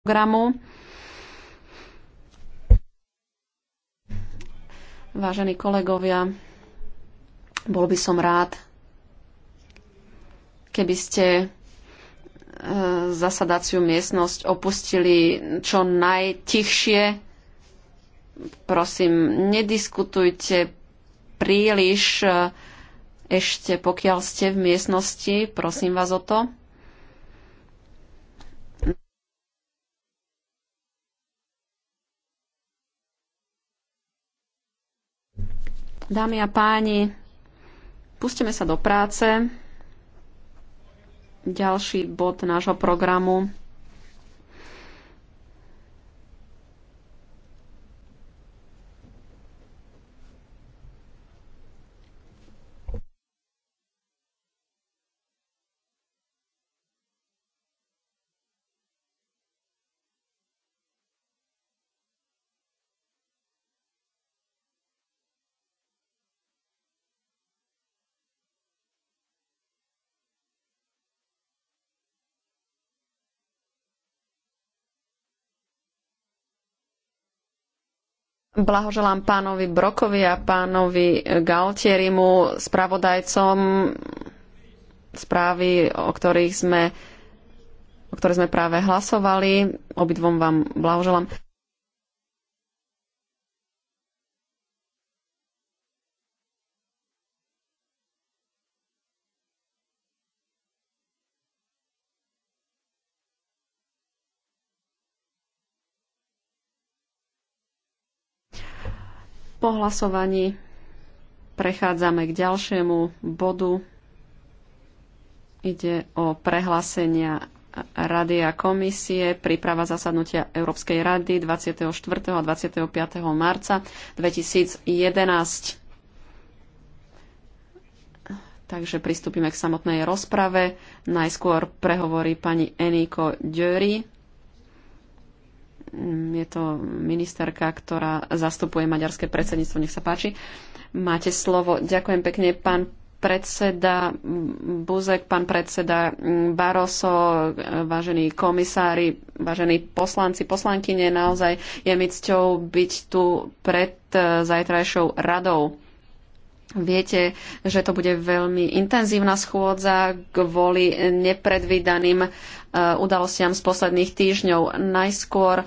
programu. Vážení kolegovia, bol by som rád, keby ste e, zasadaciu miestnosť opustili čo najtichšie. Prosím, nediskutujte príliš e, ešte pokiaľ ste v miestnosti. Prosím vás o to. Dámy a páni, pustíme sa do práce. Ďalší bod nášho programu Blahoželám pánovi Brokovi a pánovi Galtierimu, spravodajcom správy, o ktorých sme, o ktoré sme práve hlasovali. Obidvom vám blahoželám. Po hlasovaní prechádzame k ďalšiemu bodu. Ide o prehlásenia Rady a komisie, príprava zasadnutia Európskej rady 24. a 25. marca 2011. Takže pristúpime k samotnej rozprave. Najskôr prehovorí pani Eniko Dury, Mm, je to ministerka, ktorá zastupuje maďarské predsedníctvo. Nech sa páči. Máte slovo. Ďakujem pekne, pán predseda Buzek, pán predseda Baroso, vážení komisári, vážení poslanci, poslankyne, naozaj je mi cťou byť tu pred eh, zajtrajšou radou. Viete, že to bude veľmi intenzívna schôdza kvôli nepredvídaným Eh, udalostiam z posledných týždňov. Najskôr eh,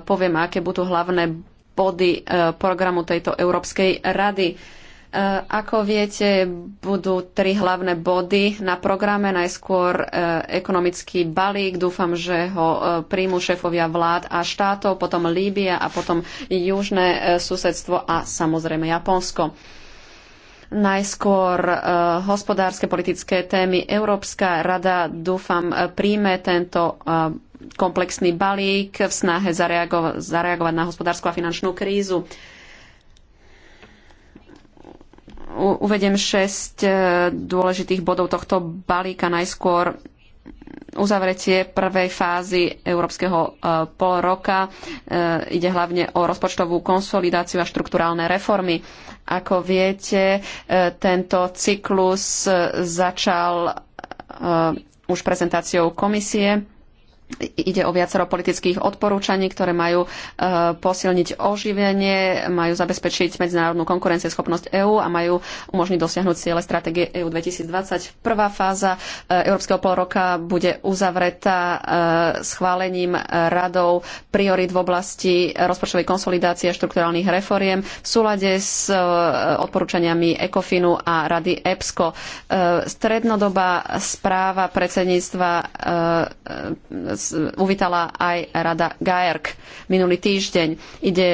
poviem, aké budú hlavné body eh, programu tejto Európskej rady. Ako viete, budú tri hlavné body na programe. Najskôr ekonomický balík, dúfam, že ho príjmu šéfovia vlád a štátov, potom Líbia a potom južné susedstvo a samozrejme Japonsko. Najskôr eh, hospodárske politické témy. Európska rada, dúfam, eh, príjme tento eh, komplexný balík v snahe zareago- zareagovať na hospodárskú a finančnú krízu Uvediem šesť dôležitých bodov tohto balíka. Najskôr uzavretie prvej fázy európskeho e, pol roka. E, ide hlavne o rozpočtovú konsolidáciu a štruktúrálne reformy. Ako viete, e, tento cyklus začal už prezentáciou komisie Ide o viacero politických odporúčaní, ktoré majú e, posilniť oživenie, majú zabezpečiť medzinárodnú konkurencieschopnosť EÚ a majú umožniť dosiahnuť ciele stratégie EÚ 2020. Prvá fáza e, Európskeho roka bude uzavretá e, schválením radov priorit v oblasti rozpočtovej konsolidácie a štrukturálnych reforiem v súlade s odporúčaniami ECOFINu a rady EPSCO. Strednodobá správa predsedníctva uvítala aj rada Gajerk minulý týždeň. Ide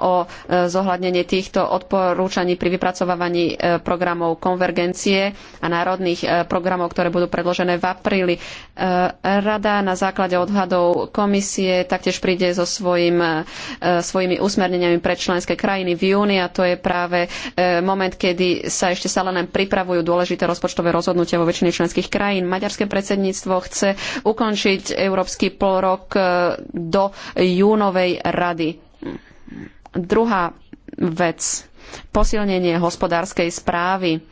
o e, zohľadnenie týchto odporúčaní pri vypracovávaní e, programov konvergencie a národných e, programov, ktoré budú predložené v apríli. Rada na základe odhadov komisie taktiež príde so svojim, svojimi usmerneniami pre členské krajiny v júni a to je práve moment, kedy sa ešte stále len pripravujú dôležité rozpočtové rozhodnutia vo väčšine členských krajín. Maďarské predsedníctvo chce ukončiť európsky polrok do júnovej rady Druhá vec, posilnenie hospodárskej správy.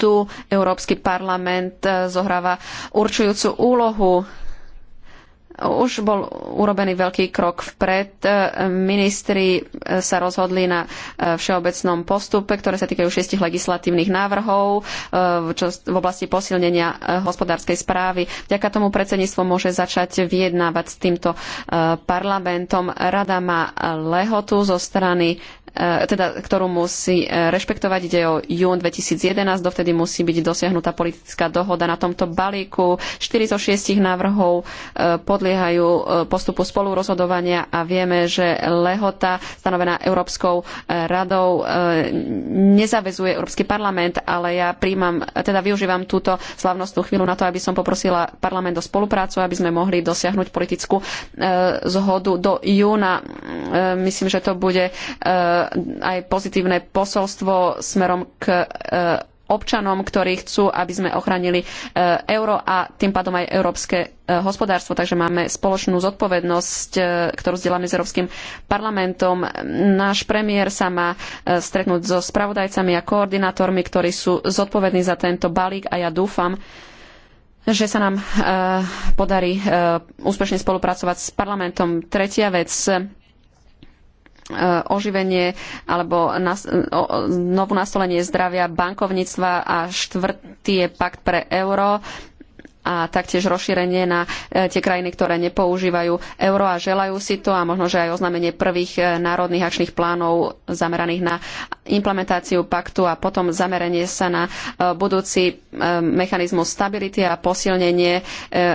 Tu Európsky parlament eh, zohráva určujúcu úlohu už bol urobený veľký krok vpred. Ministri sa rozhodli na e, všeobecnom postupe, ktoré sa týkajú šiestich legislatívnych návrhov e, v oblasti posilnenia e, hospodárskej správy. Vďaka tomu predsedníctvo môže začať vyjednávať s týmto parlamentom. Rada má lehotu zo strany E, teda, ktorú musí e, rešpektovať. Ide o jún 2011, dovtedy musí byť dosiahnutá politická dohoda na tomto balíku. 4 zo 6 návrhov e, podliehajú postupu spolurozhodovania a vieme, že lehota stanovená Európskou radou nezavezuje Európsky parlament, ale ja príjmam, teda využívam túto slavnostnú chvíľu na to, aby som poprosila parlament o spoluprácu, aby sme mohli dosiahnuť politickú zhodu do júna. Myslím, že to bude aj pozitívne posolstvo smerom k e, občanom, ktorí chcú, aby sme ochránili e, euro a tým pádom aj európske e, hospodárstvo. Takže máme spoločnú zodpovednosť, ktorú zdieľame s Európskym parlamentom. Náš premiér sa má stretnúť so spravodajcami a koordinátormi, ktorí sú zodpovední za tento balík a ja dúfam, že sa nám podarí úspešne spolupracovať s parlamentom. Tretia vec, Eh, oživenie alebo nas, o, novú nastolenie zdravia bankovníctva a štvrtý je pakt pre euro a taktiež rozšírenie na eh, tie krajiny, ktoré nepoužívajú euro a želajú si to a možno, že aj oznámenie prvých eh, národných akčných plánov zameraných na implementáciu paktu a potom zameranie sa na budúci mechanizmus stability a posilnenie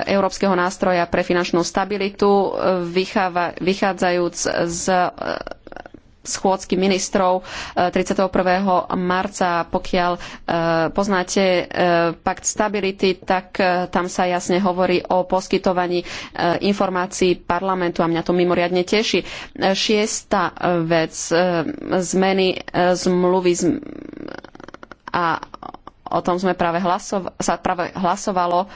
európskeho nástroja pre finančnú stabilitu, vychádzajúc z schôdzky ministrov 31. E, marca. Pokiaľ e, poznáte e, pakt stability, tak tam sa jasne hovorí o poskytovaní informácií parlamentu a mňa to mimoriadne teší. Šiesta vec, zmeny zmluvy a o tom sme práve hlasov, sa práve hlasovalo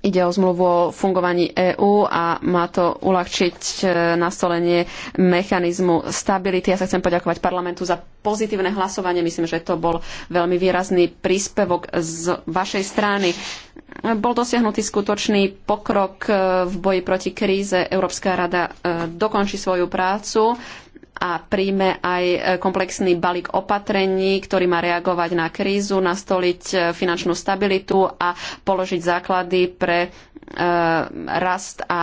Ide o zmluvu o fungovaní EÚ a má to uľahčiť e, nastolenie mechanizmu stability. Ja sa chcem poďakovať parlamentu za pozitívne hlasovanie. Myslím, že to bol veľmi výrazný príspevok z vašej strany. Bol dosiahnutý skutočný pokrok e, v boji proti kríze. Európska rada e, dokončí svoju prácu a príjme aj e, komplexný balík opatrení, ktorý má reagovať na krízu, nastoliť e, finančnú stabilitu a položiť základy pre e, rast a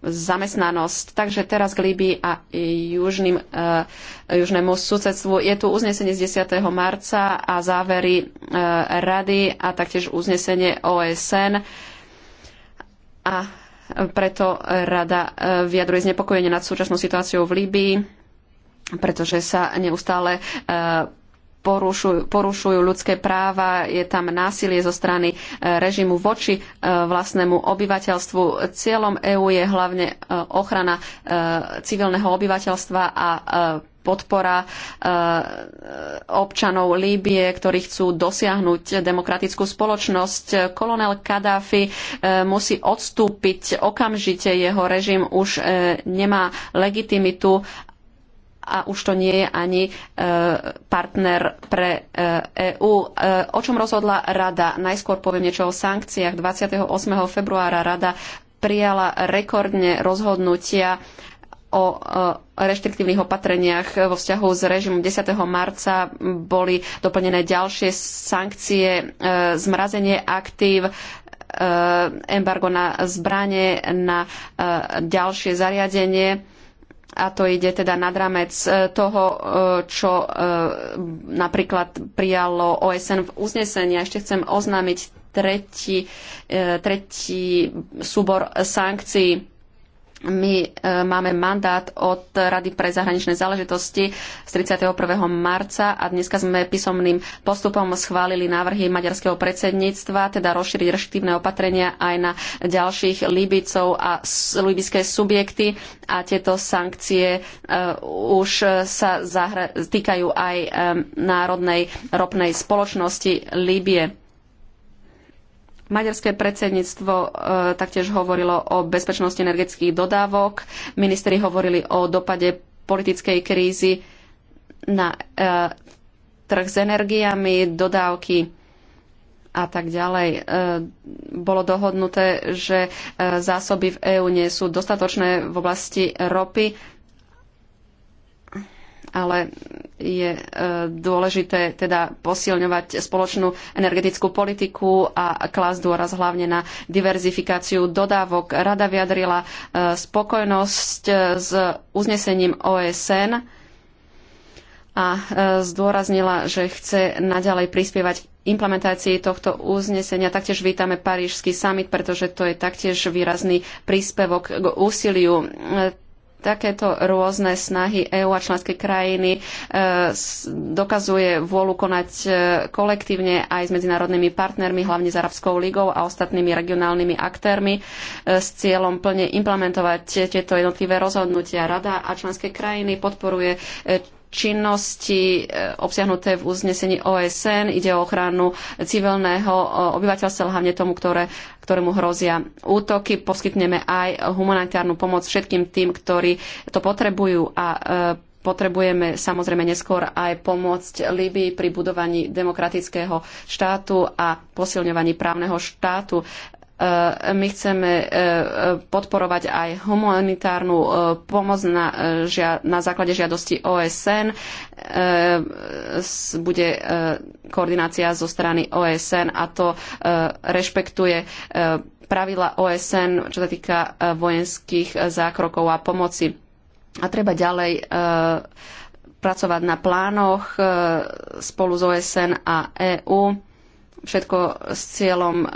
zamestnanosť. Takže teraz k Líbii a južným, južnému susedstvu. Je tu uznesenie z 10. marca a závery rady a taktiež uznesenie OSN. A preto rada vyjadruje znepokojenie nad súčasnou situáciou v Líbii pretože sa neustále eh, porušujú, porušujú ľudské práva, je tam násilie zo strany eh, režimu voči eh, vlastnému obyvateľstvu. Cieľom EÚ je hlavne ochrana civilného obyvateľstva a podpora občanov Líbie, ktorí chcú dosiahnuť demokratickú spoločnosť. Kolonel Kadáfi musí odstúpiť okamžite, jeho režim už nemá legitimitu a už to nie je ani e, partner pre EÚ. E e, o čom rozhodla rada? Najskôr poviem niečo o sankciách. 28. februára rada prijala rekordne rozhodnutia o reštriktívnych opatreniach vo vzťahu s režimom 10. marca boli doplnené ďalšie sankcie, zmrazenie aktív, embargo na zbranie, na ďalšie zariadenie a to ide teda nad rámec e, toho, e, čo e, napríklad prijalo OSN v uznesení. A ešte chcem oznámiť tretí, tretí súbor sankcií my e, máme mandát od Rady pre zahraničné záležitosti z 31. marca a dneska sme písomným postupom schválili návrhy maďarského predsedníctva, teda rozšíriť reštriktívne opatrenia aj na ďalších Líbicov a líbické subjekty a tieto sankcie e, už sa týkajú aj e, národnej ropnej spoločnosti Líbie Maďarské predsedníctvo e, taktiež hovorilo o bezpečnosti energetických dodávok. Ministri hovorili o dopade politickej krízy na e, trh s energiami, dodávky a tak ďalej. E, bolo dohodnuté, že zásoby v EÚ nie sú dostatočné v oblasti ropy ale je e, dôležité teda posilňovať spoločnú energetickú politiku a klásť dôraz hlavne na diverzifikáciu dodávok. Rada vyjadrila e, spokojnosť e, s uznesením OSN a zdôraznila, že chce naďalej prispievať k implementácii tohto uznesenia. Taktiež vítame Parížský summit, pretože to je taktiež výrazný príspevok k úsiliu takéto rôzne snahy EÚ a členské krajiny e, dokazuje vôľu konať e, kolektívne aj s medzinárodnými partnermi, hlavne s Arabskou ligou a ostatnými regionálnymi aktérmi e, s cieľom plne implementovať tieto jednotlivé rozhodnutia. Rada a členské krajiny podporuje činnosti e, obsiahnuté v uznesení OSN. Ide o ochranu civilného e, obyvateľstva, hlavne tomu, ktoré, ktorému hrozia útoky. Poskytneme aj humanitárnu pomoc všetkým tým, ktorí to potrebujú a e, potrebujeme samozrejme neskôr aj pomôcť Libii pri budovaní demokratického štátu a posilňovaní právneho štátu. E, my chceme e, podporovať aj humanitárnu e, pomoc na, na základe žiadosti OSN. Bude koordinácia zo strany OSN a to rešpektuje pravidla OSN, čo sa týka vojenských zákrokov a pomoci. A treba ďalej pracovať na plánoch spolu s OSN a EÚ všetko s cieľom e,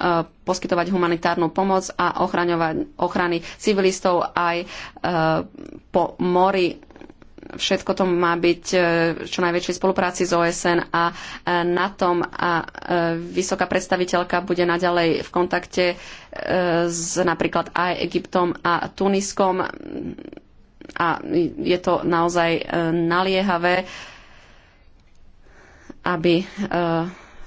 poskytovať humanitárnu pomoc a ochraňovať ochrany civilistov aj e, po mori. Všetko to má byť e, čo najväčšej spolupráci s OSN a na tom a vysoká predstaviteľka bude naďalej v kontakte s napríklad aj Egyptom a Tuniskom a je to naozaj naliehavé, aby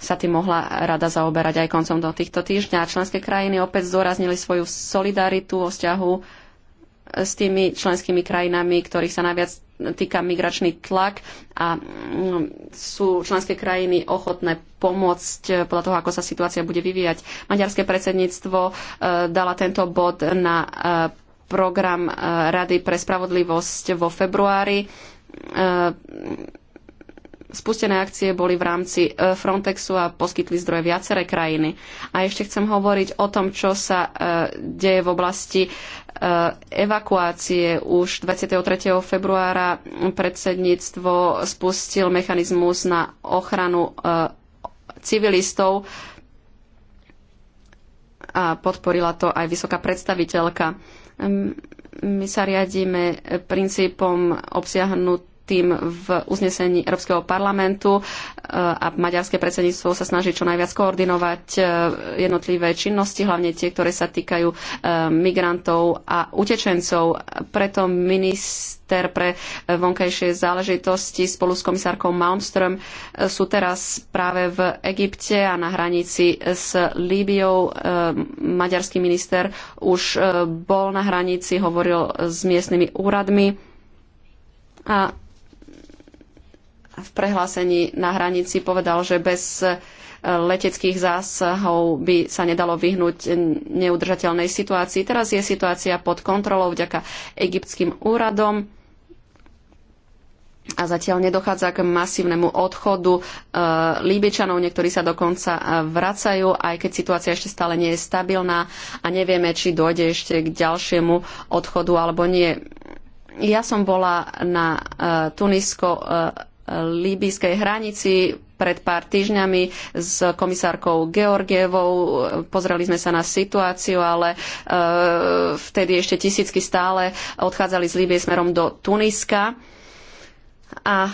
sa tým mohla rada zaoberať aj koncom do týchto týždňa. Členské krajiny opäť zdôraznili svoju solidaritu o vzťahu s tými členskými krajinami, ktorých sa najviac týka migračný tlak a mm, sú členské krajiny ochotné pomôcť eh, podľa toho, ako sa situácia bude vyvíjať. Maďarské predsedníctvo eh, dala tento bod na eh, program Rady pre spravodlivosť vo februári Spustené akcie boli v rámci e, Frontexu a poskytli zdroje viaceré krajiny. A ešte chcem hovoriť o tom, čo sa e, deje v oblasti e, evakuácie. Už 23. februára predsedníctvo spustil mechanizmus na ochranu civilistov a podporila to aj vysoká predstaviteľka. My sa riadíme princípom obsiahnutým tým v uznesení Európskeho parlamentu e, a maďarské predsedníctvo sa snaží čo najviac koordinovať e, jednotlivé činnosti, hlavne tie, ktoré sa týkajú e, migrantov a utečencov. Preto minister pre vonkajšie záležitosti spolu s komisárkou Malmström sú teraz práve v Egypte a na hranici s Líbiou. Maďarský minister už bol na hranici, hovoril s miestnymi úradmi a v prehlásení na hranici povedal, že bez e, leteckých zásahov by sa nedalo vyhnúť neudržateľnej situácii. Teraz je situácia pod kontrolou vďaka egyptským úradom a zatiaľ nedochádza k masívnemu odchodu e, Líbičanov. Niektorí sa dokonca e, vracajú, aj keď situácia ešte stále nie je stabilná a nevieme, či dojde ešte k ďalšiemu odchodu alebo nie. Ja som bola na e, Tunisko e, líbyjskej hranici pred pár týždňami s komisárkou Georgievou. Pozreli sme sa na situáciu, ale e, vtedy ešte tisícky stále odchádzali z Líbie smerom do Tuniska a e,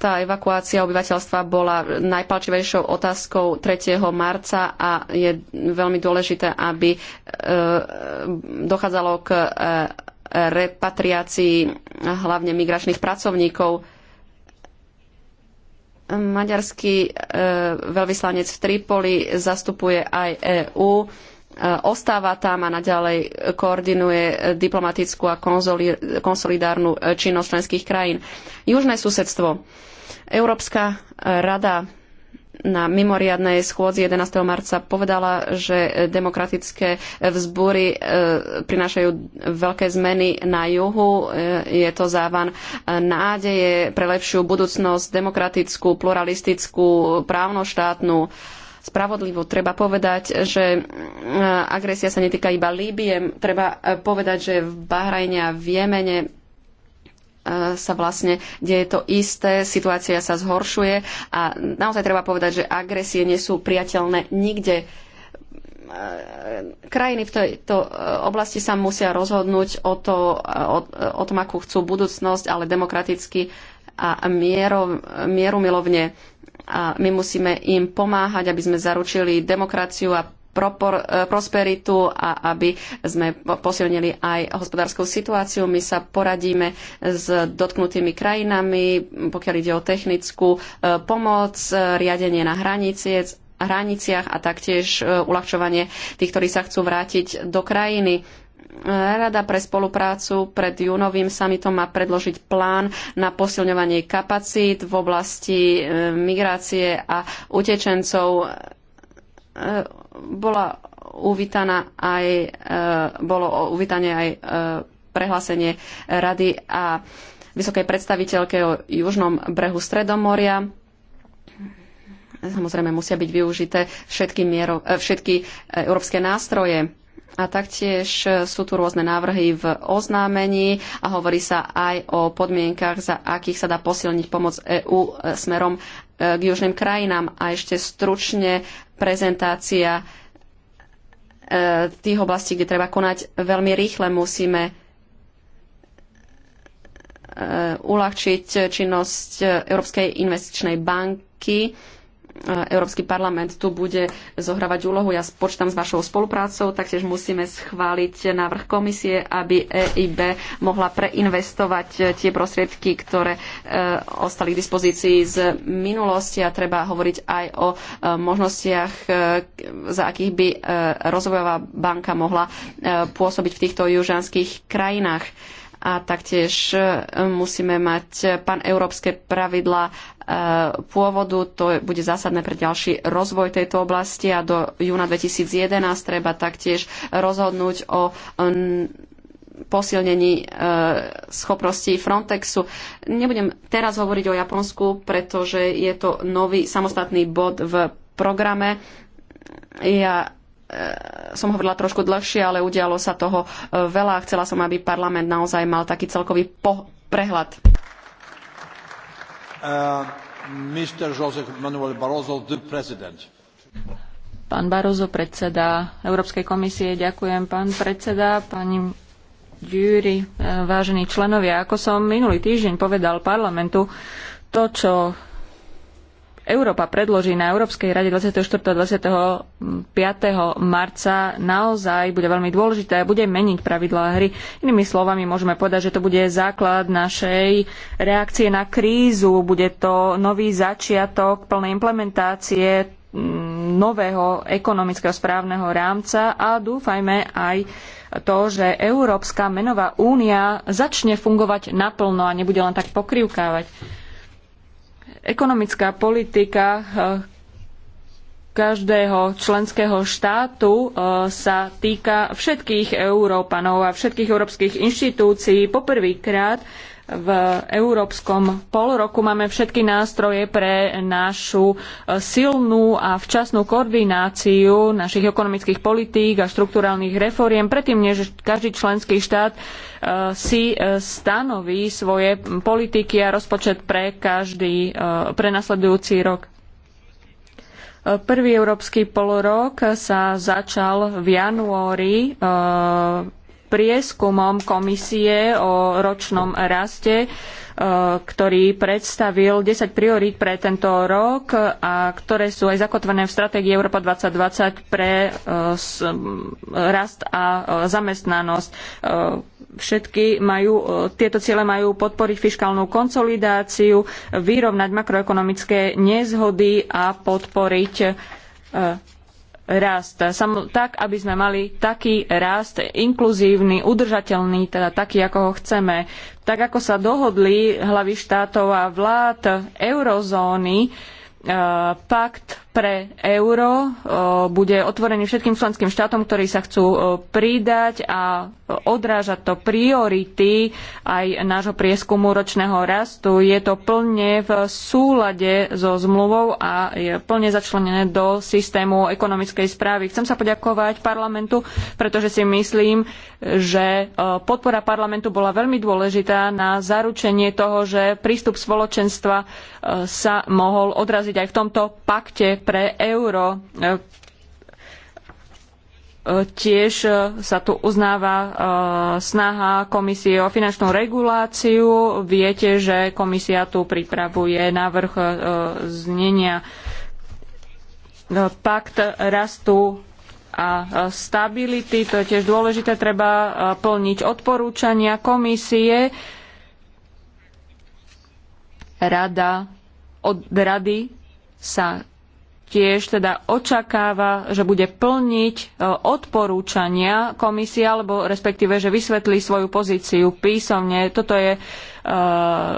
tá evakuácia obyvateľstva bola najpalčivejšou otázkou 3. marca a je veľmi dôležité, aby e, dochádzalo k repatriácii hlavne migračných pracovníkov Maďarský e, veľvyslanec v Tripoli zastupuje aj EÚ, e, ostáva tam a naďalej koordinuje diplomatickú a konsolidárnu činnosť členských krajín. Južné susedstvo. Európska rada na mimoriadnej schôdzi 11. marca povedala, že demokratické vzbúry e, prinášajú veľké zmeny na juhu. E, je to závan nádeje pre lepšiu budúcnosť, demokratickú, pluralistickú, právnoštátnu spravodlivo. Treba povedať, že e, agresia sa netýka iba Líbie. Treba povedať, že v Bahrajne a v Jemene E, sa vlastne deje to isté, situácia sa zhoršuje a naozaj treba povedať, že agresie nie sú priateľné nikde. E, krajiny v tejto e, oblasti sa musia rozhodnúť o, to, o, o tom, akú chcú budúcnosť, ale demokraticky a mierov, mierumilovne. A my musíme im pomáhať, aby sme zaručili demokraciu a propor, e, prosperitu a aby sme posilnili aj hospodárskú situáciu. My sa poradíme s dotknutými krajinami, pokiaľ ide o technickú e, pomoc, e, riadenie na hraniciec, hraniciach a taktiež uľahčovanie tých, ktorí sa chcú vrátiť do krajiny. Rada pre spoluprácu pred júnovým samitom má predložiť plán na posilňovanie kapacít v oblasti migrácie a utečencov bola uvítaná aj, e, bolo uvítané aj e, prehlásenie rady a vysokej predstaviteľke o južnom brehu Stredomoria. Samozrejme musia byť využité všetky, miero, e, všetky európske nástroje. A taktiež sú tu rôzne návrhy v oznámení a hovorí sa aj o podmienkach, za akých sa dá posilniť pomoc EÚ smerom k južným krajinám. A ešte stručne prezentácia e, tých oblastí, kde treba konať veľmi rýchle. Musíme e, uľahčiť činnosť Európskej investičnej banky E, Európsky parlament tu bude zohrávať úlohu. Ja počítam s vašou spoluprácou, taktiež musíme schváliť návrh komisie, aby EIB mohla preinvestovať e, tie prostriedky, ktoré e, ostali k dispozícii z minulosti a treba hovoriť aj o možnostiach, za akých by rozvojová banka mohla pôsobiť v týchto južanských krajinách a taktiež musíme mať paneurópske pravidlá Eh, pôvodu. To bude zásadné pre ďalší rozvoj tejto oblasti a do júna 2011 treba taktiež rozhodnúť o posilnení eh, schopností Frontexu. Nebudem teraz hovoriť o Japonsku, pretože je to nový samostatný bod v programe. Ja eh, som hovorila trošku dlhšie, ale udialo sa toho veľa a chcela som, aby parlament naozaj mal taký celkový prehľad. Uh, Barroso, Pán Barozo, predseda Európskej komisie, ďakujem. Pán predseda, pani Júri, uh, vážení členovia, ako som minulý týždeň povedal parlamentu, to, čo Európa predloží na Európskej rade 24. a 25. marca, naozaj bude veľmi dôležité a bude meniť pravidlá hry. Inými slovami môžeme povedať, že to bude základ našej reakcie na krízu, bude to nový začiatok plnej implementácie mm, nového ekonomického správneho rámca a dúfajme aj to, že Európska menová únia začne fungovať naplno a nebude len tak pokrivkávať ekonomická politika eh, každého členského štátu eh, sa týka všetkých Európanov a všetkých európskych inštitúcií. Poprvýkrát v európskom polroku máme všetky nástroje pre našu e, silnú a včasnú koordináciu našich ekonomických politík a štrukturálnych reforiem, predtým, než každý členský štát e, si e, stanoví svoje politiky a rozpočet pre každý, pre nasledujúci rok. Prvý európsky polorok sa začal v januári prieskumom komisie o ročnom raste, e, ktorý predstavil 10 priorít pre tento rok a ktoré sú aj zakotvené v stratégii Európa 2020 pre e, rast a e, zamestnanosť. Všetky majú, tieto ciele majú podporiť fiškálnu konsolidáciu, vyrovnať makroekonomické nezhody a podporiť rast, tak aby sme mali taký rast inkluzívny, udržateľný, teda taký, ako ho chceme. Tak ako sa dohodli hlavy štátov a vlád eurozóny, e, pakt pre euro bude otvorený všetkým členským štátom, ktorí sa chcú pridať a odráža to priority aj nášho prieskumu ročného rastu. Je to plne v súlade so zmluvou a je plne začlenené do systému ekonomickej správy. Chcem sa poďakovať parlamentu, pretože si myslím, že podpora parlamentu bola veľmi dôležitá na zaručenie toho, že prístup spoločenstva sa mohol odraziť aj v tomto pakte pre euro. E, e, tiež e, sa tu uznáva snaha komisie o finančnú reguláciu. Viete, že komisia tu pripravuje návrh znenia pakt rastu a stability. To je tiež dôležité. Treba plniť odporúčania komisie. Rada od rady sa tiež teda očakáva, že bude plniť e, odporúčania komisie, alebo respektíve, že vysvetlí svoju pozíciu písomne. Toto je e,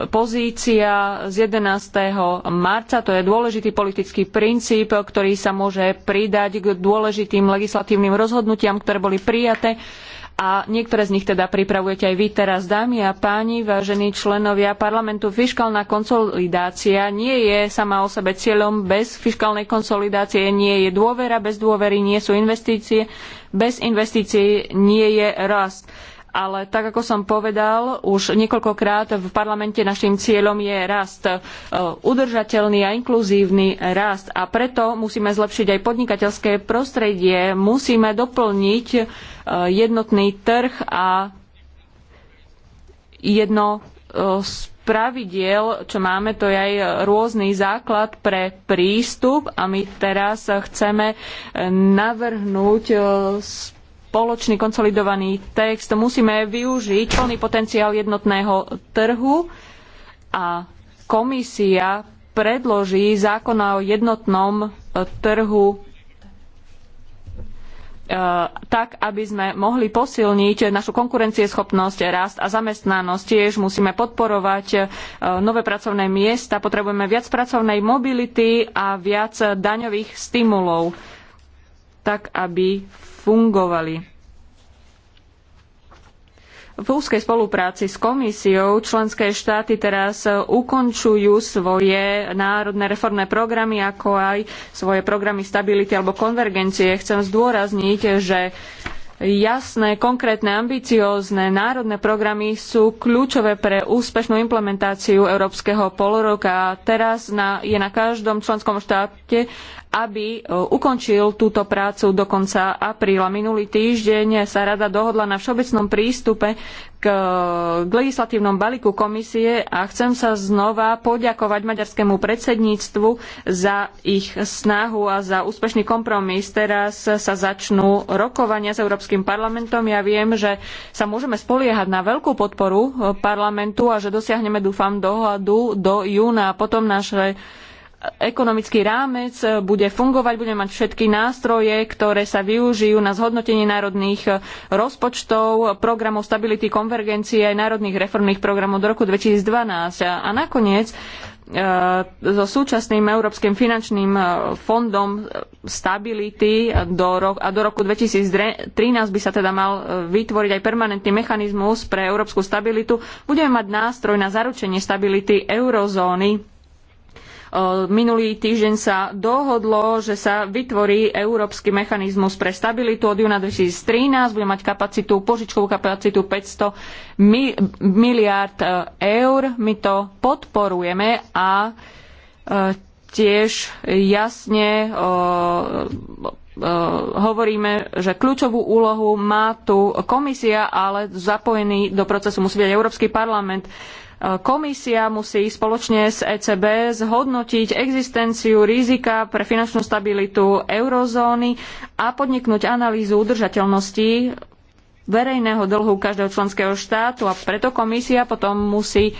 pozícia z 11. marca. To je dôležitý politický princíp, ktorý sa môže pridať k dôležitým legislatívnym rozhodnutiam, ktoré boli prijaté a niektoré z nich teda pripravujete aj vy teraz, dámy a páni, vážení členovia parlamentu. Fiškálna konsolidácia nie je sama o sebe cieľom. Bez fiškálnej konsolidácie nie je dôvera, bez dôvery nie sú investície, bez investícií nie je rast ale tak ako som povedal už niekoľkokrát v parlamente našim cieľom je rast e, udržateľný a inkluzívny rast a preto musíme zlepšiť aj podnikateľské prostredie, musíme doplniť e, jednotný trh a jedno e, z pravidiel, čo máme, to je aj rôzny základ pre prístup a my teraz chceme navrhnúť spoločný spoločný konsolidovaný text musíme využiť plný potenciál jednotného trhu a komisia predloží zákon o jednotnom e, trhu e, tak, aby sme mohli posilniť našu konkurencieschopnosť, rast a zamestnanosť. Tiež musíme podporovať e, nové pracovné miesta, potrebujeme viac pracovnej mobility a viac daňových stimulov, tak aby v fungovali. V úzkej spolupráci s komisiou členské štáty teraz ukončujú svoje národné reformné programy, ako aj svoje programy stability alebo konvergencie. Chcem zdôrazniť, že jasné, konkrétne, ambiciózne národné programy sú kľúčové pre úspešnú implementáciu európskeho a Teraz na, je na každom členskom štáte, aby e, ukončil túto prácu do konca apríla. Minulý týždeň sa rada dohodla na všeobecnom prístupe k, k legislatívnom balíku komisie a chcem sa znova poďakovať maďarskému predsedníctvu za ich snahu a za úspešný kompromis. Teraz sa začnú rokovania s Európskym parlamentom. Ja viem, že sa môžeme spoliehať na veľkú podporu e, parlamentu a že dosiahneme, dúfam, dohodu do júna. a Potom naše ekonomický rámec e, bude fungovať, budeme mať všetky nástroje, ktoré sa využijú na zhodnotenie národných e, rozpočtov, programov stability, konvergencie aj národných reformných programov do roku 2012. A, a nakoniec e, so súčasným Európskym finančným fondom stability do roku, a do roku 2013 by sa teda mal vytvoriť aj permanentný mechanizmus pre európsku stabilitu. Budeme mať nástroj na zaručenie stability eurozóny Minulý týždeň sa dohodlo, že sa vytvorí európsky mechanizmus pre stabilitu od júna 2013, bude mať kapacitu, požičkovú kapacitu 500 miliárd e, eur. My to podporujeme a e, tiež jasne hovoríme, že kľúčovú úlohu má tu komisia, ale zapojený do procesu musí byť Európsky parlament. Komisia musí spoločne s ECB zhodnotiť existenciu rizika pre finančnú stabilitu eurozóny a podniknúť analýzu udržateľnosti verejného dlhu každého členského štátu a preto komisia potom musí e,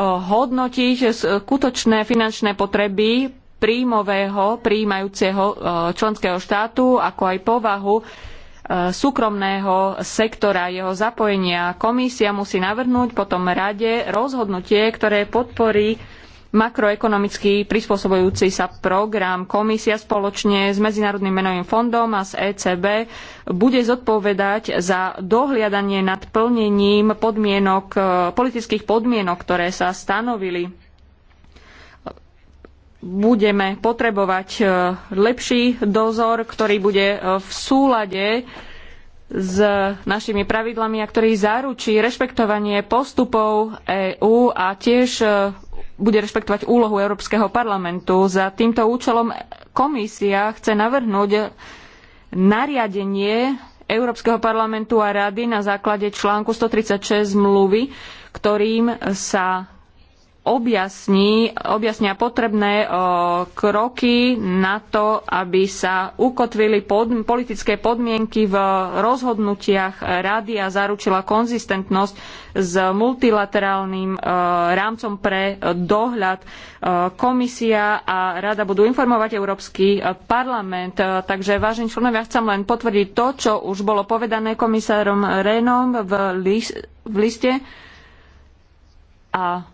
hodnotiť e, skutočné finančné potreby príjmového, príjmajúceho e, členského štátu, ako aj povahu súkromného sektora, jeho zapojenia. Komisia musí navrhnúť potom rade rozhodnutie, ktoré podporí makroekonomicky prispôsobujúci sa program. Komisia spoločne s Medzinárodným menovým fondom a s ECB bude zodpovedať za dohliadanie nad plnením podmienok, eh, politických podmienok, ktoré sa stanovili budeme potrebovať e, lepší dozor, ktorý bude e, v súlade s našimi pravidlami a ktorý zaručí rešpektovanie postupov EÚ a tiež e, bude rešpektovať úlohu Európskeho parlamentu. Za týmto účelom komisia chce navrhnúť nariadenie Európskeho parlamentu a rady na základe článku 136 zmluvy, ktorým sa objasní, objasnia potrebné kroky na to, aby sa ukotvili pod, politické podmienky v rozhodnutiach rady a zaručila konzistentnosť s multilaterálnym rámcom pre dohľad. Komisia a rada budú informovať Európsky parlament. Takže, vážení členovia, chcem len potvrdiť to, čo už bolo povedané komisárom Renom v, liste. A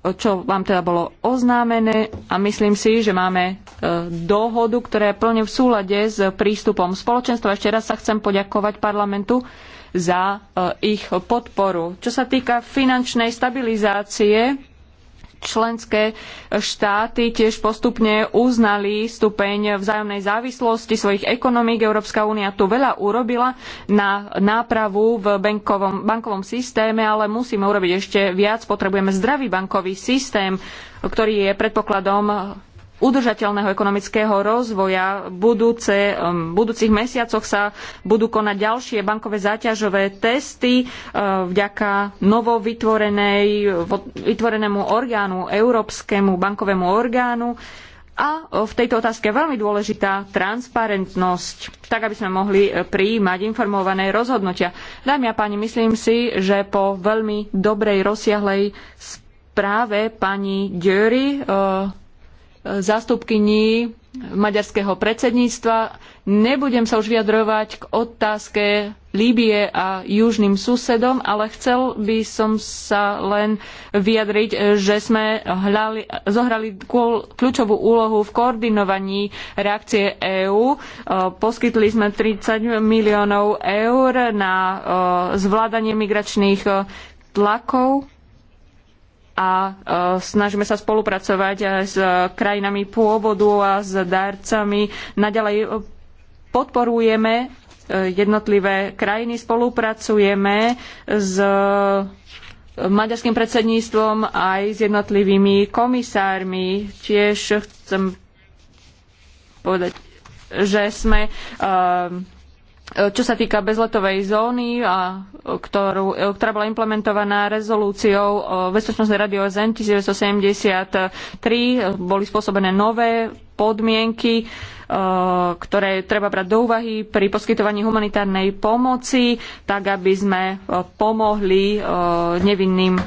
čo vám teda bolo oznámené a myslím si, že máme e, dohodu, ktorá je plne v súlade s prístupom spoločenstva. Ešte raz sa chcem poďakovať parlamentu za e, ich podporu. Čo sa týka finančnej stabilizácie, členské štáty tiež postupne uznali stupeň vzájomnej závislosti svojich ekonomík. Európska únia tu veľa urobila na nápravu v bankovom, bankovom systéme, ale musíme urobiť ešte viac. Potrebujeme zdravý bankový systém, ktorý je predpokladom udržateľného ekonomického rozvoja. Budúce, um, v budúcich mesiacoch sa budú konať ďalšie bankové záťažové testy uh, vďaka vytvorenému orgánu, Európskemu bankovému orgánu. A uh, v tejto otázke je veľmi dôležitá transparentnosť, tak aby sme mohli uh, prijímať informované rozhodnutia. Dámy a páni, myslím si, že po veľmi dobrej, rozsiahlej správe pani Dury zástupkyni maďarského predsedníctva. Nebudem sa už vyjadrovať k otázke Líbie a južným susedom, ale chcel by som sa len vyjadriť, že sme hľali, zohrali kľúčovú úlohu v koordinovaní reakcie EÚ. E, poskytli sme 30 miliónov eur na e, zvládanie migračných e, tlakov a e, snažíme sa spolupracovať aj s krajinami pôvodu a s darcami. Naďalej e, podporujeme e, jednotlivé krajiny, spolupracujeme s maďarským predsedníctvom aj s jednotlivými komisármi. Tiež chcem povedať, že sme uh, E, čo sa týka bezletovej zóny, a, e, ktorú, e, ktorá bola implementovaná rezolúciou Bezpečnostnej rady OSN 1973, boli spôsobené nové podmienky Eh, ktoré treba brať do úvahy pri poskytovaní humanitárnej pomoci, tak aby sme eh, pomohli eh, nevinným,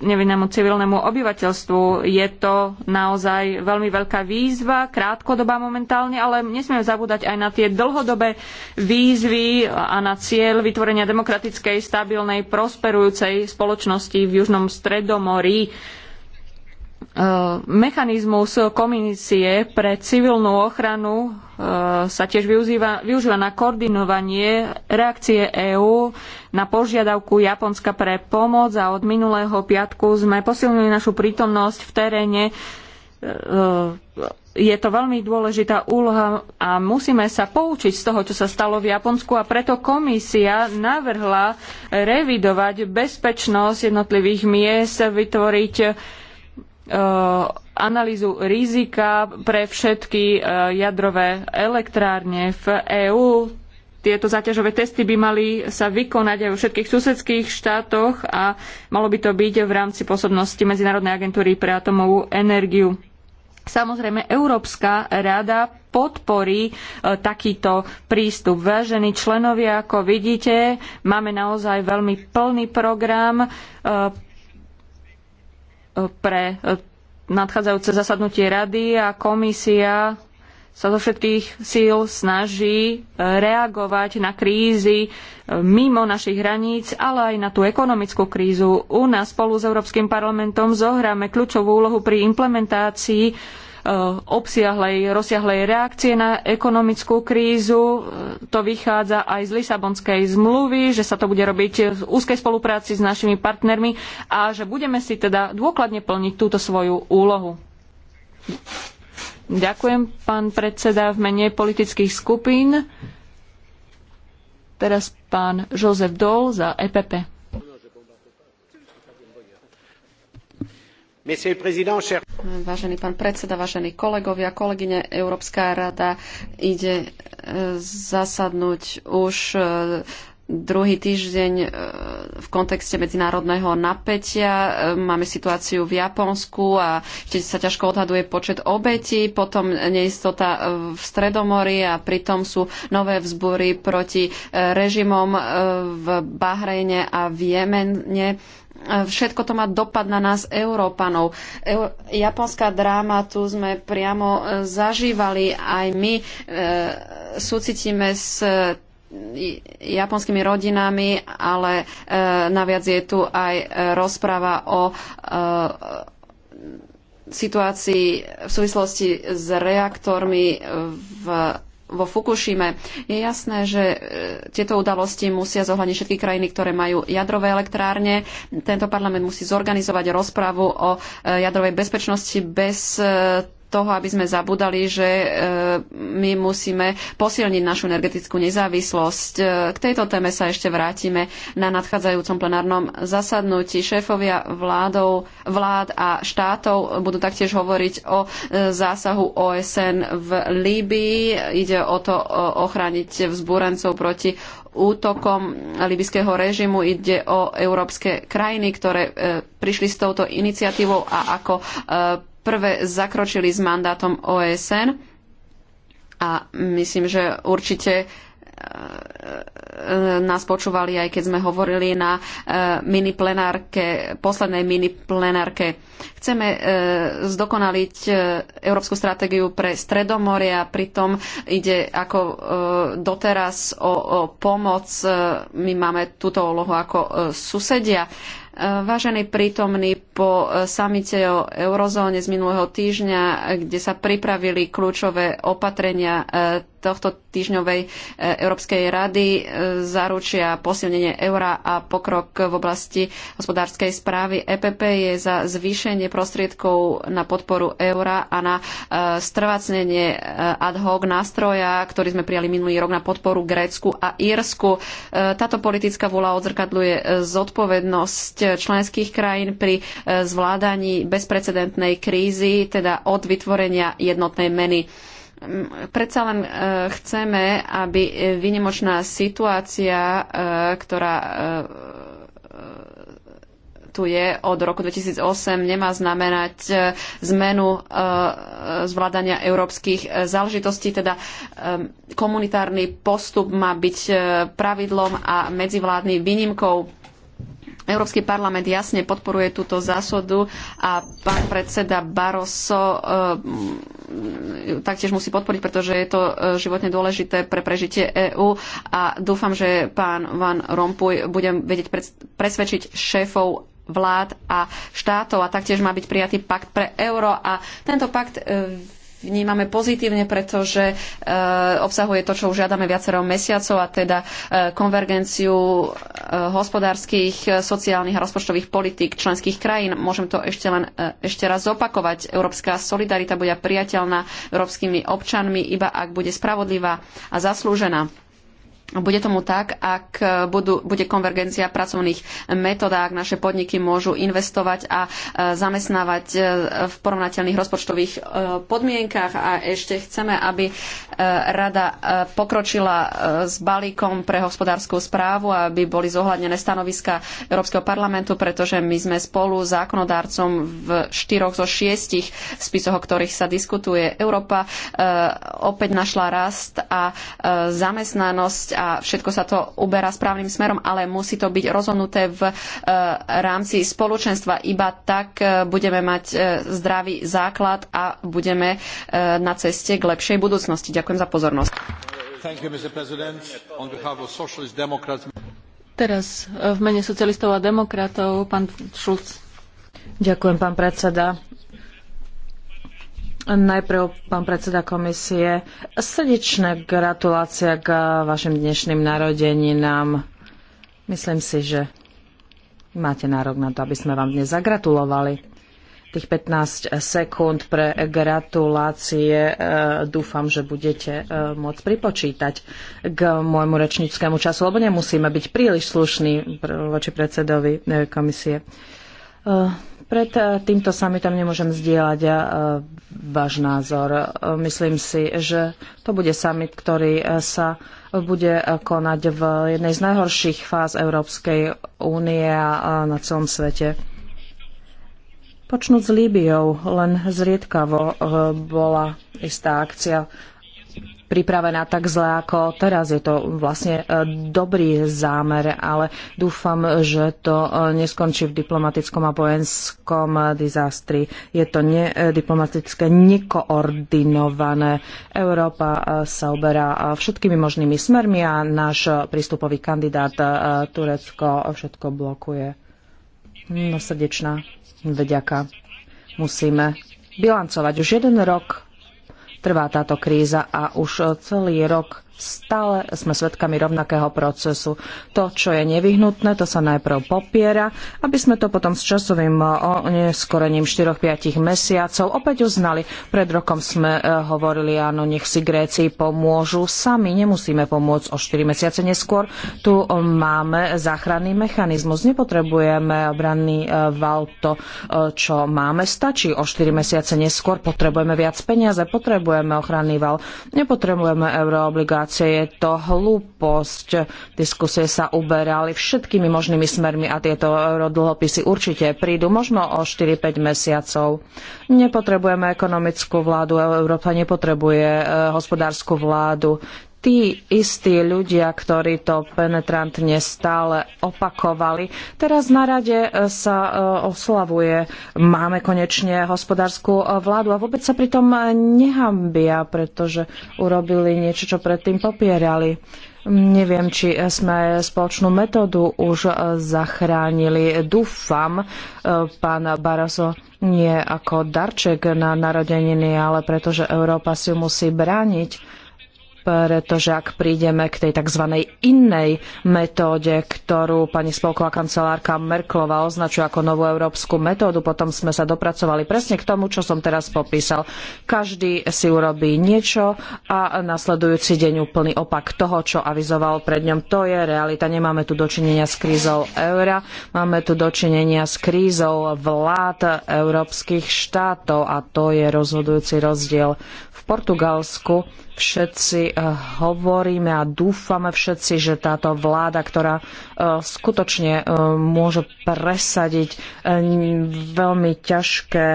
nevinnému civilnému obyvateľstvu. Je to naozaj veľmi veľká výzva, krátkodobá momentálne, ale nesmieme zabúdať aj na tie dlhodobé výzvy a na cieľ vytvorenia demokratickej, stabilnej, prosperujúcej spoločnosti v Južnom Stredomorí Eh, mechanizmus komisie pre civilnú ochranu eh, sa tiež využíva, využíva na koordinovanie reakcie EÚ na požiadavku Japonska pre pomoc a od minulého piatku sme posilnili našu prítomnosť v teréne. Eh, je to veľmi dôležitá úloha a musíme sa poučiť z toho, čo sa stalo v Japonsku a preto komisia navrhla revidovať bezpečnosť jednotlivých miest, vytvoriť Eh, analýzu rizika pre všetky eh, jadrové elektrárne v EÚ. Tieto záťažové testy by mali sa vykonať aj vo všetkých susedských štátoch a malo by to byť v rámci pôsobnosti Medzinárodnej agentúry pre atomovú energiu. Samozrejme, Európska rada podporí eh, takýto prístup. Vážení členovia, ako vidíte, máme naozaj veľmi plný program pre e, nadchádzajúce zasadnutie rady a komisia sa zo všetkých síl snaží e, reagovať na krízy e, mimo našich hraníc, ale aj na tú ekonomickú krízu. U nás spolu s Európskym parlamentom zohráme kľúčovú úlohu pri implementácii Eh, obsiahlej, rozsiahlej reakcie na ekonomickú krízu. Eh, to vychádza aj z Lisabonskej zmluvy, že sa to bude robiť v úzkej spolupráci s našimi partnermi a že budeme si teda dôkladne plniť túto svoju úlohu. Ďakujem, pán predseda, v mene politických skupín. Teraz pán Jozef Dol za EPP. Vážený pán predseda, vážení kolegovia, kolegyne, Európska rada ide e, zasadnúť už e, druhý týždeň e, v kontexte medzinárodného napätia. Máme situáciu v Japonsku a ešte sa ťažko odhaduje počet obetí, potom neistota v Stredomori a pritom sú nové vzbory proti režimom v Bahrejne a v Jemene Všetko to má dopad na nás, Európanov. japonská dráma, tu sme priamo e, zažívali aj my. E- súcitíme s e, japonskými rodinami, ale e, naviac je tu aj e, rozpráva o e, situácii v súvislosti s reaktormi v vo Fukushime. Je jasné, že e, tieto udalosti musia zohľadniť všetky krajiny, ktoré majú jadrové elektrárne. Tento parlament musí zorganizovať rozpravu o e, jadrovej bezpečnosti bez e, toho, aby sme zabudali, že e, my musíme posilniť našu energetickú nezávislosť. E, k tejto téme sa ešte vrátime na nadchádzajúcom plenárnom zasadnutí. Šéfovia vládov, vlád a štátov budú taktiež hovoriť o e, zásahu OSN v Líbii. Ide o to ochrániť vzbúrencov proti útokom libyského režimu. Ide o európske krajiny, ktoré prišli s touto iniciatívou a ako prvé zakročili s mandátom OSN a myslím, že určite e, e, nás počúvali, aj keď sme hovorili na e, mini plenárke, poslednej mini plenárke. Chceme zdokonaliť európsku stratégiu pre Stredomoria, pritom ide ako doteraz o, o pomoc. My máme túto úlohu ako susedia Vážený prítomný, po eh, samite o eurozóne z minulého týždňa, kde sa pripravili kľúčové opatrenia eh, tohto týždňovej eh, Európskej rady, zaručia posilnenie eura a pokrok v oblasti hospodárskej správy. EPP je za zvýšenie prostriedkov na podporu eura a na strvacnenie ad hoc nástroja, ktorý sme prijali minulý rok na podporu Grécku a Írsku. Táto politická vola odzrkadluje zodpovednosť členských krajín pri e, zvládaní bezprecedentnej krízy, teda od vytvorenia jednotnej meny. Predsa len e, chceme, aby výnimočná situácia, e, ktorá tu je od roku 2008, nemá znamenať zmenu zvládania európskych záležitostí, teda komunitárny postup má byť pravidlom a medzivládny výnimkou. Európsky parlament jasne podporuje túto zásadu a pán predseda Barroso e, taktiež musí podporiť, pretože je to eh, životne dôležité pre prežitie EÚ a dúfam, že pán Van Rompuy bude vedieť presvedčiť šéfov vlád a štátov a taktiež má byť prijatý pakt pre euro a tento pakt e, vnímame pozitívne, pretože e, obsahuje to, čo už žiadame viacero mesiacov, a teda e, konvergenciu e, hospodárskych, sociálnych a rozpočtových politík členských krajín. Môžem to ešte, len, ešte raz zopakovať. Európska solidarita bude priateľná európskymi občanmi, iba ak bude spravodlivá a zaslúžená bude tomu tak, ak budú, bude konvergencia pracovných metód, ak naše podniky môžu investovať a e, zamestnávať e, v porovnateľných rozpočtových e, podmienkach. A ešte chceme, aby rada pokročila s balíkom pre hospodárskú správu, aby boli zohľadnené stanoviska Európskeho parlamentu, pretože my sme spolu zákonodárcom v štyroch zo šiestich spisoch, o ktorých sa diskutuje. Európa opäť našla rast a zamestnanosť a všetko sa to uberá správnym smerom, ale musí to byť rozhodnuté v e, rámci spoločenstva. Iba tak e, budeme mať e, zdravý základ a budeme na ceste k lepšej budúcnosti. Ďakujem za pozornosť. You, Teraz v mene socialistov a demokratov pán Šulc. Ďakujem, pán predseda. Najprv, pán predseda komisie, srdečné gratulácia k vašim dnešným narodeninám. Myslím si, že máte nárok na to, aby sme vám dnes zagratulovali. Tých 15 sekúnd pre gratulácie e, dúfam, že budete e, môcť pripočítať k môjmu rečníckému času, lebo nemusíme byť príliš slušní voči predsedovi e, komisie. Pred eh, týmto samitom nemôžem zdieľať eh, váš názor. Eh, myslím si, že to bude summit, ktorý sa bude konať v jednej z najhorších fáz Európskej únie a na celom svete. Počnúť s Líbiou, len zriedkavo bola istá akcia pripravená tak zle ako teraz. Je to vlastne e, dobrý zámer, ale dúfam, že to e, neskončí v diplomatickom a vojenskom dizastri. Je to nediplomatické, e, nekoordinované. Európa sa uberá všetkými možnými smermi a náš prístupový kandidát Turecko všetko blokuje. No srdečná vďaka. Musíme bilancovať. Už jeden rok trvá táto kríza a už eh, celý rok Stále sme svedkami rovnakého procesu. To, čo je nevyhnutné, to sa najprv popiera, aby sme to potom s časovým oneskorením 4-5 mesiacov opäť uznali. Pred rokom sme e, hovorili, áno, nech si Gréci pomôžu sami, nemusíme pomôcť o 4 mesiace neskôr. Tu máme záchranný mechanizmus, nepotrebujeme obranný e, val, to, e, čo máme, stačí o 4 mesiace neskôr, potrebujeme viac peniaze, potrebujeme ochranný val, nepotrebujeme euroobligácie deklarácie. Je to hlúposť. Diskusie sa uberali všetkými možnými smermi a tieto dlhopisy určite prídu možno o 4-5 mesiacov. Nepotrebujeme ekonomickú vládu, Európa nepotrebuje eh, hospodárskú vládu tí istí ľudia, ktorí to penetrantne stále opakovali. Teraz na rade e, sa e, oslavuje, máme konečne hospodárskú e, vládu a vôbec sa pritom nehambia, pretože urobili niečo, čo predtým popierali. Neviem, či sme spoločnú metódu už zachránili. Dúfam, pán Barroso, nie ako darček na narodeniny, ale pretože Európa si musí brániť pretože ak prídeme k tej tzv. innej metóde, ktorú pani spolková kancelárka Merklova označuje ako novú európsku metódu, potom sme sa dopracovali presne k tomu, čo som teraz popísal. Každý si urobí niečo a nasledujúci deň úplný opak toho, čo avizoval pred ňom. To je realita. Nemáme tu dočinenia s krízou eura, máme tu dočinenia s krízou vlád európskych štátov a to je rozhodujúci rozdiel. V Portugalsku všetci eh, hovoríme a dúfame všetci, že táto vláda, ktorá eh, skutočne eh, môže presadiť veľmi ťažké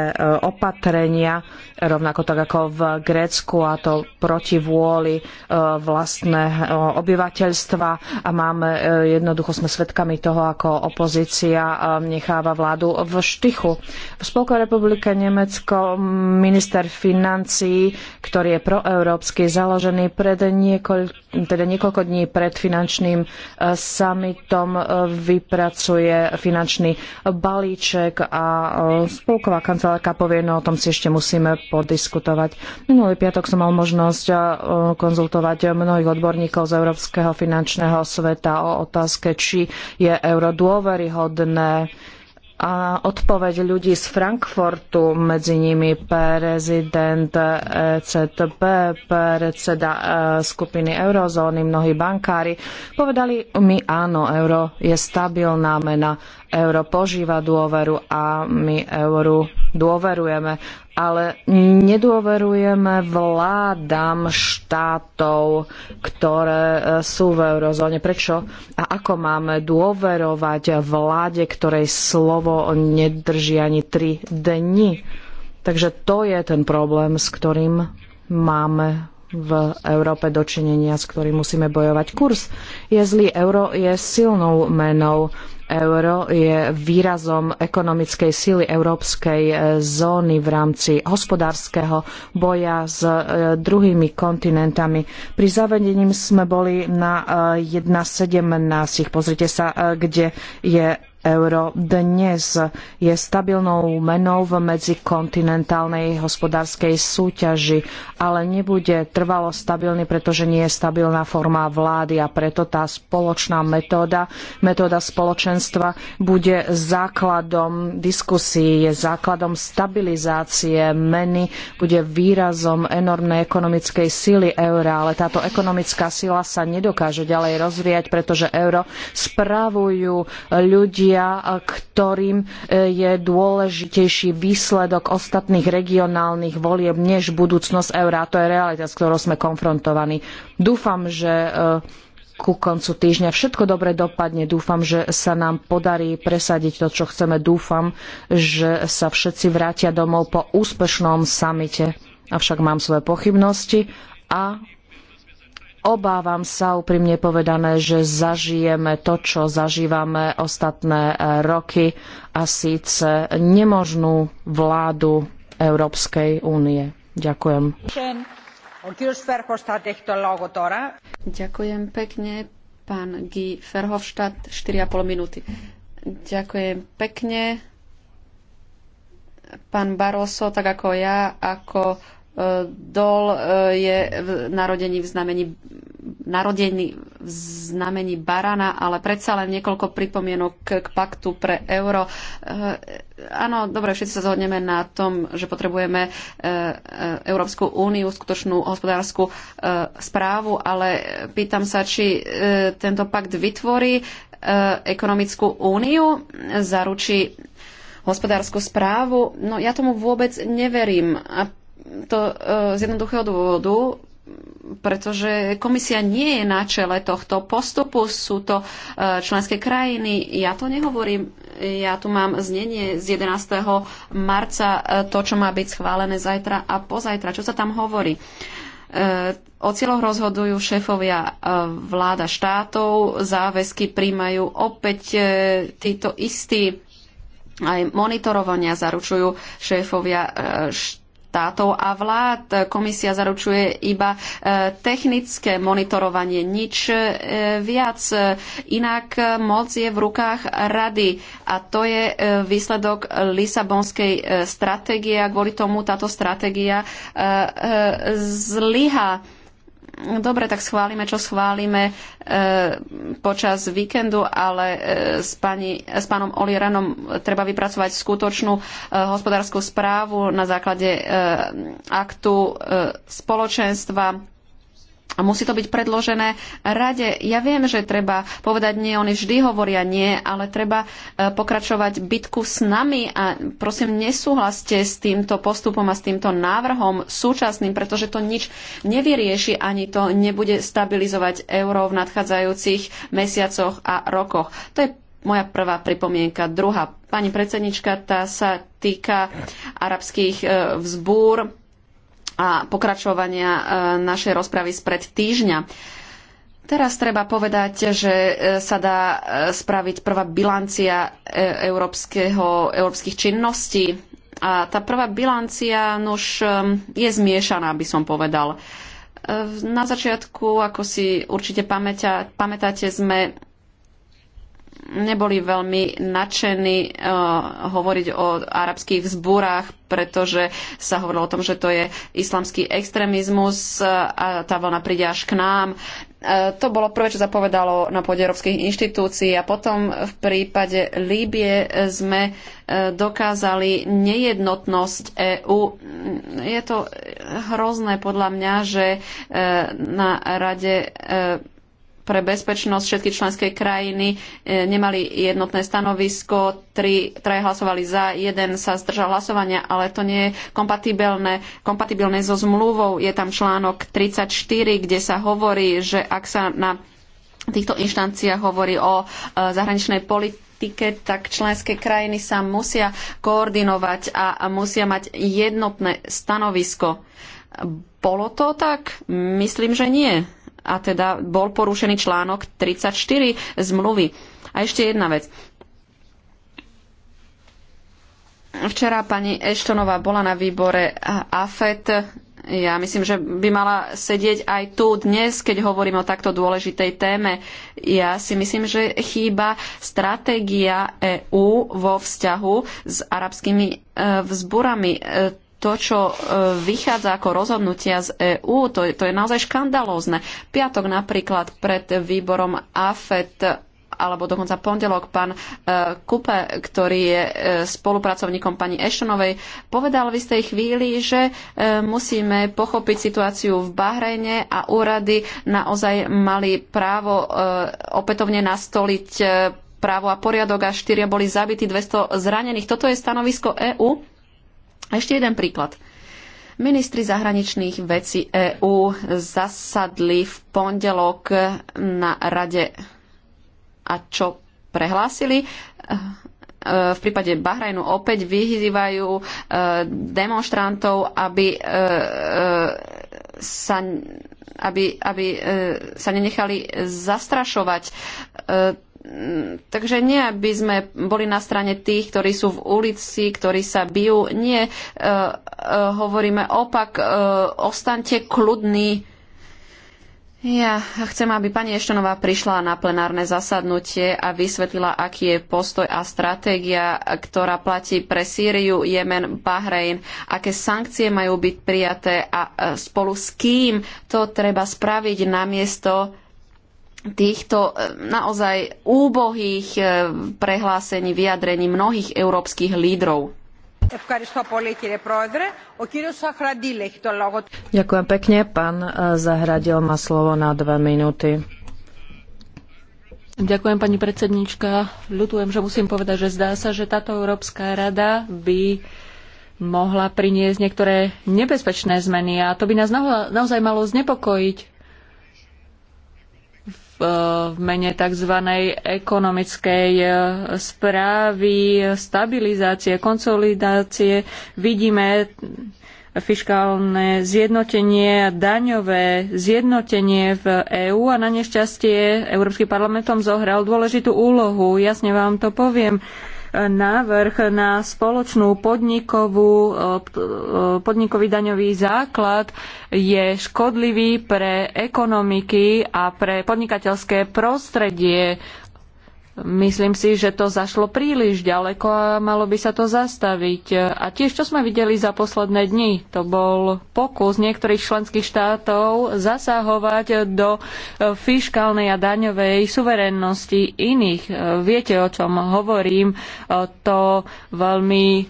opatrenia, rovnako tak ako v Grécku a to proti vôli vlastného obyvateľstva a máme jednoducho sme svedkami toho, ako opozícia necháva vládu v štychu. V Spolkovej republike Nemecko minister financií, ktorý je proeurópsky založený pred niekoľ, teda niekoľko dní pred finančným e, summitom e, vypracuje finančný balíček a e, spolková kancelárka povie, no o tom si ešte musíme podiskutovať. Minulý piatok som mal možnosť konzultovať mnohých odborníkov z európskeho finančného sveta o otázke, či je euro dôveryhodné a odpoveď ľudí z Frankfurtu, medzi nimi prezident ECTP, eh, predseda eh, skupiny eurozóny, mnohí bankári, povedali mi áno, euro je stabilná mena, euro požíva dôveru a my euru dôverujeme ale nedôverujeme vládam štátov, ktoré e, sú v eurozóne. Prečo a ako máme dôverovať vláde, ktorej slovo nedrží ani tri dni? Takže to je ten problém, s ktorým máme v Európe dočinenia, s ktorým musíme bojovať. Kurs je zlý, euro je silnou menou Euro je výrazom ekonomickej sily európskej e, zóny v rámci hospodárskeho boja s e, druhými kontinentami. Pri zavedením sme boli na 1,17. E, Pozrite sa, kde je Euro dnes je stabilnou menou v medzikontinentálnej hospodárskej súťaži, ale nebude trvalo stabilný, pretože nie je stabilná forma vlády a preto tá spoločná metóda, metóda spoločenstva bude základom diskusí, je základom stabilizácie meny, bude výrazom enormnej ekonomickej sily eura, ale táto ekonomická sila sa nedokáže ďalej rozvíjať, pretože euro spravujú ľudia ľudia, ktorým e, je dôležitejší výsledok ostatných regionálnych volieb než budúcnosť eurá. To je realita, s ktorou sme konfrontovaní. Dúfam, že e, ku koncu týždňa všetko dobre dopadne. Dúfam, že sa nám podarí presadiť to, čo chceme. Dúfam, že sa všetci vrátia domov po úspešnom samite. Avšak mám svoje pochybnosti a Obávam sa úprimne povedané, že zažijeme to, čo zažívame ostatné e, roky a síce nemožnú vládu Európskej únie. Ďakujem. Ďakujem pekne, pán Guy Verhofstadt, 4,5 minúty. Ďakujem pekne. Pán Barroso, tak ako ja, ako Dol e, je v narodení v znamení, narodení v znamení barana, ale predsa len niekoľko pripomienok k paktu pre euro. E, áno, dobre, všetci sa zhodneme na tom, že potrebujeme e, Európsku úniu, skutočnú hospodárskú správu, ale pýtam sa, či tento pakt vytvorí ekonomickú úniu, zaručí hospodárskú správu. No ja tomu vôbec neverím. A to e, z jednoduchého dôvodu, pretože komisia nie je na čele tohto postupu, sú to e, členské krajiny. Ja to nehovorím, ja tu mám znenie z 11. marca, e, to, čo má byť schválené zajtra a pozajtra, čo sa tam hovorí. O cieľoch rozhodujú šéfovia vláda štátov, záväzky príjmajú opäť títo istí, aj monitorovania zaručujú šéfovia štátov štátov a vlád. Komisia zaručuje iba e, technické monitorovanie, nič e, viac. Inak moc je v rukách rady a to je e, výsledok Lisabonskej stratégie a kvôli tomu táto stratégia zlyha Dobre, tak schválime, čo schválime e, počas víkendu, ale e, s, pani, s pánom Olieranom treba vypracovať skutočnú e, hospodárskú správu na základe e, aktu e, spoločenstva a musí to byť predložené rade. Ja viem, že treba povedať nie, oni vždy hovoria nie, ale treba e, pokračovať bitku s nami a prosím, nesúhlaste s týmto postupom a s týmto návrhom súčasným, pretože to nič nevyrieši ani to nebude stabilizovať euro v nadchádzajúcich mesiacoch a rokoch. To je moja prvá pripomienka. Druhá, pani predsednička, tá sa týka arabských e, vzbúr a pokračovania e, našej rozpravy spred týždňa. Teraz treba povedať, že e, sa dá e, spraviť prvá bilancia európskeho, európskych činností. A tá prvá bilancia už je zmiešaná, by som povedal. Na začiatku, ako si určite pamäťa, pamätáte, sme neboli veľmi nadšení uh, hovoriť o arabských vzbúrach, pretože sa hovorilo o tom, že to je islamský extrémizmus eh, a tá vlna príde až k nám. Uh, to bolo prvé, čo zapovedalo na pôde európskych inštitúcií a potom v prípade Líbie sme uh, dokázali nejednotnosť EÚ. Je to hrozné podľa mňa, že na rade pre bezpečnosť všetky členské krajiny e, nemali jednotné stanovisko, tri, traje hlasovali za, jeden sa zdržal hlasovania, ale to nie je kompatibilné, kompatibilné so zmluvou. Je tam článok 34, kde sa hovorí, že ak sa na týchto inštanciách hovorí o e, zahraničnej politike, politike, tak členské krajiny sa musia koordinovať a musia mať jednotné stanovisko. Bolo to tak? Myslím, že nie a teda bol porušený článok 34 zmluvy. A ešte jedna vec. Včera pani Eštonová bola na výbore AFET. Ja myslím, že by mala sedieť aj tu dnes, keď hovorím o takto dôležitej téme. Ja si myslím, že chýba stratégia EÚ vo vzťahu s arabskými e, vzburami. E, to, čo e, vychádza ako rozhodnutia z EÚ, to, to je naozaj škandalózne. Piatok napríklad pred výborom AFET alebo dokonca pondelok pán e, Kupe, ktorý je e, spolupracovníkom pani Eštonovej, povedal v istej chvíli, že musíme pochopiť situáciu v Bahrejne a úrady naozaj mali právo opätovne nastoliť právo a poriadok a štyria boli zabití, 200 zranených. Toto je stanovisko EÚ a ešte jeden príklad. Ministri zahraničných vecí EÚ zasadli v pondelok na rade a čo prehlásili? v prípade Bahrajnu opäť vyzývajú e, demonstrantov, aby e, e, sa, aby, aby sa nenechali zastrašovať takže nie, aby sme boli na strane tých, ktorí sú v ulici, ktorí sa bijú. Nie, uh, uh, hovoríme opak, uh, ostaňte kľudní. Ja chcem, aby pani Eštonová prišla na plenárne zasadnutie a vysvetlila, aký je postoj a stratégia, ktorá platí pre Sýriu, Jemen, Bahrein, aké sankcie majú byť prijaté a spolu s kým to treba spraviť namiesto týchto eh, naozaj úbohých eh, prehlásení, vyjadrení mnohých európskych lídrov. Ďakujem pekne. Pán eh, Zahradil má slovo na dve minúty. Ďakujem, pani predsednička. Ľutujem, že musím povedať, že zdá sa, že táto Európska rada by mohla priniesť niektoré nebezpečné zmeny a to by nás naozaj malo znepokojiť, v mene tzv. ekonomickej e, správy, stabilizácie, konsolidácie vidíme fiškálne zjednotenie a daňové zjednotenie v EÚ a na nešťastie Európsky parlamentom zohral dôležitú úlohu. Jasne vám to poviem návrh na spoločnú podnikovú, podnikový daňový základ je škodlivý pre ekonomiky a pre podnikateľské prostredie Myslím si, že to zašlo príliš ďaleko a malo by sa to zastaviť. A tiež, čo sme videli za posledné dni, to bol pokus niektorých členských štátov zasahovať do e, fiškálnej a daňovej suverennosti iných. E, viete, o čom hovorím. E, to veľmi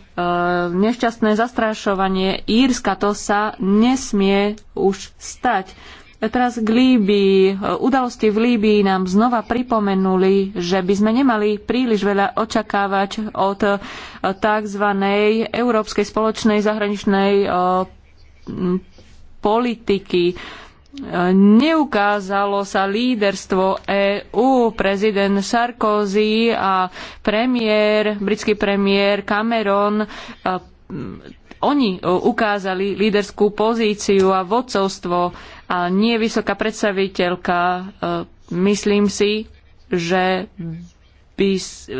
nešťastné zastrašovanie Írska, to sa nesmie už stať Teraz k Líbii. Udalosti v Líbii nám znova pripomenuli, že by sme nemali príliš veľa očakávať od eh, tzv. európskej spoločnej zahraničnej eh, politiky. Eh, neukázalo sa líderstvo EÚ. Prezident Sarkozy a premiér, britský premiér Cameron oni ukázali líderskú pozíciu a vodcovstvo a nie vysoká predstaviteľka. E, myslím si, že by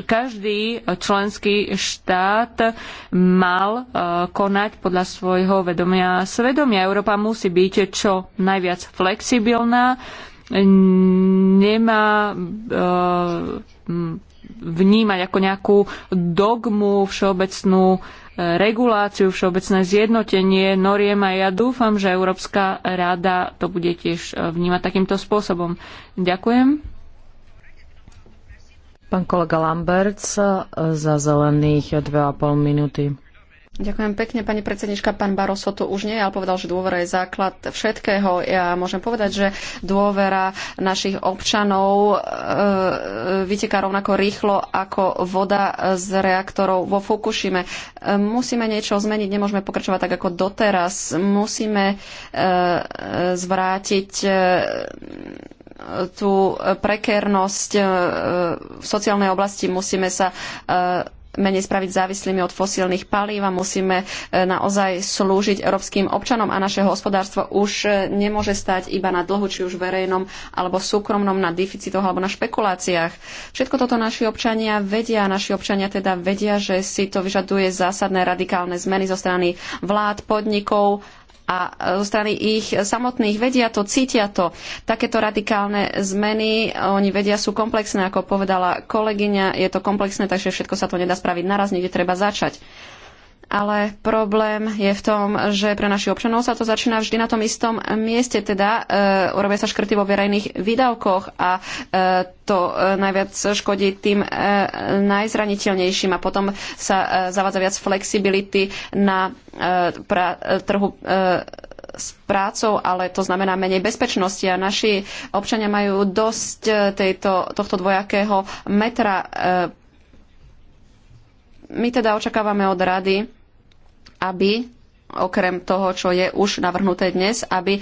každý členský štát mal e, konať podľa svojho vedomia a svedomia. Európa musí byť čo najviac flexibilná, nemá e, vnímať ako nejakú dogmu všeobecnú reguláciu, všeobecné zjednotenie noriem a ja dúfam, že Európska rada to bude tiež e, vnímať takýmto spôsobom. Ďakujem. Pán kolega Lamberts e, za zelených 2,5 minúty. Ďakujem pekne, pani predsednička. Pán Baroso to už nie, ale povedal, že dôvera je základ všetkého. Ja môžem povedať, že dôvera našich občanov e, e, vyteká rovnako rýchlo ako voda z reaktorov vo Fukushime. E, musíme niečo zmeniť, nemôžeme pokračovať tak ako doteraz. Musíme e, e zvrátiť. E, tú prekernosť e, v sociálnej oblasti musíme sa menej spraviť závislými od fosílnych palív a musíme e, naozaj slúžiť európskym občanom a naše hospodárstvo už e, nemôže stať iba na dlhu, či už verejnom alebo súkromnom, na deficitoch alebo na špekuláciách. Všetko toto naši občania vedia, naši občania teda vedia, že si to vyžaduje zásadné radikálne zmeny zo strany vlád, podnikov a zo strany ich samotných vedia to, cítia to. Takéto radikálne zmeny, oni vedia, sú komplexné, ako povedala kolegyňa, je to komplexné, takže všetko sa to nedá spraviť naraz, niekde treba začať ale problém je v tom, že pre našich občanov sa to začína vždy na tom istom mieste, teda uh, urobia sa škrty vo verejných výdavkoch a uh, to uh, najviac škodí tým uh, najzraniteľnejším a potom sa uh, zavádza viac flexibility na uh, pra, uh, trhu. Uh, s prácou, ale to znamená menej bezpečnosti a naši občania majú dosť tejto, tohto dvojakého metra. E, my teda očakávame od rady, aby okrem toho, čo je už navrhnuté dnes, aby e,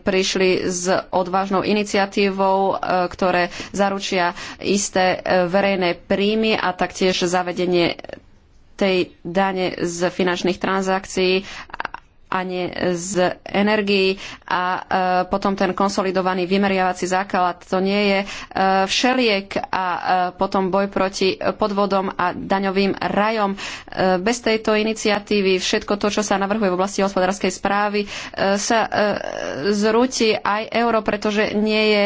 prišli s odvážnou iniciatívou, e, ktoré zaručia isté e, verejné príjmy a taktiež zavedenie tej dane z finančných transakcií ani z energií a e, potom ten konsolidovaný vymeriavací základ, to nie je e, všeliek a e, potom boj proti podvodom a daňovým rajom. Bez tejto iniciatívy všetko to, čo sa navrhuje v oblasti hospodárskej správy, sa zrúti aj euro, pretože nie je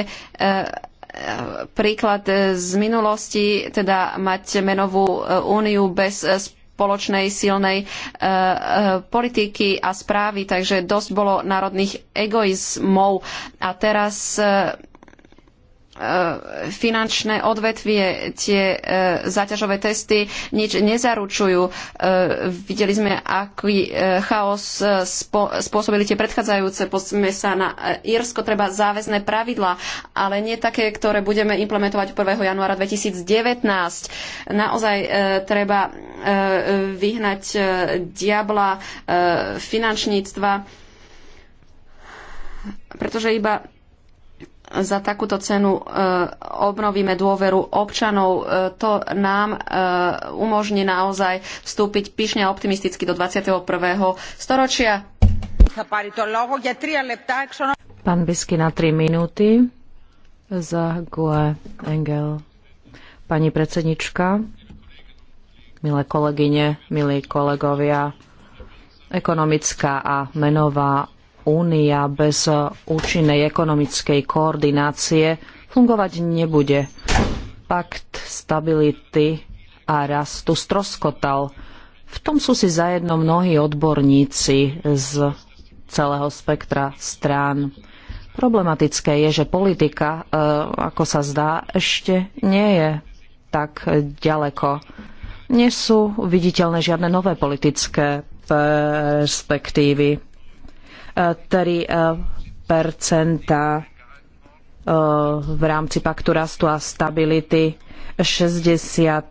príklad z minulosti, teda mať menovú úniu bez spoločnej silnej e, e, politiky a správy, takže dosť bolo národných egoizmov. A teraz e, E, finančné odvetvie, tie e, záťažové testy nič nezaručujú. E, videli sme, aký chaos spôsobili tie predchádzajúce. Pozme sa na Irsko treba záväzné pravidlá, ale nie také, ktoré budeme implementovať 1. januára 2019. Naozaj treba vyhnať diabla finančníctva, pretože iba za takúto cenu e, obnovíme dôveru občanov. E, to nám e, umožní naozaj vstúpiť pyšne a optimisticky do 21. storočia. Pán Bisky na 3 minúty za Gue Engel. Pani predsednička, milé kolegyne, milí kolegovia, ekonomická a menová únia bez účinnej ekonomickej koordinácie fungovať nebude. Pakt stability a rastu stroskotal. V tom sú si zajedno mnohí odborníci z celého spektra strán. Problematické je, že politika, e, ako sa zdá, ešte nie je tak ďaleko. Nie sú viditeľné žiadne nové politické perspektívy. E, e, v rámci paktu rastu a stability 60,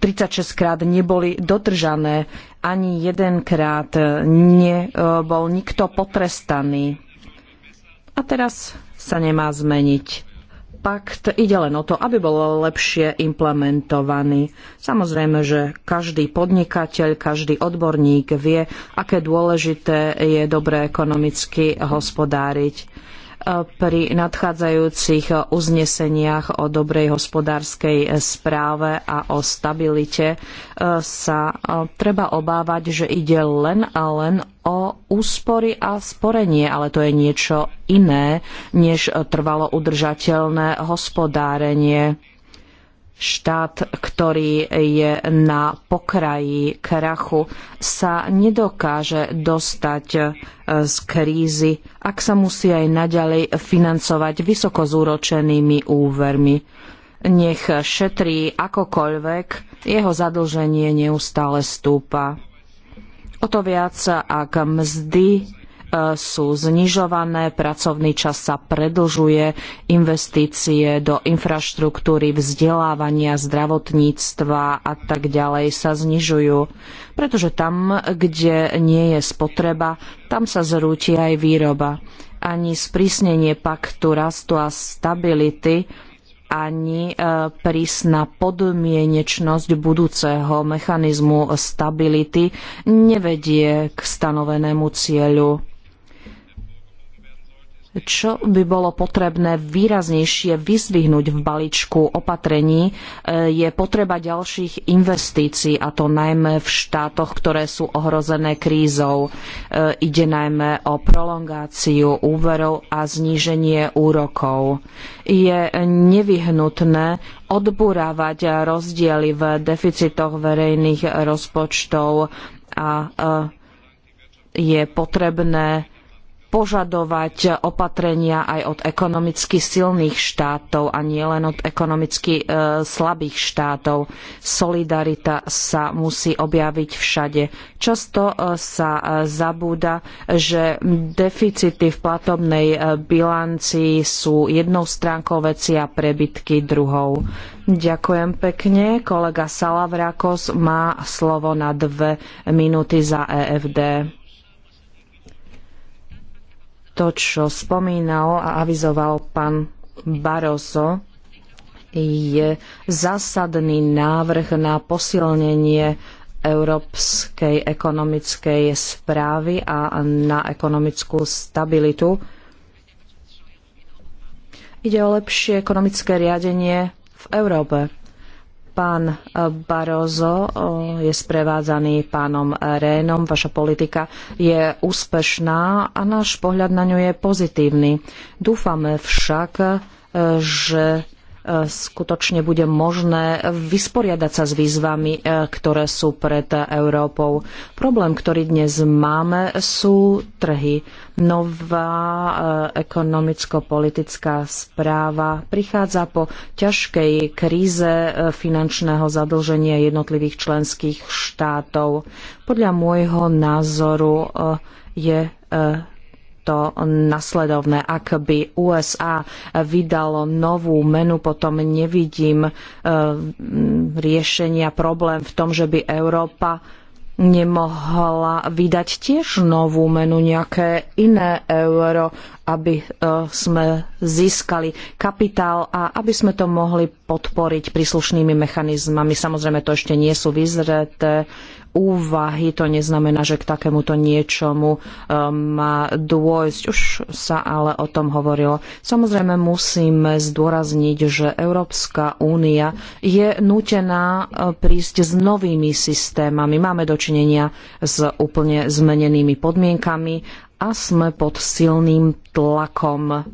36 krát neboli dodržané, ani jedenkrát e, nebol nikto potrestaný. A teraz sa nemá zmeniť pakt ide len o to, aby bol lepšie implementovaný. Samozrejme, že každý podnikateľ, každý odborník vie, aké dôležité je dobre ekonomicky hospodáriť pri nadchádzajúcich uzneseniach o dobrej hospodárskej správe a o stabilite e, sa e, treba obávať, že ide len a len o úspory a sporenie, ale to je niečo iné než trvalo udržateľné hospodárenie štát, ktorý je na pokraji krachu, sa nedokáže dostať e, z krízy, ak sa musí aj naďalej financovať vysoko zúročenými úvermi. Nech šetrí akokoľvek, jeho zadlženie neustále stúpa. O to viac, ak mzdy E, sú znižované, pracovný čas sa predlžuje, investície do infraštruktúry, vzdelávania, zdravotníctva a tak ďalej sa znižujú. Pretože tam, kde nie je spotreba, tam sa zrúti aj výroba. Ani sprísnenie paktu rastu a stability ani e, prísna podmienečnosť budúceho mechanizmu stability nevedie k stanovenému cieľu čo by bolo potrebné výraznejšie vyzvihnúť v balíčku opatrení, e, je potreba ďalších investícií, a to najmä v štátoch, ktoré sú ohrozené krízou. E, ide najmä o prolongáciu úverov a zníženie úrokov. Je nevyhnutné odburávať rozdiely v deficitoch verejných rozpočtov a e, je potrebné požadovať opatrenia aj od ekonomicky silných štátov a nielen od ekonomicky e, slabých štátov. Solidarita sa musí objaviť všade. Často e, sa e, zabúda, že deficity v platobnej bilancii sú jednou stránkou veci a prebytky druhou. Ďakujem pekne. Kolega Salavrakos má slovo na dve minúty za EFD to, čo spomínal a avizoval pán Barroso, je zásadný návrh na posilnenie európskej ekonomickej správy a na ekonomickú stabilitu. Ide o lepšie ekonomické riadenie v Európe. Pán eh, Barozo eh, je sprevádzaný pánom Rénom. Vaša politika je úspešná a náš pohľad na ňu je pozitívny. Dúfame však, eh, že skutočne bude možné vysporiadať sa s výzvami, ktoré sú pred Európou. Problém, ktorý dnes máme, sú trhy. Nová eh, ekonomicko-politická správa prichádza po ťažkej kríze eh, finančného zadlženia jednotlivých členských štátov. Podľa môjho názoru eh, je to nasledovné. Ak by USA vydalo novú menu, potom nevidím riešenia problém v tom, že by Európa nemohla vydať tiež novú menu, nejaké iné euro, aby e, sme získali kapitál a aby sme to mohli podporiť príslušnými mechanizmami. Samozrejme, to ešte nie sú vyzreté úvahy. To neznamená, že k takémuto niečomu eh, má dôjsť. Už sa ale o tom hovorilo. Samozrejme musíme zdôrazniť, že Európska únia je nutená eh, prísť s novými systémami. Máme dočinenia s úplne zmenenými podmienkami a sme pod silným tlakom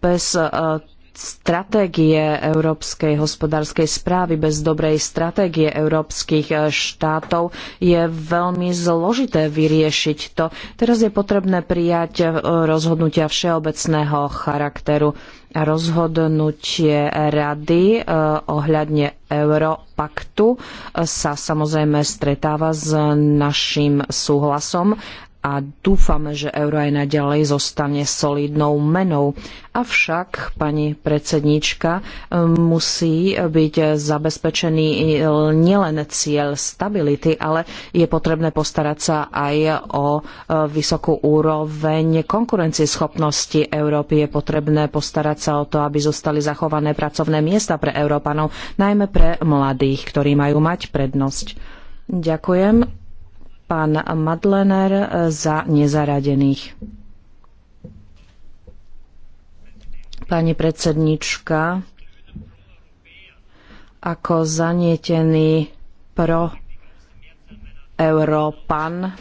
bez eh, stratégie európskej hospodárskej správy, bez dobrej stratégie európskych e, štátov je veľmi zložité vyriešiť to. Teraz je potrebné prijať e, rozhodnutia všeobecného charakteru a rozhodnutie rady e, ohľadne Europaktu sa samozrejme stretáva s našim súhlasom a dúfame, že euro aj naďalej zostane solidnou menou. Avšak, pani predsedníčka, musí byť zabezpečený nielen cieľ stability, ale je potrebné postarať sa aj o vysokú úroveň konkurencieschopnosti Európy. Je potrebné postarať sa o to, aby zostali zachované pracovné miesta pre Európanov, najmä pre mladých, ktorí majú mať prednosť. Ďakujem pán Madlener za nezaradených. Pani predsednička, ako zanietený pro Európan,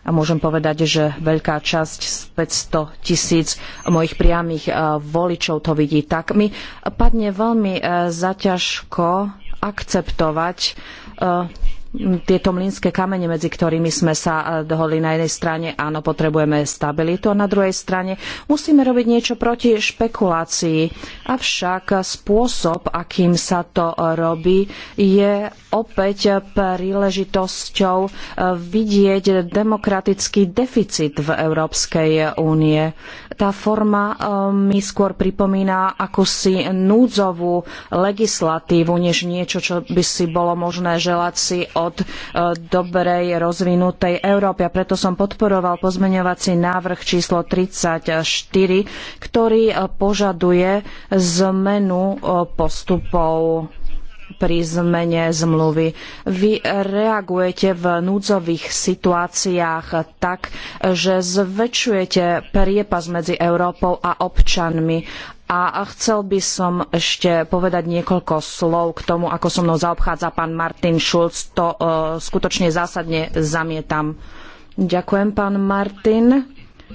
a môžem povedať, že veľká časť z 500 tisíc mojich priamých eh, voličov to vidí tak. Mi padne veľmi eh, zaťažko akceptovať eh, tieto mlynské kamene, medzi ktorými sme sa e, dohodli na jednej strane, áno, potrebujeme stabilitu a na druhej strane musíme robiť niečo proti špekulácii. Avšak spôsob, akým sa to robí, je opäť príležitosťou e, vidieť demokratický deficit v Európskej únie. Tá forma e, mi skôr pripomína akúsi núdzovú legislatívu, než niečo, čo by si bolo možné želať si od e, dobrej rozvinutej Európy. A preto som podporoval pozmeňovací návrh číslo 34, ktorý e, požaduje zmenu e, postupov pri zmene zmluvy. Vy reagujete v núdzových situáciách tak, že zväčšujete priepas medzi Európou a občanmi a chcel by som ešte povedať niekoľko slov k tomu, ako so mnou zaobchádza pán Martin Schulz. To uh, skutočne zásadne zamietam. Ďakujem, pán Martin.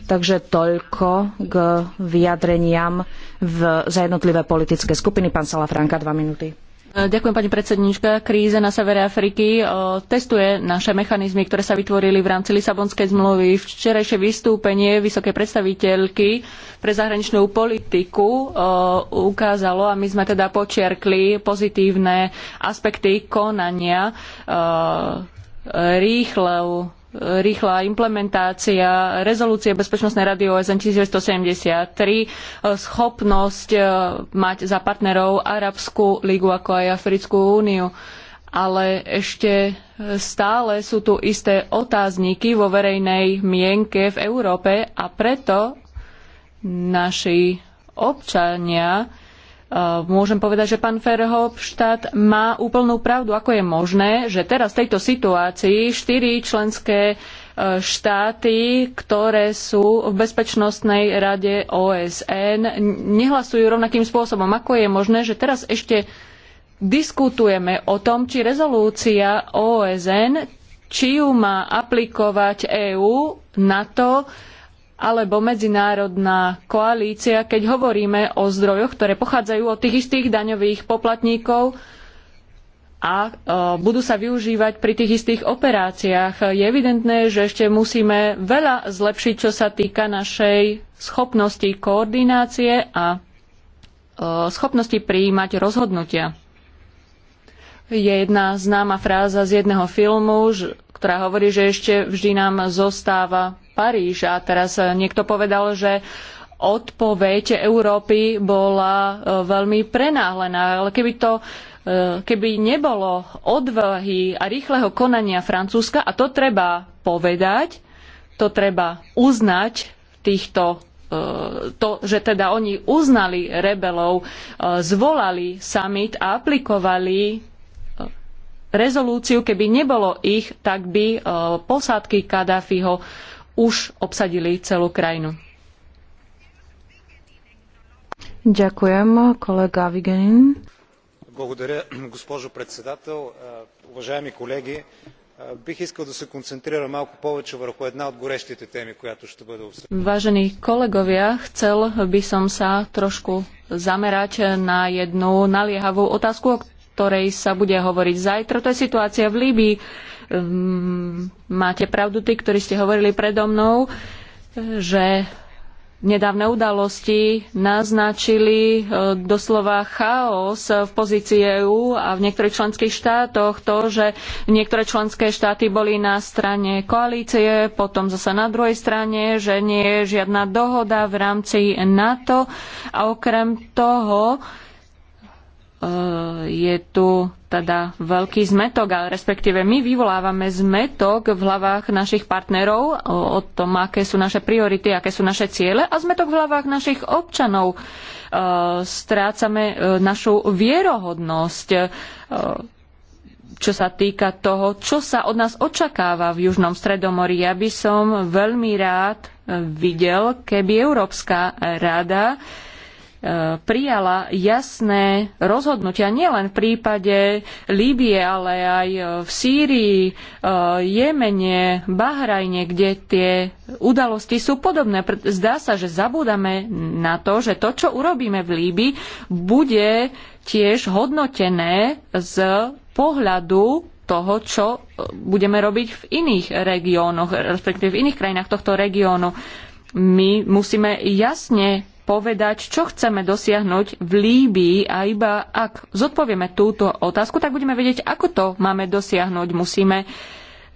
Takže toľko k vyjadreniam v, za jednotlivé politické skupiny. Pán Salafranka, dva minúty. Ďakujem pani predsednička. Kríza na severe Afriky testuje naše mechanizmy, ktoré sa vytvorili v rámci Lisabonskej zmluvy. Včerajšie vystúpenie vysokej predstaviteľky pre zahraničnú politiku ukázalo, a my sme teda počiarkli pozitívne aspekty konania rýchlou rýchla implementácia rezolúcie Bezpečnostnej rady OSN 1973, e, schopnosť e, mať za partnerov Arabskú lígu ako aj Africkú úniu. Ale ešte stále sú tu isté otázniky vo verejnej mienke v Európe a preto naši občania Eh, môžem povedať, že pán Verhofstadt má úplnú pravdu, ako je možné, že teraz v tejto situácii štyri členské eh, štáty, ktoré sú v Bezpečnostnej rade OSN, nehlasujú rovnakým spôsobom. Ako je možné, že teraz ešte diskutujeme o tom, či rezolúcia OSN, či ju má aplikovať EÚ na to, alebo medzinárodná koalícia, keď hovoríme o zdrojoch, ktoré pochádzajú od tých istých daňových poplatníkov a e, budú sa využívať pri tých istých operáciách. Je evidentné, že ešte musíme veľa zlepšiť, čo sa týka našej schopnosti koordinácie a e, schopnosti prijímať rozhodnutia. Je jedna známa fráza z jedného filmu, ktorá hovorí, že ešte vždy nám zostáva a Teraz e, niekto povedal, že odpoveď Európy bola e, veľmi prenáhlená, ale keby to e, keby nebolo odvahy a rýchleho konania Francúzska, a to treba povedať, to treba uznať týchto to, že teda oni uznali rebelov, zvolali summit a aplikovali rezolúciu, keby nebolo ich, tak by posádky Kadáfiho už obsadili celú krajinu. Ďakujem, kolega Vigenin. Благодаря, госпожо председател. Уважаеми колеги, бих искал да се концентрирам малко повече върху една от горещите теми, която ще бъде обсъдена. Vážení kolegovia, chcel би съм са трошку zamerať на едно naliehavú otázku, о ktorej са буде говорить завтра. То je situácia v Líbii Ehm, máte pravdu tí, ktorí ste hovorili predo mnou, e, že nedávne udalosti naznačili e, doslova chaos v pozícii EÚ a v niektorých členských štátoch to, že niektoré členské štáty boli na strane koalície, potom zase na druhej strane, že nie je žiadna dohoda v rámci NATO a okrem toho e, je tu teda veľký zmetok, ale respektíve my vyvolávame zmetok v hlavách našich partnerov o, o tom, aké sú naše priority, aké sú naše ciele a zmetok v hlavách našich občanov. E, strácame e, našu vierohodnosť, e, čo sa týka toho, čo sa od nás očakáva v Južnom Stredomorí. Ja by som veľmi rád e, videl, keby Európska rada prijala jasné rozhodnutia nielen v prípade Líbie, ale aj v Sýrii, eh, Jemene, Bahrajne, kde tie udalosti sú podobné. Zdá sa, že zabúdame na to, že to, čo urobíme v Líbii, bude tiež hodnotené z pohľadu toho, čo eh, budeme robiť v iných regiónoch, respektíve v iných krajinách tohto regiónu. My musíme jasne povedať, čo chceme dosiahnuť v Líbii a iba ak zodpovieme túto otázku, tak budeme vedieť, ako to máme dosiahnuť. Musíme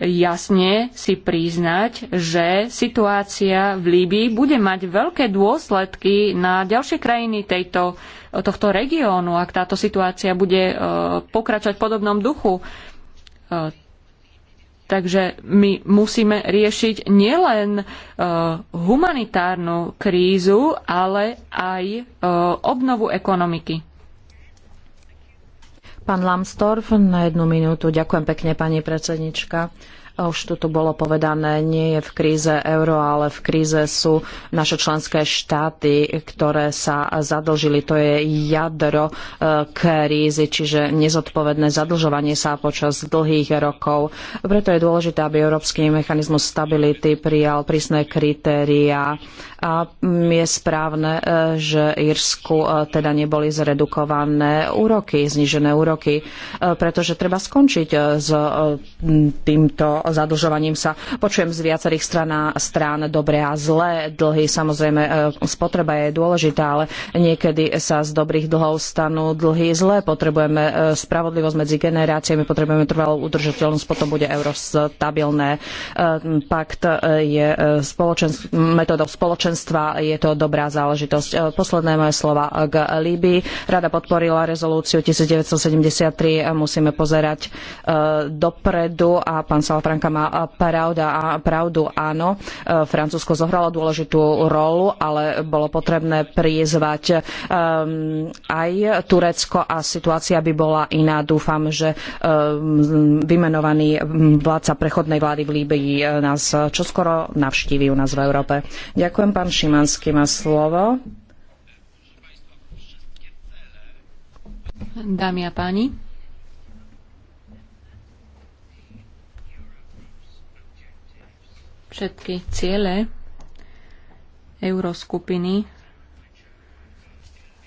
jasne si priznať, že situácia v Líbii bude mať veľké dôsledky na ďalšie krajiny tejto, tohto regiónu, ak táto situácia bude e, pokračovať v podobnom duchu. E, Takže my musíme riešiť nielen e, humanitárnu krízu, ale aj e, obnovu ekonomiky. Pán Lambsdorff, na jednu minútu. Ďakujem pekne, pani predsednička už tu, tu bolo povedané, nie je v kríze euro, ale v kríze sú naše členské štáty, ktoré sa zadlžili. To je jadro e, krízy, čiže nezodpovedné zadlžovanie sa počas dlhých rokov. Preto je dôležité, aby Európsky mechanizmus stability prijal prísne kritériá a je správne, e, že Írsku e, teda neboli zredukované úroky, znížené úroky, pretože treba skončiť s týmto zadlžovaním sa počujem z viacerých stran, strán dobré a zlé. Dlhy samozrejme e, spotreba je dôležitá, ale niekedy sa z dobrých dlhov stanú dlhy zlé. Potrebujeme e, spravodlivosť medzi generáciami, potrebujeme trvalú udržateľnosť, potom bude euro stabilné. E, pakt je metódou metodou spoločenstva, je to dobrá záležitosť. Posledné moje slova k Líbii. Rada podporila rezolúciu 1973, musíme pozerať dopredu a pán Salafranka Franka má pravda a pravdu áno. E, Francúzsko zohralo dôležitú rolu, ale bolo potrebné prizvať e, aj Turecko a situácia by bola iná. Dúfam, že e, vymenovaný vládca prechodnej vlády v Líbii nás čoskoro navštíví u nás v Európe. Ďakujem, pán Šimanský má slovo. Dámy a páni, všetky ciele euroskupiny.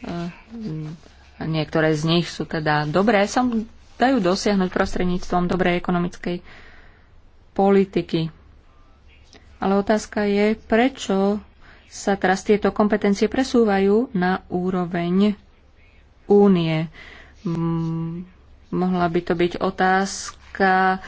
Eh, niektoré z nich sú teda dobré, sa dajú dosiahnuť prostredníctvom dobrej ekonomickej politiky. Ale otázka je, prečo sa teraz tieto kompetencie presúvajú na úroveň únie. Mohla by to byť otázka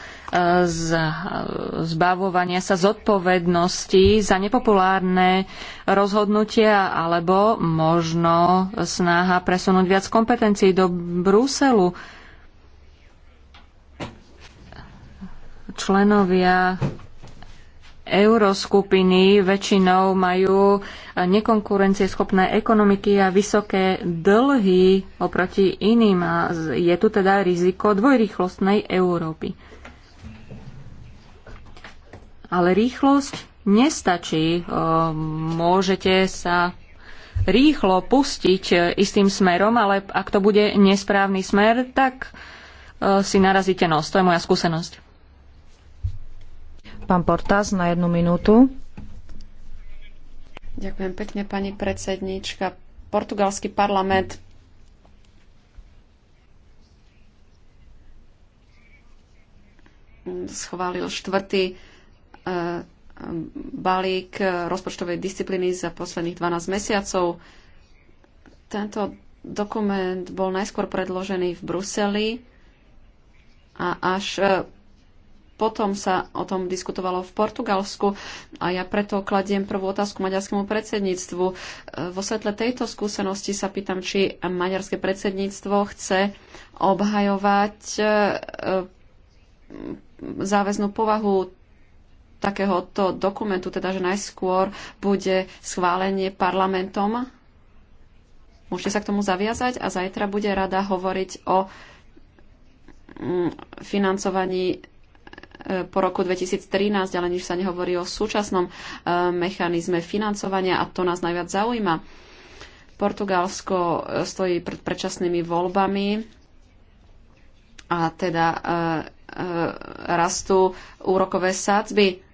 zbavovania sa zodpovednosti za nepopulárne rozhodnutia alebo možno snaha presunúť viac kompetencií do Bruselu. Členovia euroskupiny väčšinou majú nekonkurencieschopné ekonomiky a vysoké dlhy oproti iným a je tu teda riziko dvojrýchlostnej Európy. Ale rýchlosť nestačí. Ehm, môžete sa rýchlo pustiť e, istým smerom, ale ak to bude nesprávny smer, tak e, si narazíte nos. To je moja skúsenosť. Pán Portás na jednu minútu. Ďakujem pekne, pani predsednička. Portugalský parlament schválil štvrtý balík rozpočtovej disciplíny za posledných 12 mesiacov. Tento dokument bol najskôr predložený v Bruseli a až e, potom sa o tom diskutovalo v Portugalsku a ja preto kladiem prvú otázku maďarskému predsedníctvu. E, vo svetle tejto skúsenosti sa pýtam, či maďarské predsedníctvo chce obhajovať e, záväznú povahu takéhoto dokumentu, teda že najskôr bude schválenie parlamentom. Môžete sa k tomu zaviazať a zajtra bude rada hovoriť o mm, financovaní e, po roku 2013, ale nič sa nehovorí o súčasnom e, mechanizme financovania a to nás najviac zaujíma. Portugalsko e, stojí pred predčasnými voľbami a teda rastú úrokové sádzby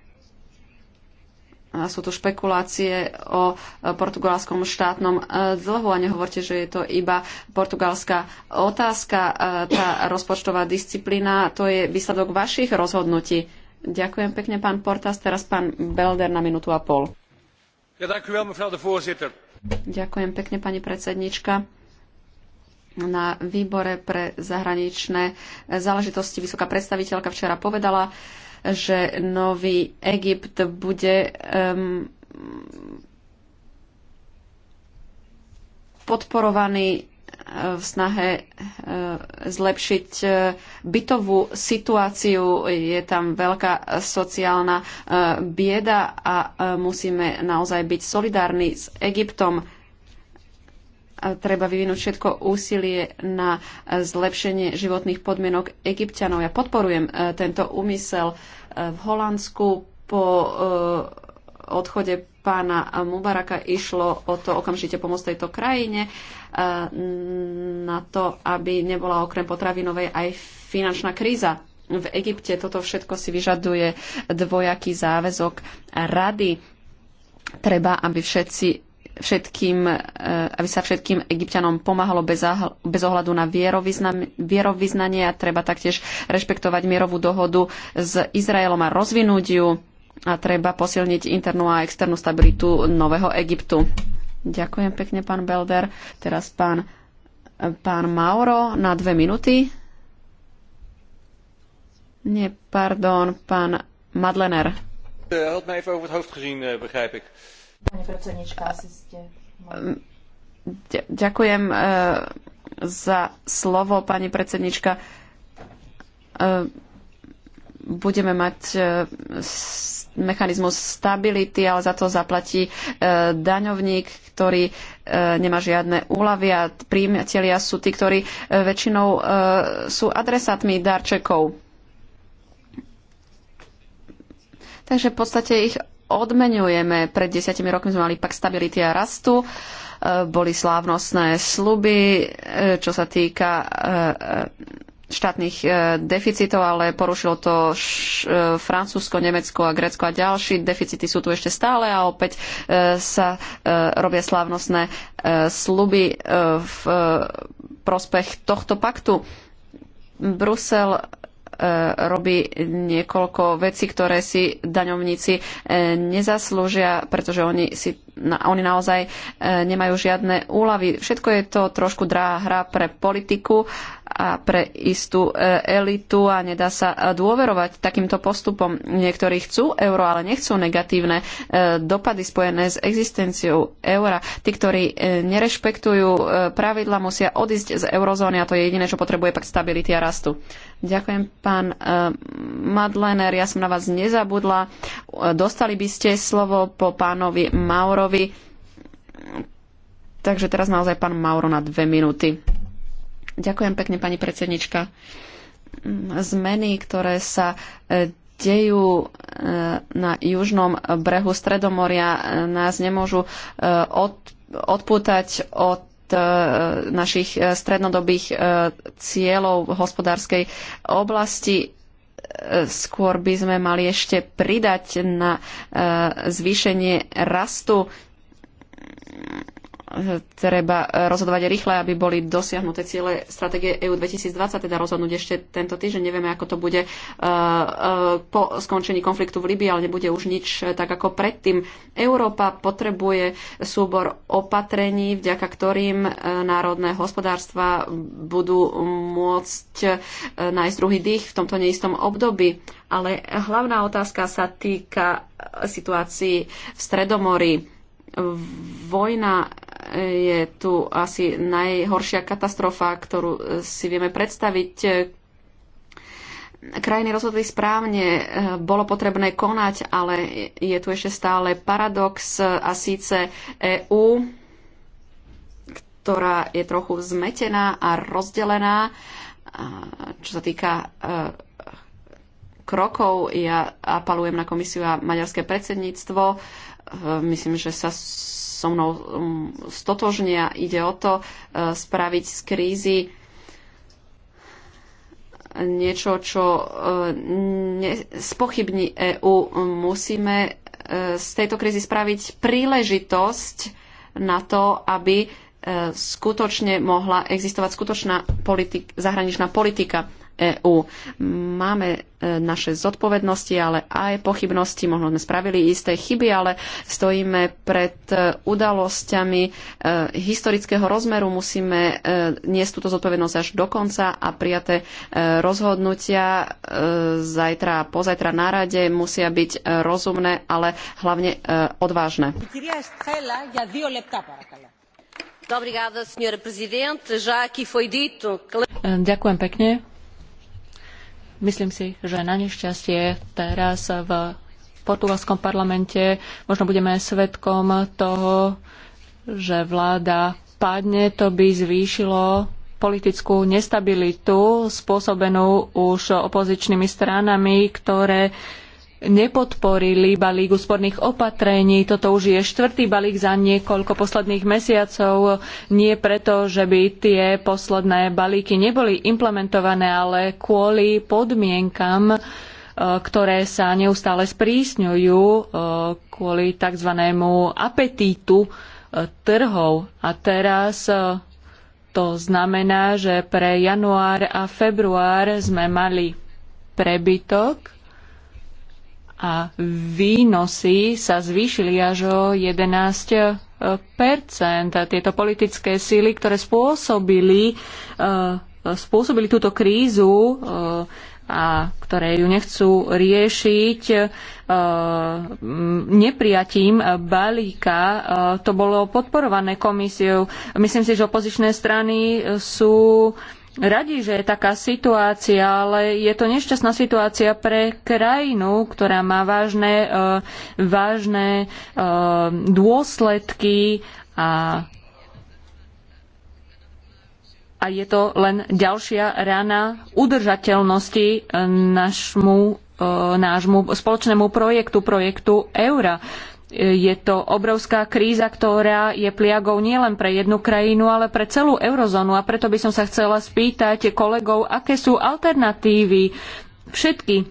sú to špekulácie o portugalskom štátnom e, dlhu a nehovorte, že je to iba portugalská otázka. E, tá rozpočtová disciplína, to je výsledok vašich rozhodnutí. Ďakujem pekne, pán Portas. Teraz pán Belder na minútu a pol. Ja, ďakujem, ďakujem pekne, pani predsednička na výbore pre zahraničné záležitosti. Vysoká predstaviteľka včera povedala, že nový Egypt bude um, podporovaný eh, v snahe eh, zlepšiť eh, bytovú situáciu. Je tam veľká sociálna bieda a musíme naozaj byť solidárni s Egyptom treba vyvinúť všetko úsilie na e, zlepšenie životných podmienok egyptianov. Ja podporujem e, tento úmysel e, v Holandsku po odchode pána Mubaraka išlo o to okamžite pomôcť tejto krajine na to, aby nebola okrem potravinovej aj finančná kríza. V Egypte toto všetko si vyžaduje dvojaký záväzok rady. Treba, aby všetci všetkým, e, aby sa všetkým egyptianom pomáhalo bez, bez ohľadu na vierovýznanie a treba taktiež rešpektovať mierovú dohodu s Izraelom a rozvinúť ju a treba posilniť internú a externú stabilitu Nového Egyptu. Ďakujem pekne, pán Belder. Teraz pán, pán Mauro na dve minúty. Nie, pardon, pán Madlener. had eh, mij even over het hoofd gezien, eh, begrijp ik. Pani predsednička, asi ste... Hm, ďakujem e, za slovo, pani predsednička. E, budeme mať e, mechanizmus stability, ale za to zaplatí daňovník, ktorý nemá žiadne úlavy a príjmatelia sú tí, ktorí väčšinou sú adresátmi darčekov. Takže v podstate ich odmenujeme. Pred desiatimi rokmi sme mali pak stability a rastu. E, boli slávnostné sluby, e, čo sa týka e, štátnych deficitov, ale porušilo to Francúzsko, Nemecko a Grécko a ďalší. Deficity sú tu ešte stále a opäť sa robia slávnostné sluby v prospech tohto paktu. Brusel E, robí niekoľko vecí, ktoré si daňovníci e, nezaslúžia, pretože oni, si, oni naozaj e, nemajú žiadne úlavy. Všetko je to trošku drahá hra pre politiku a pre istú e, elitu a nedá sa e, dôverovať takýmto postupom. Niektorí chcú euro, ale nechcú negatívne e, dopady spojené s existenciou eura. Tí, ktorí nerešpektujú pravidla, musia odísť z eurozóny a to je jediné, čo potrebuje pak stability a rastu. Ďakujem, pán Madlener, ja som na vás nezabudla. Dostali by ste slovo po pánovi Maurovi. Takže teraz naozaj pán Mauro na dve minúty. Ďakujem pekne, pani predsednička. Zmeny, ktoré sa e, dejú e, na južnom brehu Stredomoria, e, nás nemôžu odpútať od našich strednodobých cieľov v hospodárskej oblasti skôr by sme mali ešte pridať na zvýšenie rastu treba rozhodovať rýchle, aby boli dosiahnuté ciele stratégie EU 2020, teda rozhodnúť ešte tento týždeň. Nevieme, ako to bude uh, uh, po skončení konfliktu v Libii, ale nebude už nič eh, tak ako predtým. Európa potrebuje súbor opatrení, vďaka ktorým eh, národné hospodárstva budú môcť eh, nájsť druhý dých v tomto neistom období. Ale hlavná otázka sa týka situácii v Stredomorí Vojna e, je tu asi najhoršia katastrofa, ktorú e, si vieme predstaviť. E, krajiny rozhodli správne, bolo potrebné konať, ale je tu ešte stále paradox a síce EÚ, ktorá je trochu zmetená a rozdelená, čo sa týka krokov. Ja apelujem na komisiu a maďarské predsedníctvo E, myslím, že sa so mnou um, stotožnia. Ide o to e, spraviť z krízy niečo, čo e, spochybní EÚ. Musíme z tejto krízy spraviť príležitosť na to, aby skutočne mohla existovať skutočná politik, zahraničná politika. EÚ. Máme e, naše zodpovednosti, ale aj pochybnosti. Možno sme spravili isté chyby, ale stojíme pred e, udalosťami e, historického rozmeru. Musíme niesť túto zodpovednosť až do konca a prijaté rozhodnutia zajtra a pozajtra na rade musia byť rozumné, ale hlavne odvážne. Ďakujem pekne. Myslím si, že na nešťastie teraz v portugalskom parlamente možno budeme svetkom toho, že vláda padne, to by zvýšilo politickú nestabilitu spôsobenú už opozičnými stranami, ktoré nepodporili balík úsporných opatrení. Toto už je štvrtý balík za niekoľko posledných mesiacov. Nie preto, že by tie posledné balíky neboli implementované, ale kvôli podmienkam, e, ktoré sa neustále sprísňujú e, kvôli tzv. apetítu e, trhov. A teraz to znamená, že pre január a február sme mali prebytok a výnosy sa zvýšili až o 11 Tieto politické síly, ktoré spôsobili, e, spôsobili túto krízu e, a ktoré ju nechcú riešiť e, neprijatím balíka. To bolo podporované komisiou. Myslím si, že opozičné strany sú radi, že je taká situácia, ale je to nešťastná situácia pre krajinu, ktorá má vážne, uh, vážne uh, dôsledky a a je to len ďalšia rana udržateľnosti eh, našmu, nášmu spoločnému projektu, projektu eura. Je to obrovská kríza, ktorá je pliagou nielen pre jednu krajinu, ale pre celú eurozónu. A preto by som sa chcela spýtať kolegov, aké sú alternatívy všetky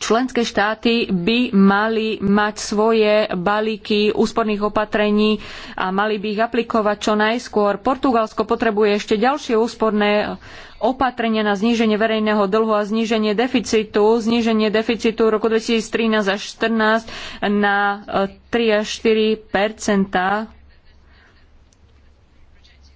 Členské štáty by mali mať svoje balíky úsporných opatrení a mali by ich aplikovať čo najskôr. Portugalsko potrebuje ešte ďalšie úsporné opatrenia na zníženie verejného dlhu a zníženie deficitu, zníženie deficitu roku 2013 až 2014 na 3 e, až 4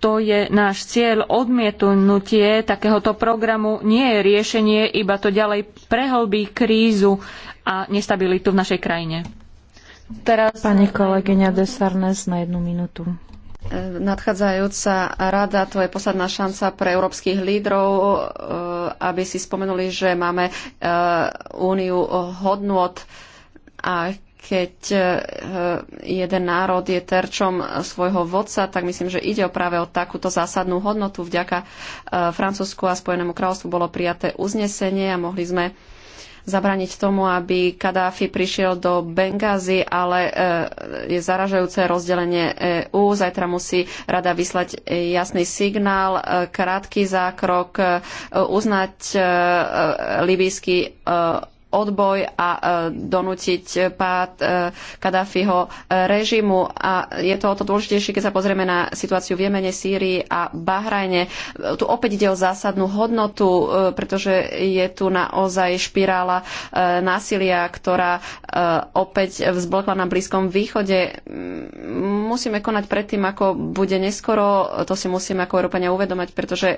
to je náš cieľ. Odmietnutie takéhoto programu nie je riešenie, iba to ďalej prehlbí krízu a nestabilitu v našej krajine. Teraz... Pani kolegyňa Desarnes na jednu minútu. E, nadchádzajúca rada, to je posledná šanca pre európskych lídrov, e, aby si spomenuli, že máme e, úniu od a keď e, jeden národ je terčom svojho vodca, tak myslím, že ide práve o takúto zásadnú hodnotu. Vďaka e, Francúzsku a Spojenému kráľovstvu bolo prijaté uznesenie a mohli sme zabraniť tomu, aby Kadáfi prišiel do Bengázy, ale e, je zaražajúce rozdelenie EÚ. Zajtra musí rada vyslať jasný signál, krátky zákrok, uznať libijský odboj a e, donútiť pád e, Kadáfiho e, režimu. A je to o to dôležitejšie, keď sa pozrieme na situáciu v Jemene, Sýrii a Bahrajne. Tu opäť ide o zásadnú hodnotu, pretože je tu naozaj špirála násilia, ktorá opäť vzblkla na Blízkom východe. Musíme konať predtým, ako bude neskoro. To si musíme ako Európania uvedomať, pretože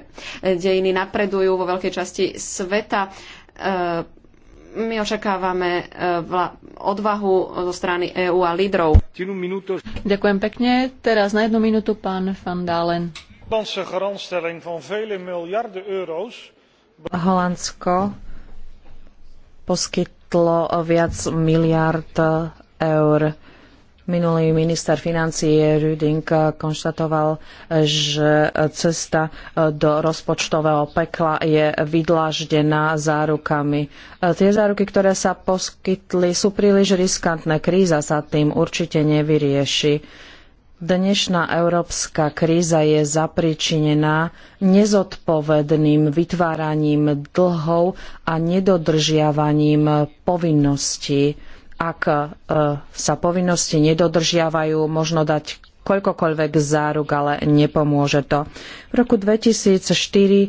dejiny napredujú vo veľkej časti sveta my očakávame e, odvahu zo strany EÚ a lídrov. Ďakujem pekne. Teraz na jednu minútu pán Van Dalen. Holandsko poskytlo viac miliard eur Minulý minister financí Rüding konštatoval, že cesta e, do rozpočtového pekla je vydláždená zárukami. E, tie záruky, ktoré sa poskytli, sú príliš riskantné. Kríza sa tým určite nevyrieši. Dnešná európska kríza je zapričinená nezodpovedným vytváraním dlhov a nedodržiavaním povinností ak e, sa povinnosti nedodržiavajú, možno dať koľkokoľvek záruk, ale nepomôže to. V roku 2004 e,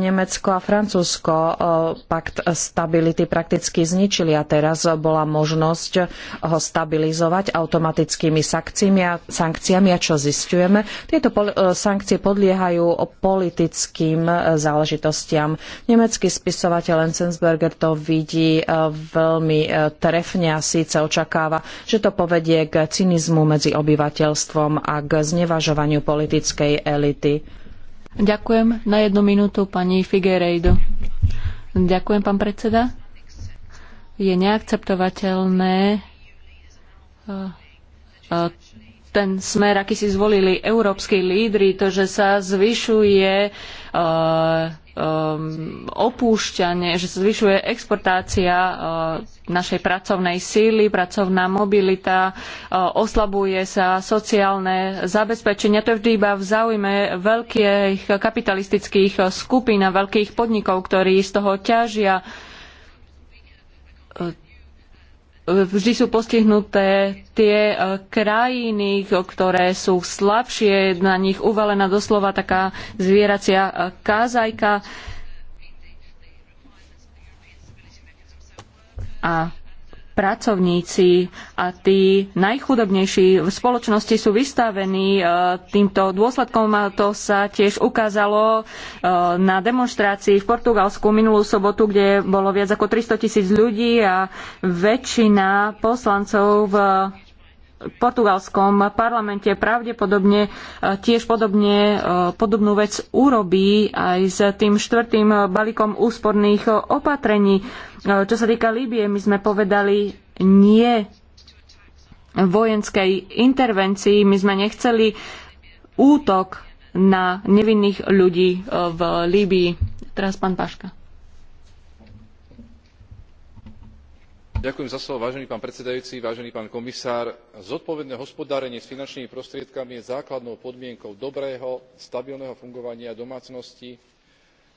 Nemecko a Francúzsko e, pakt stability prakticky zničili a teraz bola možnosť ho stabilizovať automatickými sankciami a, sankciami a čo zistujeme. Tieto e, sankcie podliehajú politickým záležitostiam. Nemecký spisovateľ Enzensberger to vidí veľmi trefne a síce očakáva, že to povedie k cynizmu medzi obyvateľstvom a k znevažovaniu politickej elity. Ďakujem. Na jednu minútu pani Figueiredo. Ďakujem, pán predseda. Je neakceptovateľné eh, eh, ten smer, aký si zvolili európsky lídry, to, že sa zvyšuje eh, um, opúšťanie, že sa zvyšuje exportácia uh, našej pracovnej síly, pracovná mobilita, uh, oslabuje sa sociálne zabezpečenie. To je vždy iba v záujme veľkých kapitalistických skupín a veľkých podnikov, ktorí z toho ťažia. Uh, vždy sú postihnuté tie e, krajiny, ktoré sú slabšie, na nich uvalená doslova taká zvieracia e, kázajka. A pracovníci a tí najchudobnejší v spoločnosti sú vystavení e, týmto dôsledkom. To sa tiež ukázalo e, na demonštrácii v Portugalsku minulú sobotu, kde bolo viac ako 300 tisíc ľudí a väčšina poslancov v portugalskom parlamente pravdepodobne e, tiež podobne, podobnú vec urobí aj s tým štvrtým balíkom úsporných opatrení. E, čo sa týka Líbie, my sme povedali nie vojenskej intervencii. My sme nechceli útok na nevinných ľudí e, v Líbii. Teraz pán Paška. Ďakujem za slovo, vážený pán predsedajúci, vážený pán komisár. Zodpovedné hospodárenie s finančnými prostriedkami je základnou podmienkou dobrého, stabilného fungovania domácnosti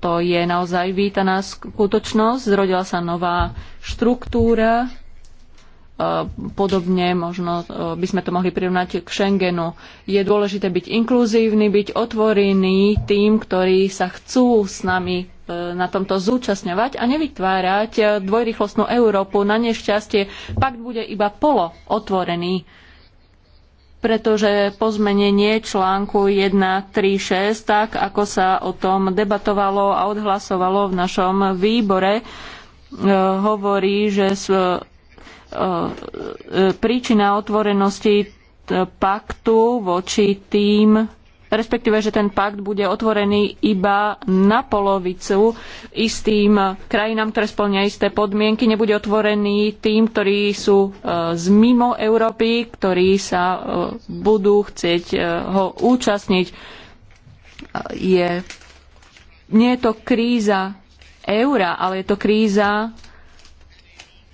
to je naozaj vítaná skutočnosť. Zrodila sa nová štruktúra, e, podobne možno e, by sme to mohli prirovnať k Schengenu. Je dôležité byť inkluzívny, byť otvorený tým, ktorí sa chcú s nami e, na tomto zúčastňovať a nevytvárať dvojrychlostnú Európu. Na nešťastie pak bude iba polo otvorený pretože pozmenenie článku 136, tak ako sa o tom debatovalo a odhlasovalo v našom výbore, e, hovorí, že e, e, príčina otvorenosti paktu voči tým respektíve, že ten pakt bude otvorený iba na polovicu istým krajinám, ktoré splňa isté podmienky, nebude otvorený tým, ktorí sú e, z mimo Európy, ktorí sa e, budú chcieť e, ho účastniť. Je, nie je to kríza eura, ale je to kríza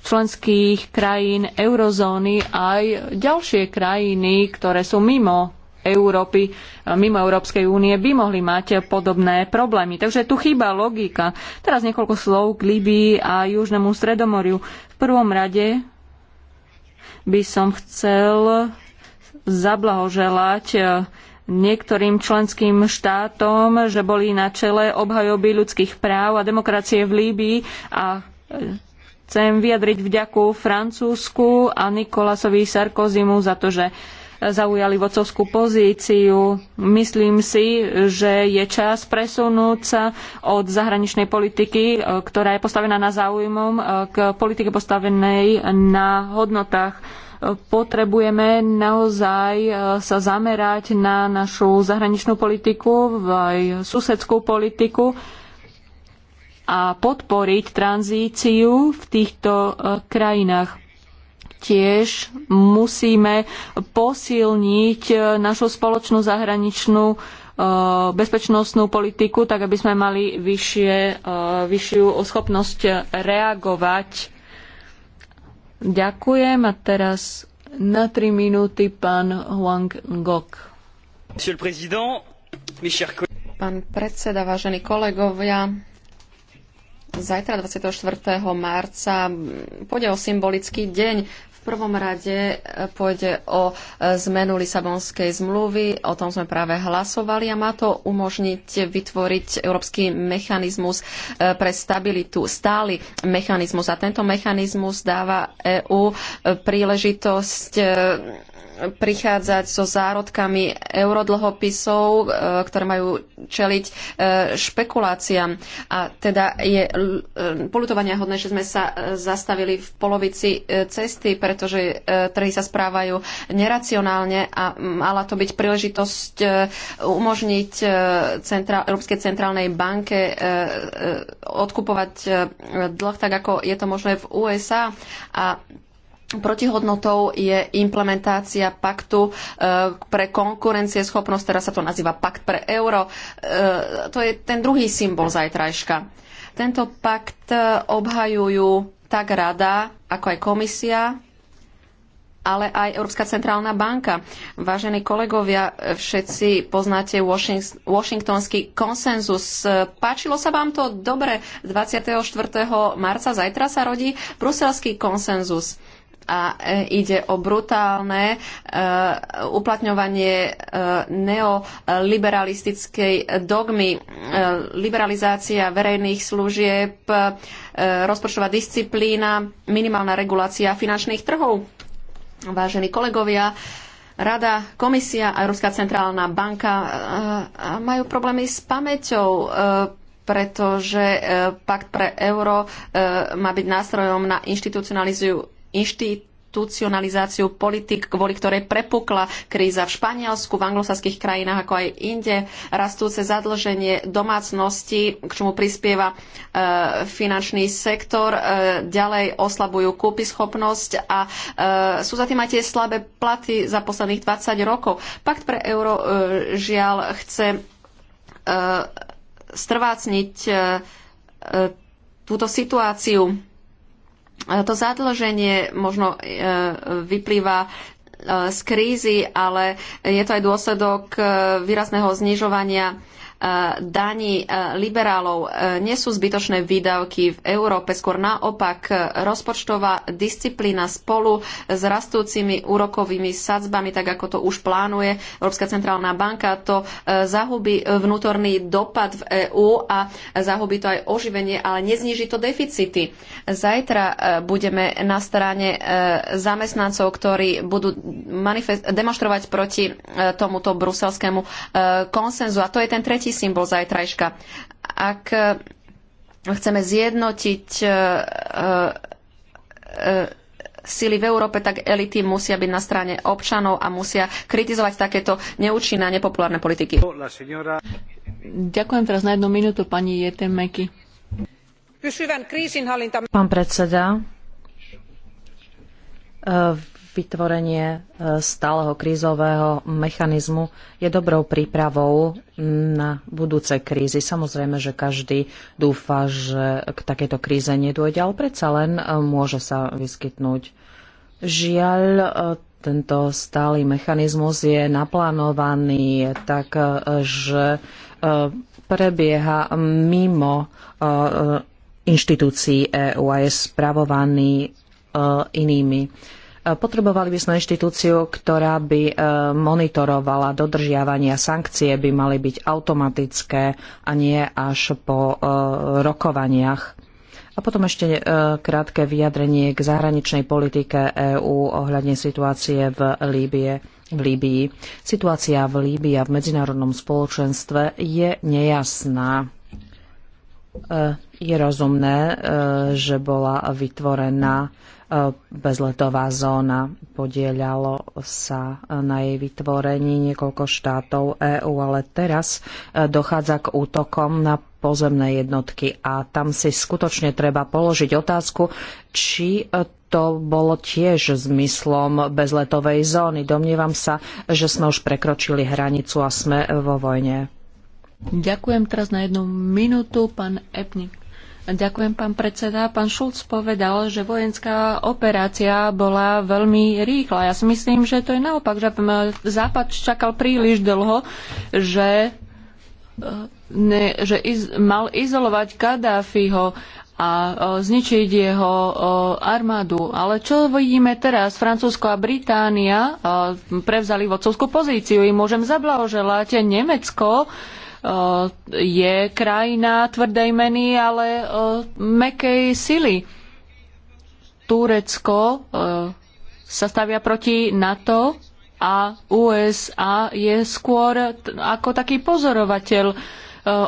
členských krajín eurozóny aj ďalšie krajiny, ktoré sú mimo Európy e, mimo Európskej únie by mohli mať podobné problémy. Takže tu chýba logika. Teraz niekoľko slov k Líbii a Južnému Stredomoriu. V prvom rade by som chcel zablahoželať e, niektorým členským štátom, že boli na čele obhajoby ľudských práv a demokracie v Líbii a e, chcem vyjadriť vďaku Francúzsku a Nikolasovi Sarkozymu za to, že zaujali vodcovskú pozíciu. Myslím si, že je čas presunúť sa od zahraničnej politiky, e, ktorá je postavená na záujmom, e, k politike postavenej na hodnotách. E, potrebujeme naozaj sa zamerať na našu zahraničnú politiku, aj susedskú politiku a podporiť tranzíciu v týchto krajinách tiež musíme posilniť e, našu spoločnú zahraničnú e, bezpečnostnú politiku, tak aby sme mali vyššie, e, vyššiu schopnosť reagovať. Ďakujem a teraz na tri minúty pán Huang Ngoc. Pán predseda, vážení kolegovia, zajtra 24. marca pôjde o symbolický deň prvom rade e, pôjde o e, zmenu Lisabonskej zmluvy, o tom sme práve hlasovali a má to umožniť vytvoriť európsky mechanizmus e, pre stabilitu, stály mechanizmus. A tento mechanizmus dáva EÚ príležitosť prichádzať so zárodkami eurodlhopisov, e, ktoré majú čeliť e, špekuláciám. A teda je e, polutovania hodné, že sme sa zastavili v polovici cesty, pretože trhy sa správajú neracionálne a mala to byť príležitosť umožniť centrál, Európskej centrálnej banke odkupovať dlh tak, ako je to možné v USA a Protihodnotou je implementácia paktu e, pre konkurencieschopnosť, teraz sa to nazýva pakt pre euro. E, to je ten druhý symbol zajtrajška. Tento pakt e, obhajujú tak rada, ako aj komisia, ale aj Európska centrálna banka. Vážení kolegovia, všetci poznáte Washingtonský konsenzus. Páčilo sa vám to dobre? 24. marca zajtra sa rodí Bruselský konsenzus a e, ide o brutálne e, uplatňovanie e, neoliberalistickej dogmy, liberalizácia verejných služieb, rozpočtová disciplína, minimálna regulácia finančných trhov. Vážení kolegovia, Rada, komisia a Európska centrálna banka majú problémy s pamäťou pretože pakt pre euro má byť nástrojom na inštitucionalizujú inštitucionalizáciu politik, kvôli ktorej prepukla kríza v Španielsku, v anglosaských krajinách, ako aj inde, rastúce zadlženie domácnosti, k čomu prispieva e, finančný sektor, e, ďalej oslabujú kúpyschopnosť a e, sú za tým aj tie slabé platy za posledných 20 rokov. Pakt pre euro e, žiaľ chce e, strvácniť e, e, túto situáciu to zadlženie možno e, vyplýva e, z krízy, ale je to aj dôsledok e, výrazného znižovania daní e, liberálov nie sú zbytočné výdavky v Európe, skôr naopak e, rozpočtová disciplína spolu s rastúcimi úrokovými sadzbami, tak ako to už plánuje Európska centrálna banka, to e, zahubí vnútorný dopad v EÚ a zahubí to aj oživenie, ale nezníži to deficity. Zajtra budeme na strane zamestnancov, ktorí budú demonstrovať proti tomuto bruselskému konsenzu. A to je ten tretí symbol zajtrajška. Ak e, chceme zjednotiť e, e, sily v Európe, tak elity musia byť na strane občanov a musia kritizovať takéto neúčinné a nepopulárne politiky. Ďakujem teraz na jednu minútu pani Jeten Meky. Pán predseda, vytvorenie e, stáleho krízového mechanizmu je dobrou prípravou na budúce krízy. Samozrejme, že každý dúfa, že k takejto kríze nedôjde, ale predsa len e, môže sa vyskytnúť. Žiaľ, e, tento stály mechanizmus je naplánovaný tak, že prebieha mimo inštitúcií EÚ a je spravovaný inými. Potrebovali by sme inštitúciu, ktorá by e, monitorovala dodržiavanie sankcie, by mali byť automatické a nie až po e, rokovaniach. A potom ešte e, krátke vyjadrenie k zahraničnej politike EÚ ohľadne situácie v Líbie. V Líbii. Situácia v Líbii a v medzinárodnom spoločenstve je nejasná. Je rozumné, že bola vytvorená bezletová zóna. Podielalo sa na jej vytvorení niekoľko štátov EÚ, ale teraz e, dochádza k útokom na pozemné jednotky a tam si skutočne treba položiť otázku, či e, to bolo tiež zmyslom bezletovej zóny. Domnievam sa, že sme už prekročili hranicu a sme vo vojne. Ďakujem teraz na jednu minútu, pán Epnik. Ďakujem, pán predseda. Pán Šulc povedal, že vojenská operácia bola veľmi rýchla. Ja si myslím, že to je naopak, že Západ čakal príliš dlho, že, eh, ne, že iz, mal izolovať Kadáfiho a eh, zničiť jeho eh, armádu. Ale čo vidíme teraz? Francúzsko a Británia prevzali vodcovskú pozíciu. I môžem zablahoželať Nemecko, Eh, je krajina tvrdej meny, ale eh, mekej sily. Turecko eh, sa stavia proti NATO a USA je skôr ako taký pozorovateľ.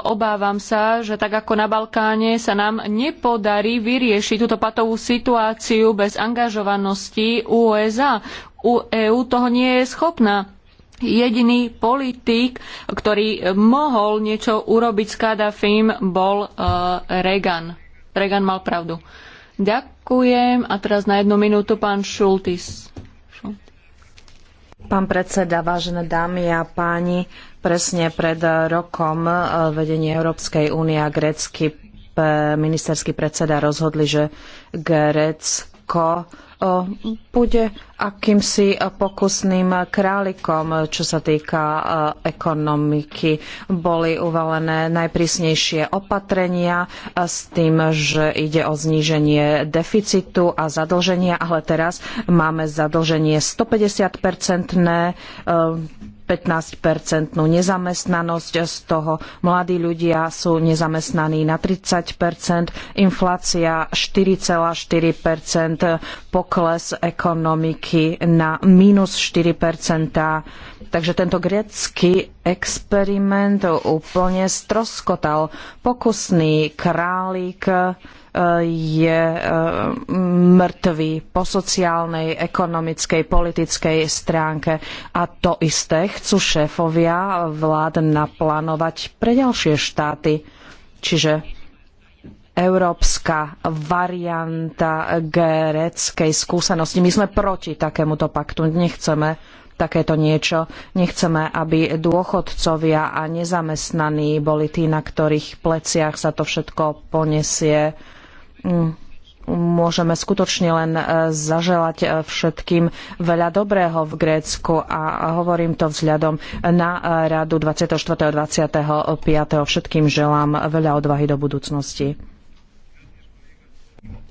Obávam sa, že tak ako na Balkáne sa nám nepodarí vyriešiť túto patovú situáciu bez angažovanosti USA. U EÚ toho nie je schopná. Jediný politik, ktorý mohol niečo urobiť s Kadafim, bol eh, Reagan. Reagan mal pravdu. Ďakujem. A teraz na jednu minútu pán Šultis. Pán predseda, vážené dámy a páni, presne pred rokom eh, vedenie Európskej únie a grécky ministerský predseda rozhodli, že Grécko Rusko e, bude akýmsi pokusným králikom, čo sa týka e, ekonomiky. Boli uvalené najprísnejšie opatrenia e, s tým, že ide o zníženie deficitu a zadlženia, ale teraz máme zadlženie 150-percentné 15-percentnú nezamestnanosť, z toho mladí ľudia sú nezamestnaní na 30 inflácia 4,4 pokles ekonomiky na minus 4 Takže tento grécky experiment úplne stroskotal. Pokusný králik je e, mŕtvý po sociálnej, ekonomickej, politickej stránke. A to isté chcú šéfovia vlád naplánovať pre ďalšie štáty. Čiže európska varianta gréckej skúsenosti. My sme proti takémuto paktu. Nechceme takéto niečo. Nechceme, aby dôchodcovia a nezamestnaní boli tí, na ktorých pleciach sa to všetko ponesie môžeme skutočne len e, zaželať e, všetkým veľa dobrého v Grécku a hovorím to vzhľadom na e, radu 24. a 25. Všetkým želám veľa odvahy do budúcnosti.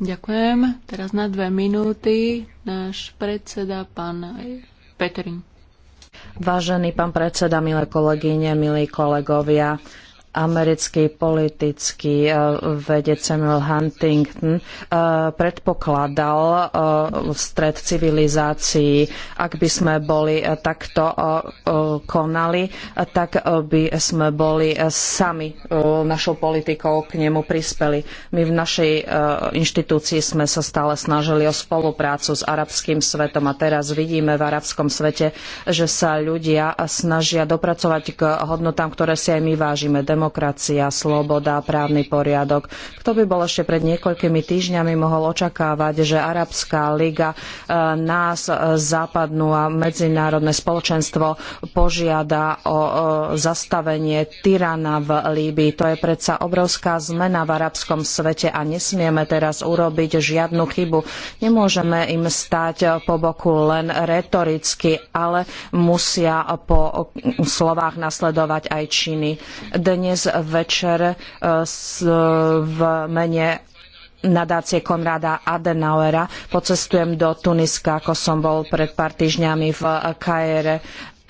Ďakujem. Teraz na dve minúty náš predseda, pán Petrin. Vážený pán predseda, milé kolegyne, milí kolegovia, americký politický e, vedec Samuel Huntington e, predpokladal e, stred civilizácií. Ak by sme boli takto konali, tak by sme boli sami našou politikou k nemu prispeli. My v našej inštitúcii sme sa stále snažili o spoluprácu s arabským svetom a teraz vidíme v arabskom svete, že sa ľudia snažia dopracovať k hodnotám, ktoré si aj my vážime. Demo- demokracia, sloboda, právny poriadok. Kto by bol ešte pred niekoľkými týždňami mohol očakávať, že Arabská liga e, nás, e, západnú a medzinárodné spoločenstvo požiada o e, zastavenie tyrana v Líbii. To je predsa obrovská zmena v arabskom svete a nesmieme teraz urobiť žiadnu chybu. Nemôžeme im stáť po boku len retoricky, ale musia po slovách nasledovať aj činy. Dnes dnes večer e, v mene nadácie Konrada Adenauera. Pocestujem do Tuniska, ako som bol pred pár týždňami v Kaire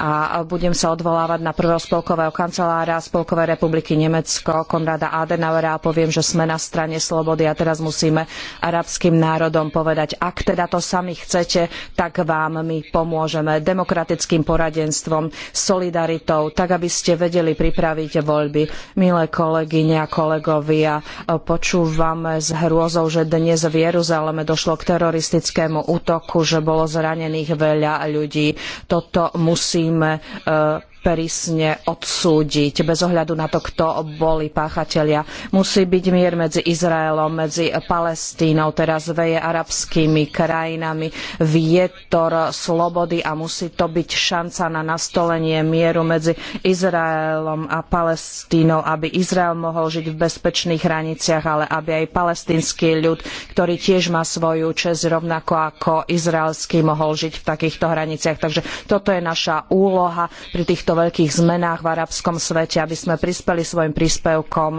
a budem sa odvolávať na prvého spolkového kancelára Spolkovej republiky Nemecko, Konrada Adenauera a poviem, že sme na strane slobody a teraz musíme arabským národom povedať, ak teda to sami chcete, tak vám my pomôžeme demokratickým poradenstvom, solidaritou, tak aby ste vedeli pripraviť voľby. Milé kolegyne a kolegovia, počúvame s hrôzou, že dnes v Jeruzaleme došlo k teroristickému útoku, že bolo zranených veľa ľudí. Toto musíme musíme eh, prísne odsúdiť, bez ohľadu na to, kto boli páchatelia. Musí byť mier medzi Izraelom, medzi Palestínou, teraz veje arabskými krajinami, vietor slobody a musí to byť šanca na nastolenie mieru medzi Izraelom a Palestínou, aby Izrael mohol žiť v bezpečných hraniciach, ale aby aj palestínsky ľud, ktorý tiež má svoju čest rovnako ako izraelský, mohol žiť v takýchto hraniciach. Takže toto je naša úloha pri týchto týchto veľkých zmenách v arabskom svete, aby sme prispeli svojim príspevkom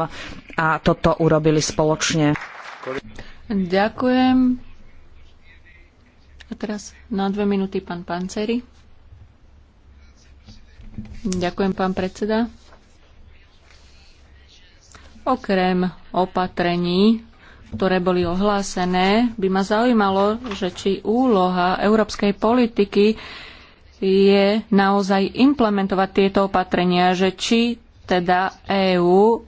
a toto urobili spoločne. Ďakujem. A teraz na dve minúty pán Panceri. Ďakujem, pán predseda. Okrem opatrení, ktoré boli ohlásené, by ma zaujímalo, že či úloha európskej politiky je naozaj implementovať tieto opatrenia, že či teda EÚ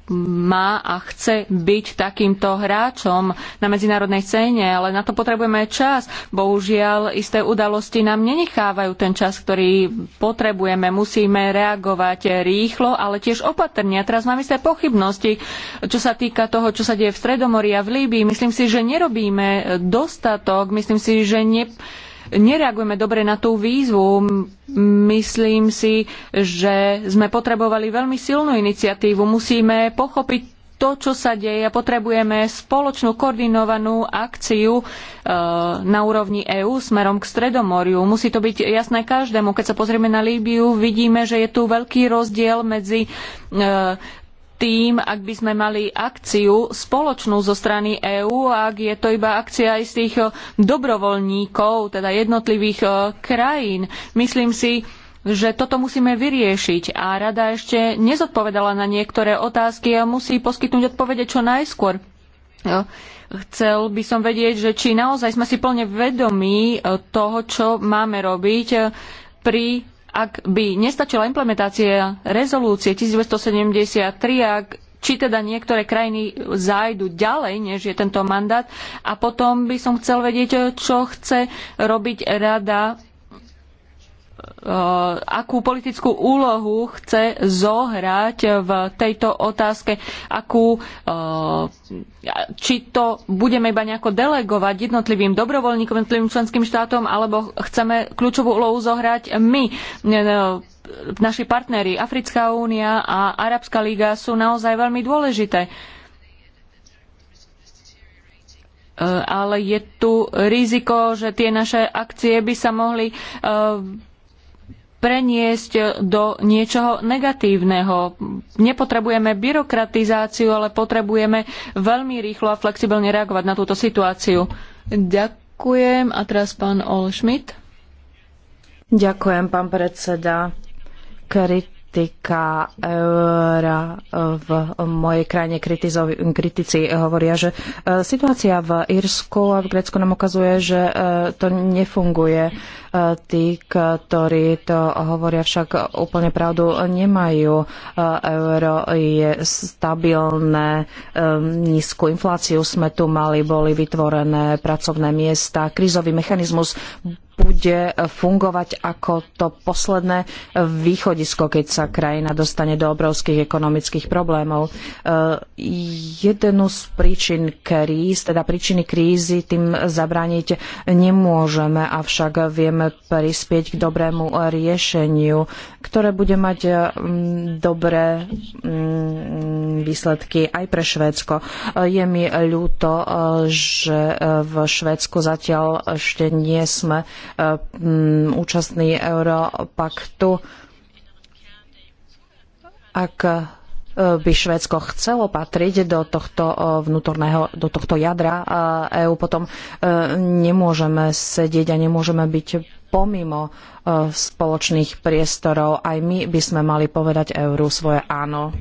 má a chce byť takýmto hráčom na medzinárodnej scéne, ale na to potrebujeme čas. Bohužiaľ, isté udalosti nám nenechávajú ten čas, ktorý potrebujeme. Musíme reagovať rýchlo, ale tiež opatrne. A teraz mám isté pochybnosti, čo sa týka toho, čo sa deje v Stredomorí a v Líbii. Myslím si, že nerobíme dostatok. Myslím si, že ne nereagujeme dobre na tú výzvu. Myslím si, že sme potrebovali veľmi silnú iniciatívu. Musíme pochopiť to, čo sa deje a potrebujeme spoločnú koordinovanú akciu e, na úrovni EÚ smerom k Stredomoriu. Musí to byť jasné každému. Keď sa pozrieme na Líbiu, vidíme, že je tu veľký rozdiel medzi e, tým, ak by sme mali akciu spoločnú zo strany EÚ, ak je to iba akcia istých eh, dobrovoľníkov, teda jednotlivých eh, krajín. Myslím si, že toto musíme vyriešiť a rada ešte nezodpovedala na niektoré otázky a musí poskytnúť odpovede čo najskôr. Eh, chcel by som vedieť, že či naozaj sme si plne vedomí toho, čo máme robiť pri ak by nestačila implementácia rezolúcie 1973, ak či teda niektoré krajiny zájdu ďalej, než je tento mandát. A potom by som chcel vedieť, čo chce robiť rada akú politickú úlohu chce zohrať v tejto otázke, akú, eh, či to budeme iba nejako delegovať jednotlivým dobrovoľníkom, jednotlivým členským štátom, alebo chceme kľúčovú úlohu zohrať my. Eh, naši partnery, Africká únia a Arabská liga sú naozaj veľmi dôležité eh, ale je tu riziko, že tie naše akcie by sa mohli preniesť do niečoho negatívneho. Nepotrebujeme byrokratizáciu, ale potrebujeme veľmi rýchlo a flexibilne reagovať na túto situáciu. Ďakujem. A teraz pán Ol Schmidt. Ďakujem, pán predseda politika eura v mojej krajine kritici hovoria, že e, situácia v Írsku a v Grécku nám ukazuje, že e, to nefunguje. E, tí, ktorí to hovoria, však úplne pravdu nemajú. Euro je stabilné, nízku infláciu sme tu mali, boli vytvorené pracovné miesta, krízový mechanizmus bude fungovať ako to posledné východisko, keď sa krajina dostane do obrovských ekonomických problémov. E, jednu z príčin kríz, teda príčiny krízy tým zabrániť nemôžeme, avšak vieme prispieť k dobrému riešeniu ktoré bude mať e, dobré výsledky aj pre Švédsko. E, je mi ľúto, e, že v Švédsku zatiaľ ešte nie sme účastní Europaktu. Ak Eh, by Švédsko chcelo patriť do tohto eh, vnútorného, do tohto jadra EÚ, eh, e potom nemôžeme sedieť a nemôžeme byť pomimo spoločných priestorov. Aj my by sme mali povedať EÚ svoje áno.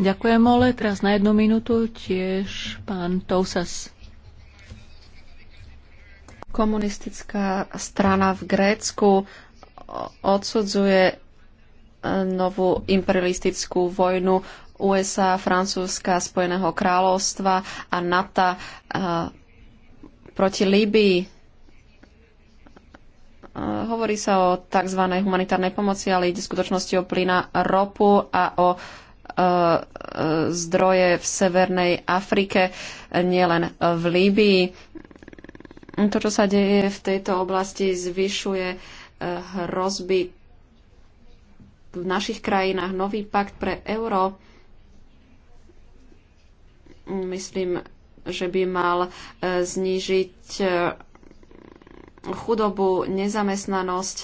Ďakujem, Ole. Teraz na jednu minútu tiež pán Tousas. Komunistická strana v Grécku odsudzuje novú imperialistickú vojnu USA, Francúzska, Spojeného kráľovstva a NATO eh, proti Líbii. Eh, hovorí sa o tzv. humanitárnej pomoci, ale ide v skutočnosti o plyna ropu a o eh, zdroje v Severnej Afrike, nielen v Líbii. To, čo sa deje v tejto oblasti, zvyšuje hrozby v našich krajinách, nový pakt pre euro. Myslím, že by mal e, znížiť e, chudobu, nezamestnanosť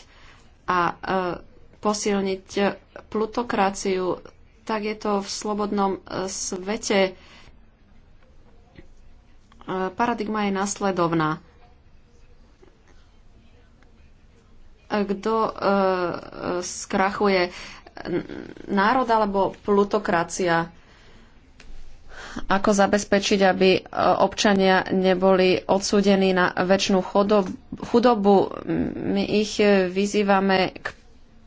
a e, posilniť plutokraciu. Tak je to v slobodnom svete. Paradigma je nasledovná kto uh, skrachuje národ alebo plutokracia. Ako zabezpečiť, aby e, občania neboli odsúdení na väčšinu chudobu. My ich e, vyzývame k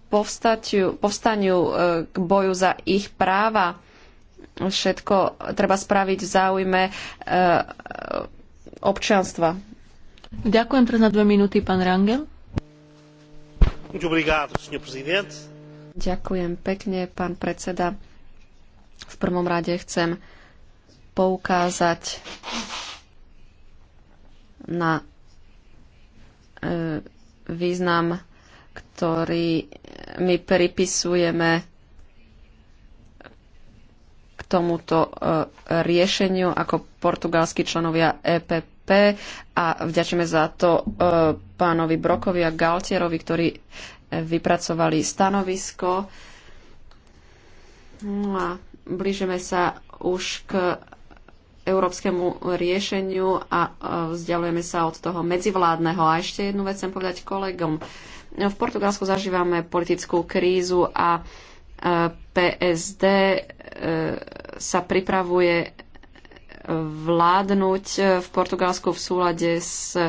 povstaťu, povstaniu, k boju za ich práva. Všetko treba spraviť v záujme občanstva. Ďakujem teraz na dve minúty, pán Rangel. Ďakujem pekne, pán predseda. V prvom rade chcem poukázať na e, význam, ktorý my pripisujeme k tomuto e, riešeniu ako portugalskí členovia EPP HDP a vďačíme za to e, pánovi Brokovi a Galtierovi, ktorí e, vypracovali stanovisko. No a blížime sa už k európskemu riešeniu a e, vzdialujeme sa od toho medzivládneho. A ešte jednu vec chcem povedať kolegom. V Portugalsku zažívame politickú krízu a e, PSD sa pripravuje vládnuť e, v Portugalsku v súlade s e,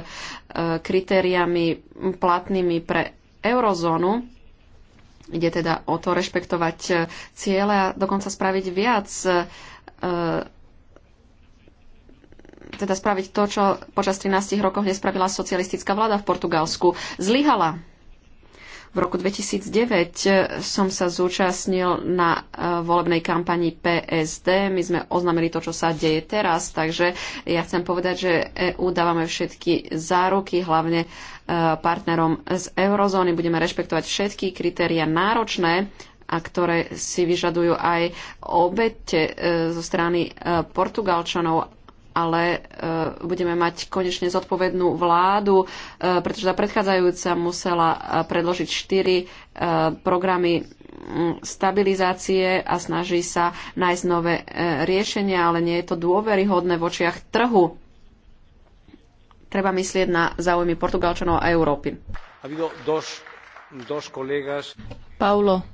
kritériami platnými pre eurozónu. Ide teda o to rešpektovať e, ciele a dokonca spraviť viac teda spraviť to, čo počas 13 rokov nespravila socialistická vláda v Portugalsku. Zlyhala v roku 2009 som sa zúčastnil na e, volebnej kampani PSD. My sme oznámili to, čo sa deje teraz, takže ja chcem povedať, že EU dávame všetky záruky, hlavne e, partnerom z eurozóny. Budeme rešpektovať všetky kritéria náročné a ktoré si vyžadujú aj obete e, zo strany Portugalčanov ale e, budeme mať konečne zodpovednú vládu, e, pretože tá predchádzajúca musela e, predložiť štyri programy stabilizácie a snaží sa nájsť nové riešenia, ale nie je to dôveryhodné v očiach trhu. Treba myslieť na záujmy Portugalčanov a Európy. Paulo,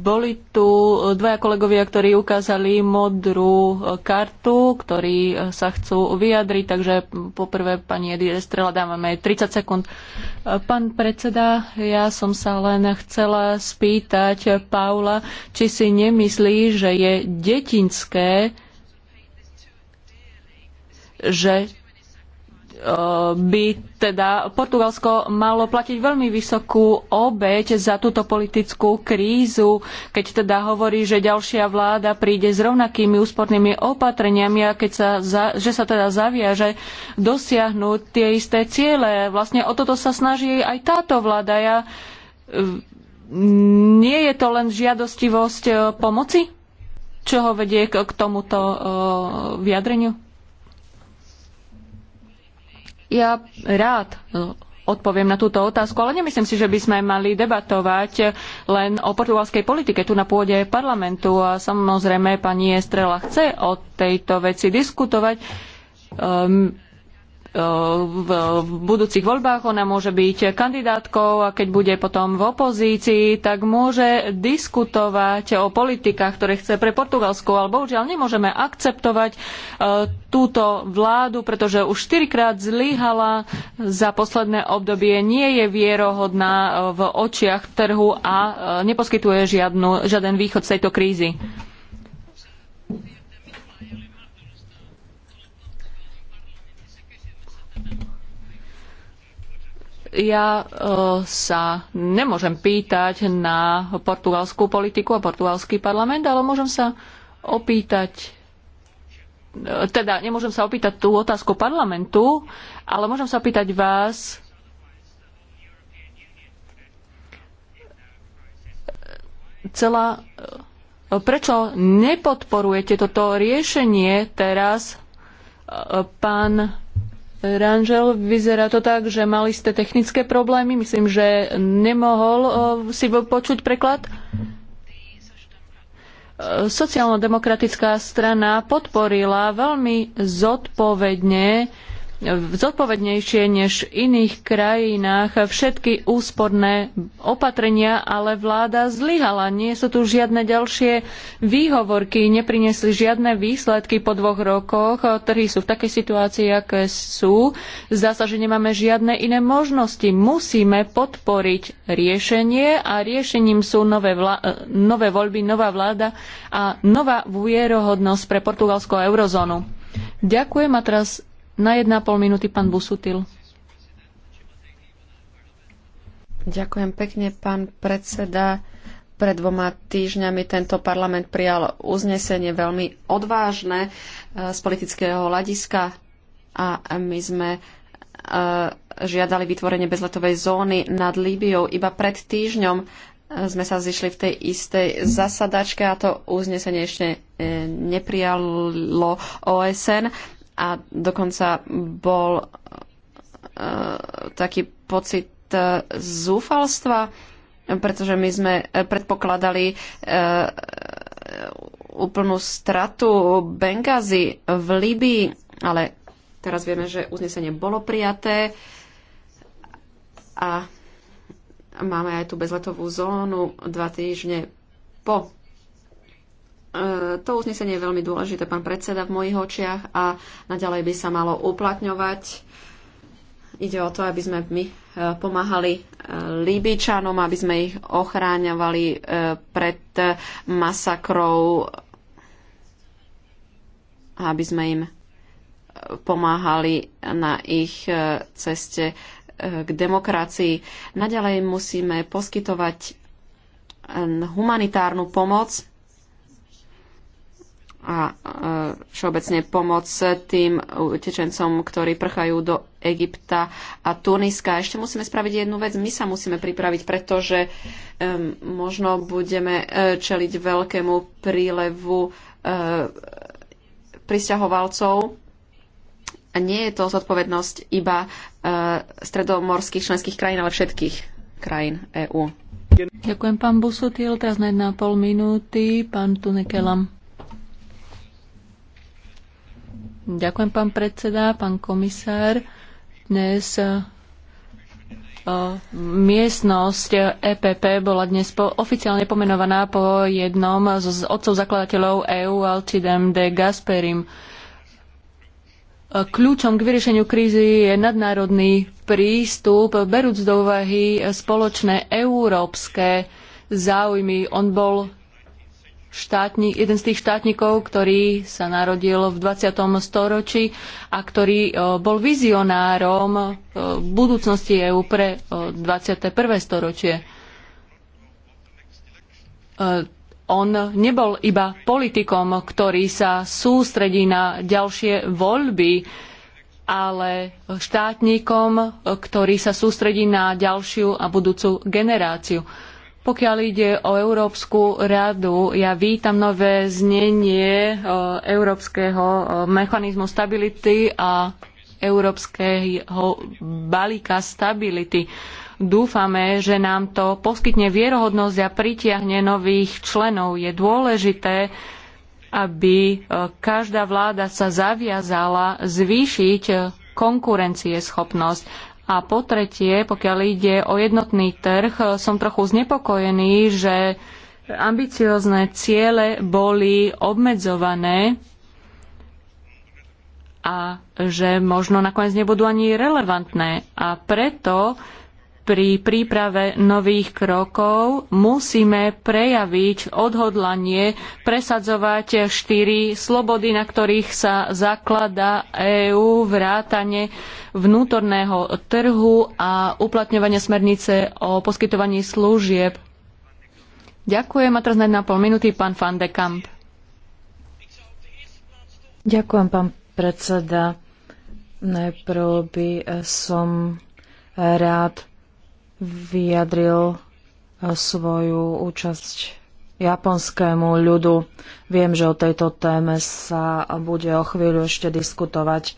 boli tu dvaja kolegovia, ktorí ukázali modrú kartu, ktorí sa chcú vyjadriť, takže poprvé pani Edi Estrela dávame 30 sekúnd. Pán predseda, ja som sa len chcela spýtať Paula, či si nemyslí, že je detinské, že by teda Portugalsko malo platiť veľmi vysokú obeť za túto politickú krízu, keď teda hovorí, že ďalšia vláda príde s rovnakými úspornými opatreniami a keď sa za, že sa teda zaviaže dosiahnuť tie isté ciele. Vlastne o toto sa snaží aj táto vláda. Ja, mm, nie je to len žiadostivosť eh, pomoci, čo ho vedie k tomuto eh, vyjadreniu? Ja rád e, odpoviem na túto otázku, ale nemyslím si, že by sme mali debatovať len o portugalskej politike tu na pôde parlamentu a samozrejme pani Estrela chce o tejto veci diskutovať. Um, v budúcich voľbách, ona môže byť kandidátkou a keď bude potom v opozícii, tak môže diskutovať o politikách, ktoré chce pre Portugalsko, ale bohužiaľ nemôžeme akceptovať e, túto vládu, pretože už štyrikrát zlyhala za posledné obdobie, nie je vierohodná e, v očiach trhu a e, neposkytuje žiadnu, žiaden východ z tejto krízy. ja e, sa nemôžem pýtať na portugalskú politiku a portugalský parlament, ale môžem sa opýtať e, teda nemôžem sa opýtať tú otázku parlamentu, ale môžem sa opýtať vás, celá, e, prečo nepodporujete toto riešenie teraz, pán Ranžel, vyzerá to tak, že mali ste technické problémy. Myslím, že nemohol eh, si počuť preklad. Eh, sociálno-demokratická strana podporila veľmi zodpovedne zodpovednejšie než v iných krajinách všetky úsporné opatrenia, ale vláda zlyhala. Nie sú tu žiadne ďalšie výhovorky, neprinesli žiadne výsledky po dvoch rokoch, ktorí sú v takej situácii, aké sú. Zdá sa, že nemáme žiadne iné možnosti. Musíme podporiť riešenie a riešením sú nové, vla- nové voľby, nová vláda a nová vierohodnosť pre portugalskú eurozónu. Ďakujem a teraz na 1,5 minúty pán Busutil. Ďakujem pekne, pán predseda. Pred dvoma týždňami tento parlament prijal uznesenie veľmi odvážne eh, z politického hľadiska a my sme eh, žiadali vytvorenie bezletovej zóny nad Líbiou. Iba pred týždňom eh, sme sa zišli v tej istej zasadačke a to uznesenie ešte neprijalo OSN a dokonca bol e, taký pocit e, zúfalstva, pretože my sme e, predpokladali úplnú stratu Bengazi v Libii, ale teraz vieme, že uznesenie bolo prijaté a máme aj tú bezletovú zónu dva týždne po E, to uznesenie je veľmi dôležité, pán predseda, v mojich očiach a naďalej by sa malo uplatňovať. Ide o to, aby sme my e, pomáhali e, Líbičanom, aby sme ich ochráňovali pred masakrou, aby sme im pomáhali na ich ceste k demokracii. Naďalej musíme poskytovať humanitárnu pomoc a všeobecne pomoc tým utečencom, ktorí prchajú do Egypta a Tuniska. Ešte musíme spraviť jednu vec, my sa musíme pripraviť, pretože um, možno budeme uh, čeliť veľkému prílevu uh, pristahovalcov. A nie je to zodpovednosť iba uh, stredomorských členských krajín, ale všetkých krajín EÚ. Ďakujem, pán Busutil. Teraz na 1,5 minúty, pán Tunekelam. Ďakujem, pán predseda, pán komisár. Dnes eh, miestnosť EPP bola dnes po, oficiálne pomenovaná po jednom z otcov zakladateľov EU Alcidem de Gasperim. Eh, kľúčom k vyriešeniu krízy je nadnárodný prístup, berúc do úvahy spoločné európske záujmy. On bol štátnik, jeden z tých štátnikov, ktorý sa narodil v 20. storočí a ktorý e, bol vizionárom e, budúcnosti EÚ pre 21. E, storočie. On nebol iba politikom, ktorý sa sústredí na ďalšie voľby, ale štátnikom, ktorý sa sústredí na ďalšiu a budúcu generáciu pokiaľ ide o Európsku radu, ja vítam nové znenie e, Európskeho e, mechanizmu stability a Európskeho balíka stability. Dúfame, že nám to poskytne vierohodnosť a pritiahne nových členov. Je dôležité, aby e, každá vláda sa zaviazala zvýšiť konkurencieschopnosť a po tretie, pokiaľ ide o jednotný trh, som trochu znepokojený, že ambiciozne ciele boli obmedzované a že možno nakoniec nebudú ani relevantné. A preto pri príprave nových krokov musíme prejaviť odhodlanie presadzovať štyri slobody, na ktorých sa zaklada EÚ, vrátane vnútorného trhu a uplatňovanie smernice o poskytovaní služieb. Ďakujem a teraz na pol minúty pán Van de Kamp. Ďakujem, pán predseda. Najprv by som rád vyjadril eh, svoju účasť japonskému ľudu. Viem, že o tejto téme sa bude o chvíľu ešte diskutovať.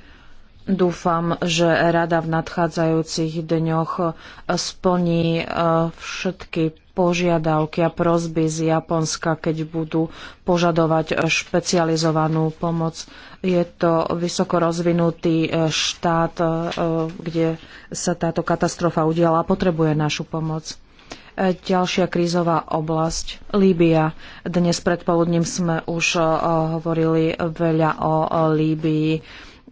Dúfam, že Rada v nadchádzajúcich dňoch eh, splní eh, všetky požiadavky a prozby z Japonska, keď budú požadovať špecializovanú pomoc. Je to vysoko rozvinutý e, štát, e, kde sa táto katastrofa udiala a potrebuje našu pomoc. E, ďalšia krízová oblasť, Líbia. Dnes predpoludním sme už hovorili veľa o Líbii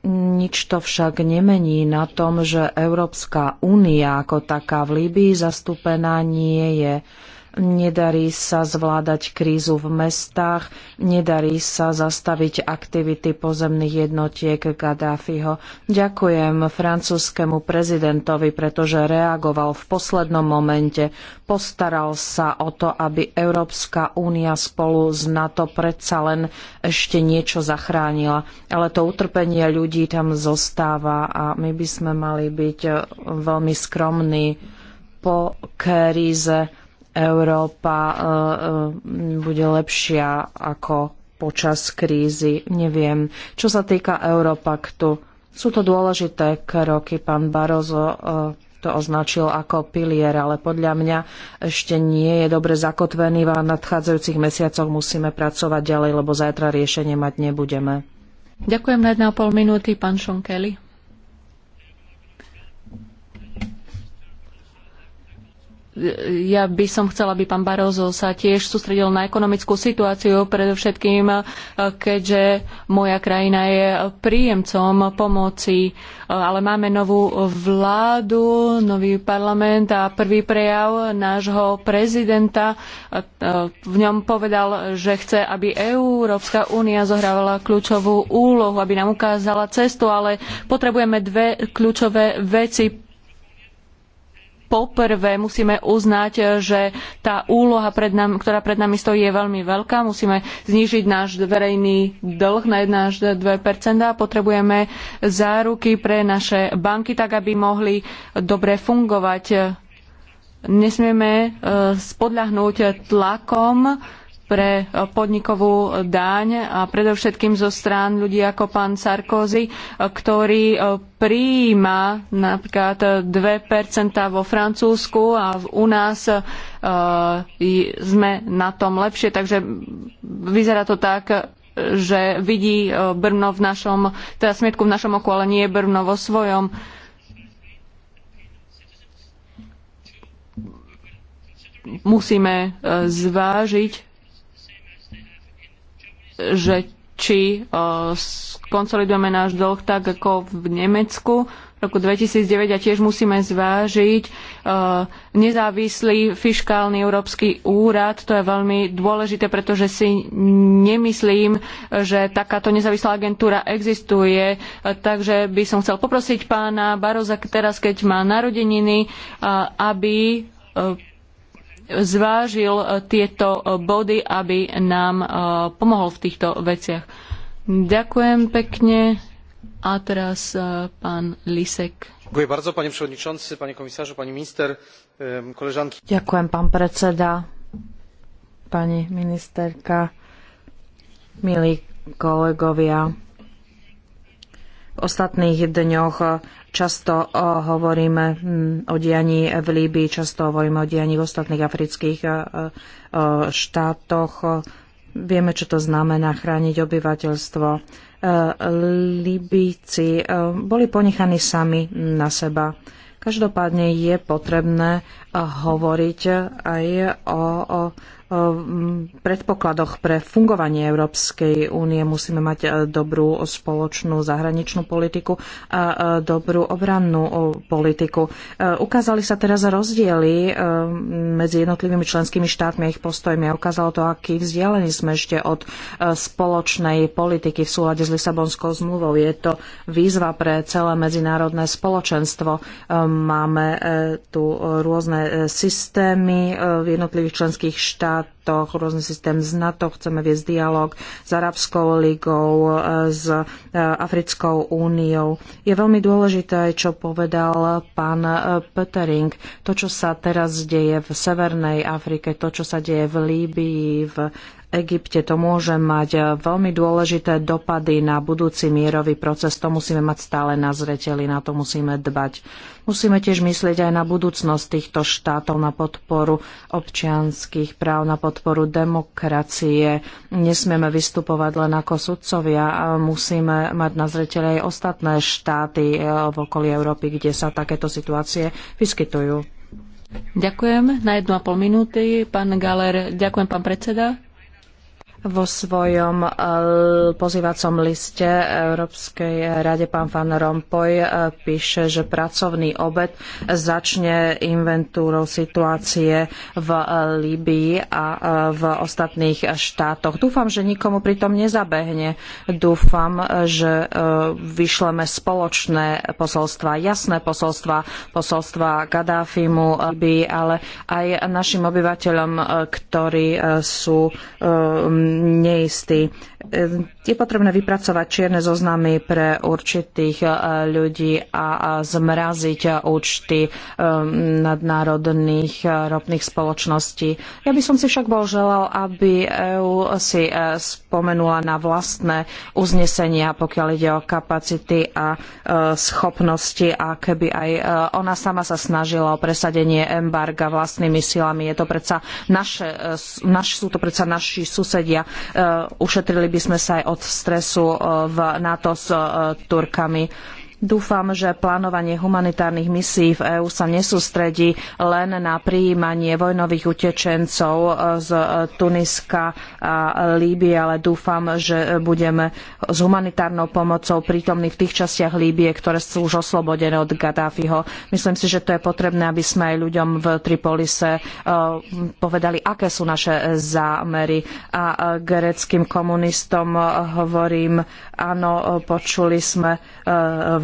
nič to však nemení na tom, že Európska únia ako taká v Líbii zastúpená nie je nedarí sa zvládať krízu v mestách, nedarí sa zastaviť aktivity pozemných jednotiek Gaddafiho. Ďakujem francúzskému prezidentovi, pretože reagoval v poslednom momente, postaral sa o to, aby Európska únia spolu s NATO predsa len ešte niečo zachránila. Ale to utrpenie ľudí tam zostáva a my by sme mali byť eh, veľmi skromní po kríze Európa e, e, bude lepšia ako počas krízy. Neviem. Čo sa týka Európaktu, sú to dôležité kroky. Pán Barozo e, to označil ako pilier, ale podľa mňa ešte nie je dobre zakotvený a v nadchádzajúcich mesiacoch musíme pracovať ďalej, lebo zajtra riešenie mať nebudeme. Ďakujem na 1,5 minúty, pán Šonkeli. ja by som chcela, aby pán Barozo sa tiež sústredil na ekonomickú situáciu, predovšetkým, eh, keďže moja krajina je príjemcom pomoci, eh, ale máme novú vládu, nový parlament a prvý prejav nášho prezidenta eh, v ňom povedal, že chce, aby Európska únia zohrávala kľúčovú úlohu, aby nám ukázala cestu, ale potrebujeme dve kľúčové veci Poprvé musíme uznať, že tá úloha, pred nám, ktorá pred nami stojí, je veľmi veľká. Musíme znížiť náš verejný dlh na 1 až 2 a potrebujeme záruky pre naše banky, tak aby mohli dobre fungovať. Nesmieme eh, spodľahnúť tlakom pre podnikovú daň a predovšetkým zo strán ľudí ako pán Sarkozy, ktorý e, prijíma napríklad 2% vo Francúzsku a u nás e, sme na tom lepšie, takže vyzerá to tak, že vidí e, Brno v našom, teda smietku v našom oku, ale nie Brno vo svojom. musíme zvážiť že či skonsolidujeme náš dlh tak ako v Nemecku v roku 2009 a tiež musíme zvážiť nezávislý fiškálny európsky úrad. To je veľmi dôležité, pretože si nemyslím, že takáto nezávislá agentúra existuje. Takže by som chcel poprosiť pána Baroza teraz, keď má narodeniny, aby zvážil e, tieto e, body, aby nám e, pomohol v týchto veciach. Ďakujem pekne. A teraz pán Lisek. Ďakujem bardzo, przewodniczący, komisarzu, pani minister, koleżanki. Ďakujem, pán predseda, pani ministerka, milí kolegovia. V ostatných dňoch Často hovoríme hm, o dianí v Líbii, často hovoríme o dianí v ostatných afrických štátoch. Vieme, čo to znamená chrániť obyvateľstvo. E, Libíci e, boli ponechaní sami na seba. Každopádne je potrebné e, hovoriť aj o, o predpokladoch pre fungovanie Európskej únie musíme mať e, dobrú spoločnú zahraničnú politiku a e, dobrú obrannú politiku. E, ukázali sa teraz rozdiely medzi jednotlivými členskými štátmi a ich postojmi a ukázalo to, aký vzdialení sme ešte od spoločnej politiky v súlade s Lisabonskou zmluvou. Je to výzva pre celé medzinárodné spoločenstvo. Máme tu rôzne systémy v jednotlivých členských štátoch štátoch, rôzny systém z NATO, chceme viesť dialog s Arabskou ligou, e, s e, Africkou úniou. Je veľmi dôležité, čo povedal pán e, Petering. To, čo sa teraz deje v Severnej Afrike, to, čo sa deje v Líbii, v Egypte. To môže mať eh, veľmi dôležité dopady na budúci mierový proces. To musíme mať stále na zreteli, na to musíme dbať. Musíme tiež myslieť aj na budúcnosť týchto štátov, na podporu občianských práv, na podporu demokracie. Nesmieme vystupovať len ako sudcovia a musíme mať na zreteli aj ostatné štáty eh, v okolí Európy, kde sa takéto situácie vyskytujú. Ďakujem. Na jednu a pol minúty, pán Galer. Ďakujem, pán predseda vo svojom eh, pozývacom liste Európskej rade pán Van Rompuy eh, píše, že pracovný obed začne inventúrou situácie v eh, Líbii a v ostatných štátoch. Dúfam, že nikomu pritom nezabehne. Dúfam, že vyšleme spoločné posolstva, jasné posolstva, posolstva Gaddafimu, Líbii, ale aj našim obyvateľom, ktorí sú neistý. Je potrebné vypracovať čierne zoznamy pre určitých e, ľudí a zmraziť účty e, nadnárodných e, ropných spoločností. Ja by som si však bol želal, aby EU si spomenula na vlastné uznesenia, pokiaľ ide o kapacity a schopnosti a keby aj ona sama sa snažila o presadenie embarga vlastnými silami. Je to predsa naše, naš, sú to predsa naši susedia a e, ušetrili by sme sa aj od stresu e, v NATO s e, Turkami Dúfam, že plánovanie humanitárnych misií v EÚ sa nesústredí len na prijímanie vojnových utečencov e, z e, Tuniska a Líbie, ale dúfam, že budeme s humanitárnou pomocou prítomní v tých častiach Líbie, ktoré sú už oslobodené od Gaddafiho. Myslím si, že to je potrebné, aby sme aj ľuďom v Tripolise e, povedali, aké sú naše zámery. A gréckým komunistom hovorím, áno, počuli sme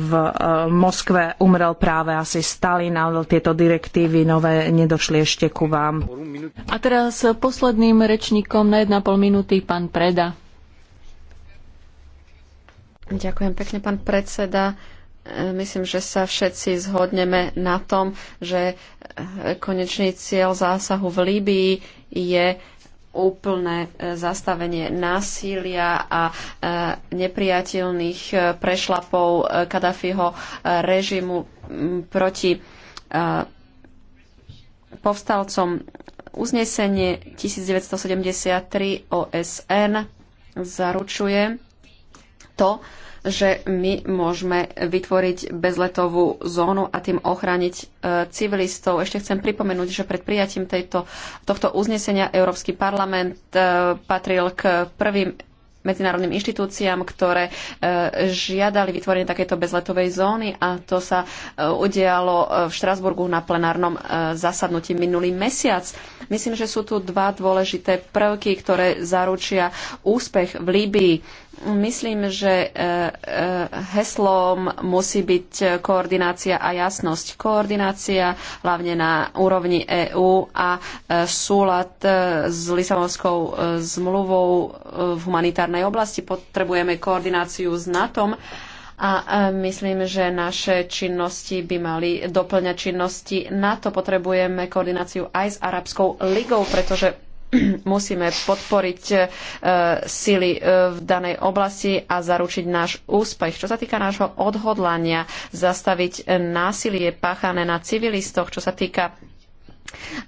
v e, Moskve umrel práve asi Stalin, ale tieto direktívy nové nedošli ešte ku vám. A teraz posledným rečníkom na 1,5 minúty pán Preda. Ďakujem pekne, pán predseda. E, myslím, že sa všetci zhodneme na tom, že e, konečný cieľ zásahu v Líbii je úplné e, zastavenie násilia a e, nepriateľných e, prešlapov Kadafiho režimu proti povstalcom. Uznesenie 1973 OSN zaručuje to, že my môžeme vytvoriť bezletovú zónu a tým ochrániť e, civilistov. Ešte chcem pripomenúť, že pred prijatím tejto, tohto uznesenia Európsky parlament e, patril k prvým medzinárodným inštitúciám, ktoré e, žiadali vytvorenie takéto bezletovej zóny a to sa udialo v Štrasburgu na plenárnom zasadnutí minulý mesiac. Myslím, že sú tu dva dôležité prvky, ktoré zaručia úspech v Líbii Myslím, že e, e, heslom musí byť koordinácia a jasnosť. Koordinácia hlavne na úrovni EÚ a e, súlad s Lisabonskou zmluvou v humanitárnej oblasti. Potrebujeme koordináciu s NATO a myslím, že naše činnosti by mali doplňať činnosti NATO. Potrebujeme koordináciu aj s Arabskou ligou, pretože musíme podporiť e, sily e, v danej oblasti a zaručiť náš úspech. Čo sa týka nášho odhodlania zastaviť násilie páchané na civilistoch, čo sa týka e,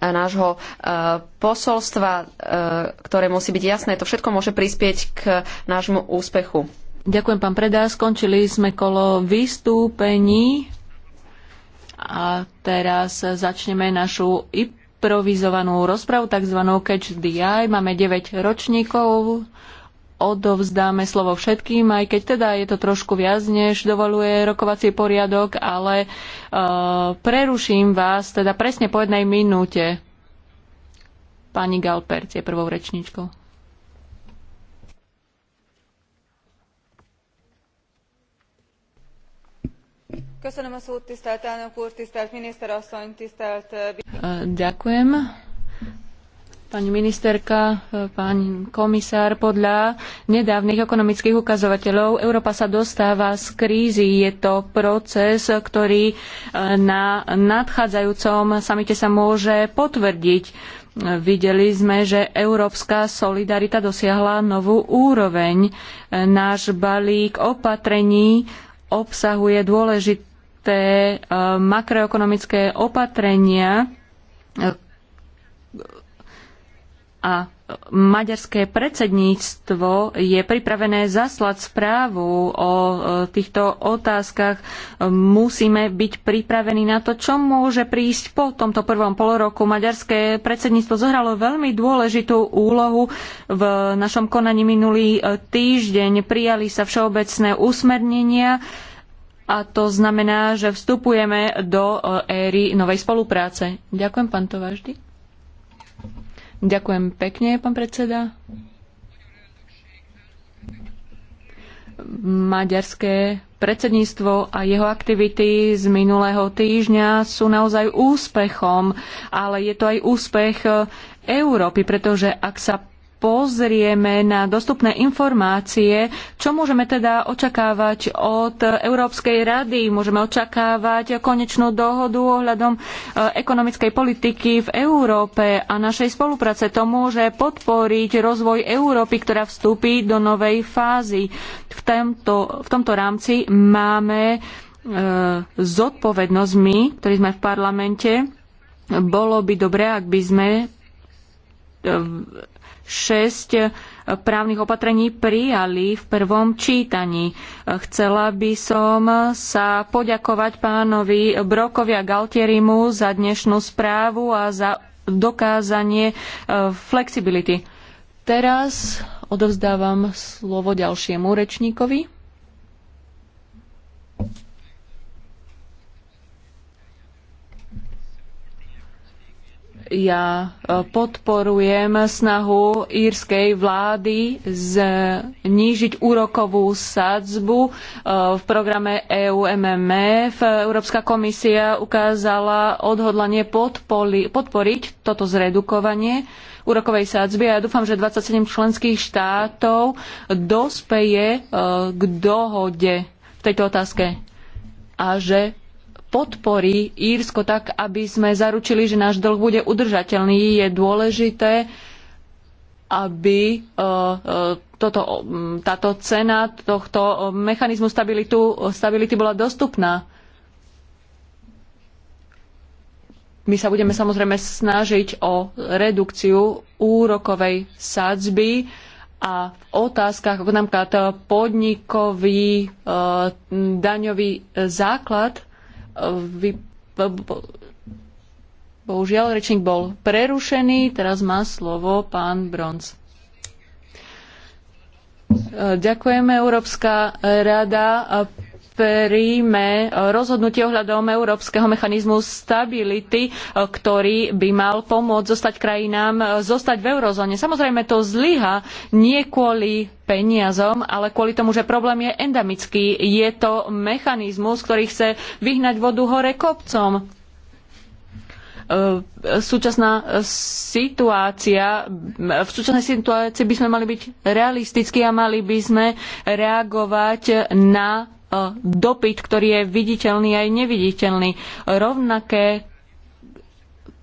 nášho posolstva, ktoré musí byť jasné, to všetko môže prispieť k nášmu úspechu. Ďakujem, pán Predá. Skončili sme kolo vystúpení a teraz začneme našu IP improvizovanú rozpravu, tzv. catch the eye. Máme 9 ročníkov, odovzdáme slovo všetkým, aj keď teda je to trošku viac, než dovoluje rokovací poriadok, ale uh, preruším vás teda presne po jednej minúte. Pani Galpert je prvou rečníčkou. Eh, ďakujem. Pani ministerka, eh, pán komisár, podľa nedávnych ekonomických ukazovateľov Európa sa dostáva z krízy. Je to proces, ktorý eh, na nadchádzajúcom samite sa môže potvrdiť. Videli sme, že európska solidarita dosiahla novú úroveň. Náš balík opatrení obsahuje dôležité isté eh, makroekonomické opatrenia eh, a maďarské predsedníctvo je pripravené zaslať správu o eh, týchto otázkach. Musíme byť pripravení na to, čo môže prísť po tomto prvom poloroku. Maďarské predsedníctvo zohralo veľmi dôležitú úlohu v našom konaní minulý týždeň. Prijali sa všeobecné usmernenia a to znamená, že vstupujeme do e, éry novej spolupráce. Ďakujem, pán Tovaždy. Ďakujem pekne, pán predseda. Maďarské predsedníctvo a jeho aktivity z minulého týždňa sú naozaj úspechom, ale je to aj úspech e, Európy, pretože ak sa pozrieme na dostupné informácie, čo môžeme teda očakávať od Európskej rady? Môžeme očakávať konečnú dohodu ohľadom e, ekonomickej politiky v Európe a našej spolupráce. To môže podporiť rozvoj Európy, ktorá vstúpi do novej fázy. V tomto, v tomto rámci máme e, zodpovednosť my, ktorí sme v parlamente. Bolo by dobré, ak by sme e, 6 eh, právnych opatrení prijali v prvom čítaní. Eh, chcela by som sa poďakovať pánovi Brokovi a Galtierimu za dnešnú správu a za dokázanie eh, flexibility. Teraz odovzdávam slovo ďalšiemu rečníkovi. Ja e, podporujem snahu írskej vlády znížiť úrokovú sadzbu. E, v programe EU-MMF e. Európska komisia ukázala odhodlanie podporiť toto zredukovanie úrokovej sádzby a ja dúfam, že 27 členských štátov dospeje k dohode v tejto otázke a že podporí Írsko tak, aby sme zaručili, že náš dlh bude udržateľný. Je dôležité, aby e, e, toto, táto cena tohto mechanizmu stability bola dostupná. My sa budeme samozrejme snažiť o redukciu úrokovej sadzby a v otázkach, ako napríklad e, podnikový daňový základ, vy, bohužiaľ, rečník bol prerušený. Teraz má slovo pán Bronc. E, ďakujeme. Európska rada príjme rozhodnutie ohľadom Európskeho mechanizmu stability, e, ktorý by mal pomôcť zostať krajinám, e, zostať v eurozóne. Samozrejme to zlyha nie kvôli peniazom, ale kvôli tomu, že problém je endemický. Je to mechanizmus, ktorý chce vyhnať vodu hore kopcom e, súčasná situácia, v súčasnej situácii by sme mali byť realistickí a mali by sme reagovať na E, dopyt, ktorý je viditeľný aj neviditeľný. Rovnaké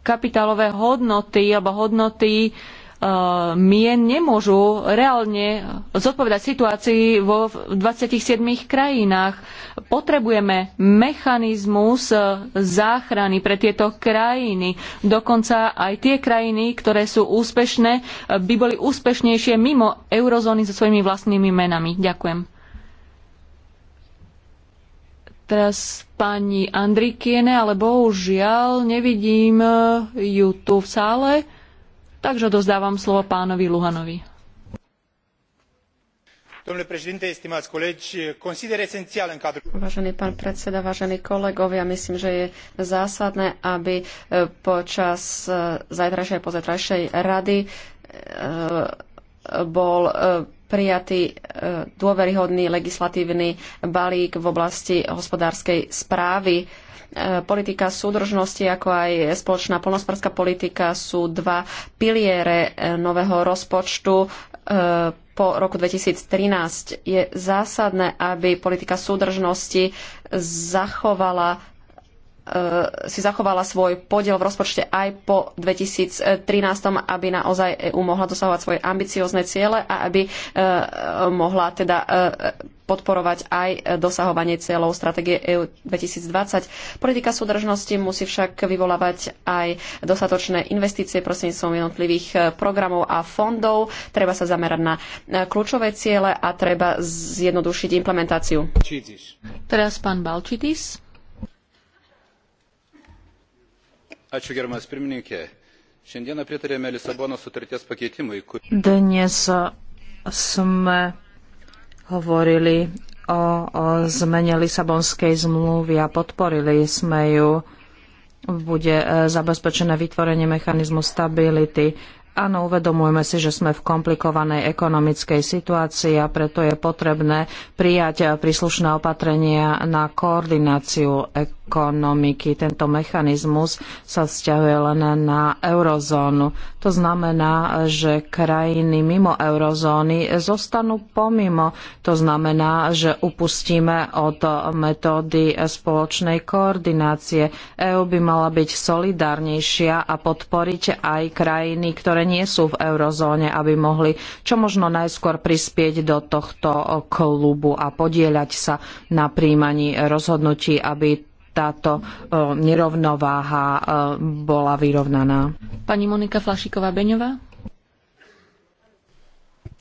kapitálové hodnoty alebo hodnoty e, mien nemôžu reálne zodpovedať situácii vo 27 krajinách. Potrebujeme mechanizmus e, záchrany pre tieto krajiny. Dokonca aj tie krajiny, ktoré sú úspešné, by boli úspešnejšie mimo eurozóny so svojimi vlastnými menami. Ďakujem teraz pani Andrikiene, ale bohužiaľ nevidím e, ju tu v sále, takže dozdávam slovo pánovi Luhanovi. Vážený pán predseda, vážení kolegovia, myslím, že je zásadné, aby e, počas e, zajtrajšej a pozajtrajšej rady bol prijatý e, dôveryhodný legislatívny balík v oblasti hospodárskej správy. E, politika súdržnosti, ako aj spoločná polnospodárska politika sú dva piliere e, nového rozpočtu po roku 2013. Je zásadné, aby politika súdržnosti zachovala Eh, si zachovala svoj podiel v rozpočte aj po 2013, aby naozaj EU mohla dosahovať svoje ambiciozne ciele a aby eh, mohla teda eh, podporovať aj dosahovanie cieľov stratégie EU 2020. Politika súdržnosti musí však vyvolávať aj dostatočné investície prostredníctvom jednotlivých programov a fondov. Treba sa zamerať na kľúčové ciele a treba zjednodušiť implementáciu. Teraz pán Balčitis. šiandieną pritarėme lisabonos sutarties pakeitimui dnes sme hovorili o, o zmene lisabonskej zmluvy a podporili sme ju bude e, zabezpečené vytvorenie mechanizmu stability Áno, uvedomujeme si, že sme v komplikovanej ekonomickej situácii a preto je potrebné prijať príslušné opatrenia na koordináciu ekonomiky. Tento mechanizmus sa vzťahuje len na eurozónu. To znamená, že krajiny mimo eurozóny zostanú pomimo. To znamená, že upustíme od metódy spoločnej koordinácie. EÚ by mala byť solidárnejšia a podporiť aj krajiny, ktoré ktoré nie sú v eurozóne, aby mohli čo možno najskôr prispieť do tohto klubu a podieľať sa na príjmaní rozhodnutí, aby táto e, nerovnováha e, bola vyrovnaná. Pani Monika Flašiková-Beňová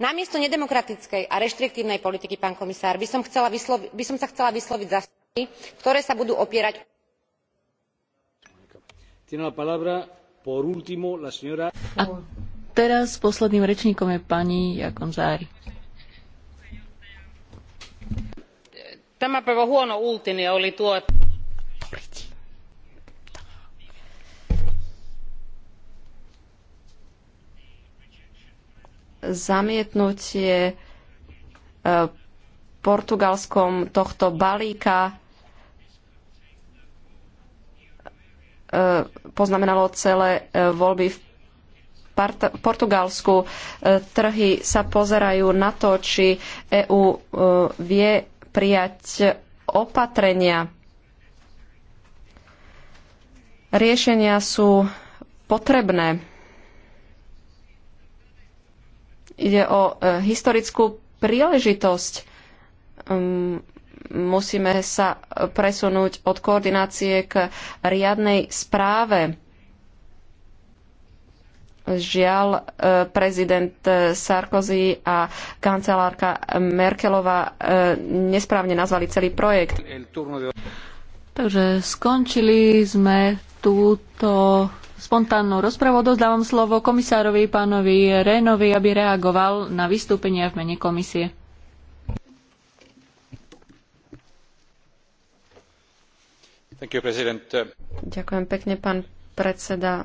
namiesto nedemokratickej a reštriktívnej politiky pán komisár by som sa chcela vysloviť za snahy ktoré sa budú opierať zamietnutie e, portugalskom tohto balíka e, poznamenalo celé e, voľby v Portugalsku. Trhy sa pozerajú na to, či EÚ vie prijať opatrenia. Riešenia sú potrebné. Ide o e, historickú príležitosť. Hm, musíme sa presunúť od koordinácie k riadnej správe. Žiaľ, e, prezident Sarkozy a kancelárka Merkelová e, nesprávne nazvali celý projekt. Takže skončili sme túto spontánnu rozpravu. Dozdávam slovo komisárovi pánovi Rénovi, aby reagoval na vystúpenia v mene komisie. You, Ďakujem pekne, pán predseda,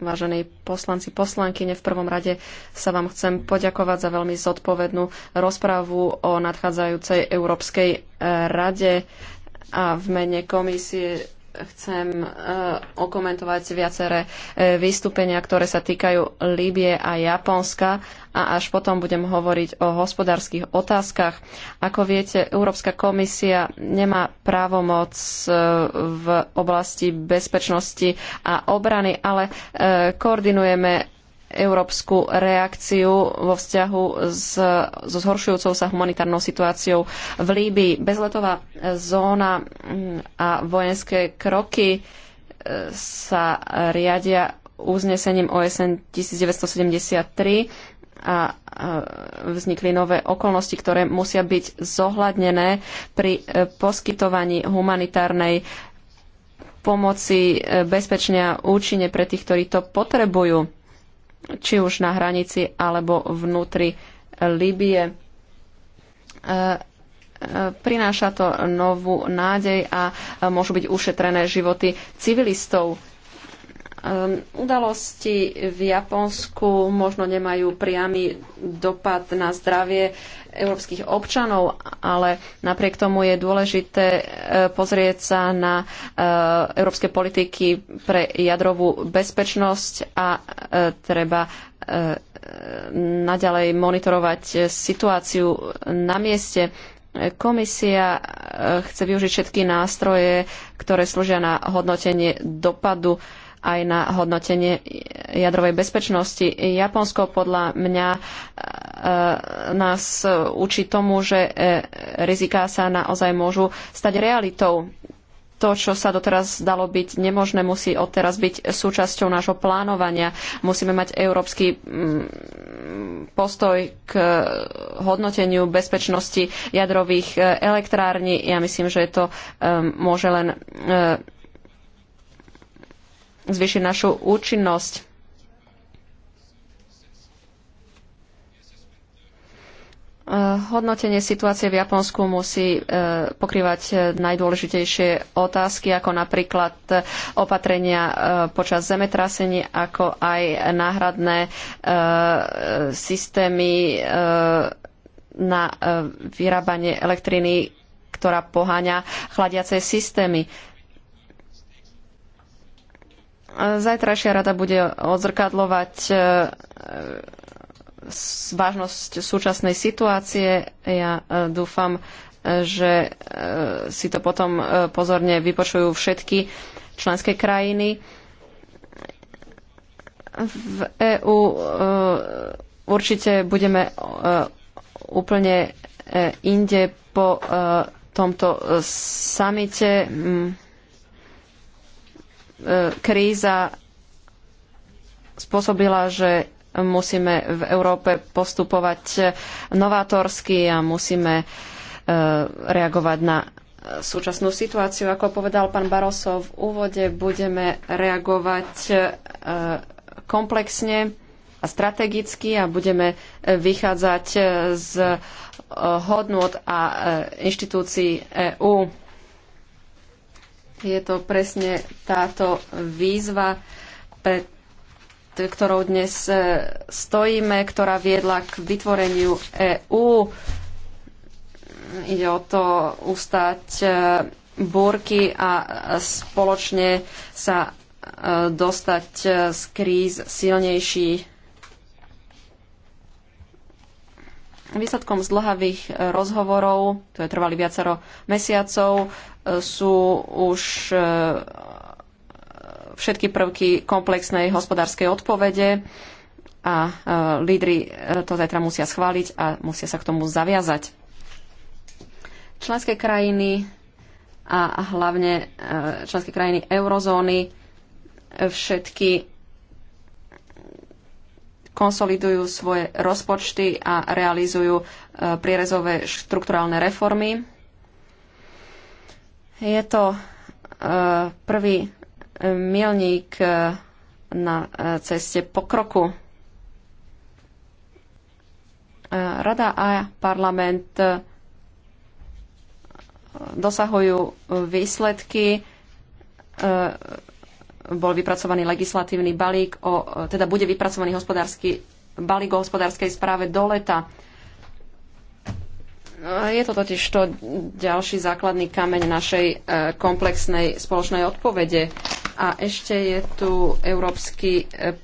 vážení poslanci, poslankyne. V prvom rade sa vám chcem poďakovať za veľmi zodpovednú rozpravu o nadchádzajúcej Európskej rade a v mene komisie chcem e, okomentovať viaceré e, vystúpenia, ktoré sa týkajú Líbie a Japonska a až potom budem hovoriť o hospodárskych otázkach. Ako viete, Európska komisia nemá právomoc e, v oblasti bezpečnosti a obrany, ale koordinujeme európsku reakciu vo vzťahu s, so zhoršujúcou sa humanitárnou situáciou v Líbii. Bezletová zóna mm, a vojenské kroky e, sa riadia uznesením OSN 1973 a vznikli nové okolnosti, ktoré musia byť zohľadnené pri e, poskytovaní humanitárnej pomoci e, bezpečne a účinne pre tých, ktorí to potrebujú či už na hranici alebo vnútri Libie. E, e, prináša to novú nádej a môžu byť ušetrené životy civilistov. Ehm, udalosti v Japonsku možno nemajú priamy dopad na zdravie európskych občanov, ale napriek tomu je dôležité e, pozrieť sa na e, európske politiky pre jadrovú bezpečnosť a e, treba naďalej monitorovať situáciu na mieste. Komisia chce využiť všetky nástroje, ktoré slúžia na hodnotenie dopadu uh, aj na hodnotenie jadrovej bezpečnosti. Japonsko podľa mňa e, e, nás učí tomu, že e, riziká sa naozaj môžu stať realitou to, čo sa doteraz dalo byť nemožné, musí odteraz byť súčasťou nášho plánovania. Musíme mať európsky mm, postoj k hodnoteniu bezpečnosti jadrových elektrární. Ja myslím, že to môže len zvýšiť našu účinnosť. Eh, hodnotenie situácie v Japonsku musí eh, pokrývať eh, najdôležitejšie otázky, ako napríklad opatrenia počas zemetrasení, ako aj náhradné systémy na vyrábanie elektriny, ktorá poháňa chladiace systémy Zajtrajšia rada bude odzrkadlovať e, vážnosť súčasnej situácie. Ja e, dúfam, e, že si to potom pozorne vypočujú všetky členské krajiny. V EÚ určite budeme úplne inde po tomto samite E, kríza spôsobila, že musíme v Európe postupovať novátorsky a musíme e, reagovať na súčasnú situáciu. Ako povedal pán Barosov v úvode, budeme reagovať e, komplexne a strategicky a budeme vychádzať z hodnot a inštitúcií EÚ je to presne táto výzva, pred ktorou dnes e, stojíme, ktorá viedla k vytvoreniu EÚ. Ide o to ustať e, búrky a spoločne sa e, dostať z kríz silnejší. Výsledkom zdlhavých rozhovorov, je trvali viacero mesiacov, sú už e, všetky prvky komplexnej hospodárskej odpovede a e, lídry e, to zajtra musia schváliť a musia sa k tomu zaviazať. Členské krajiny a hlavne členské krajiny eurozóny všetky konsolidujú svoje rozpočty a realizujú prierezové štrukturálne reformy je to e, prvý e, milník e, na ceste pokroku. Rada a parlament dosahujú výsledky. Bol vypracovaný legislatívny balík, o, teda bude vypracovaný hospodársky balík o hospodárskej správe do leta. Je to totiž to ďalší základný kameň našej e, komplexnej spoločnej odpovede. A ešte je tu európsky e,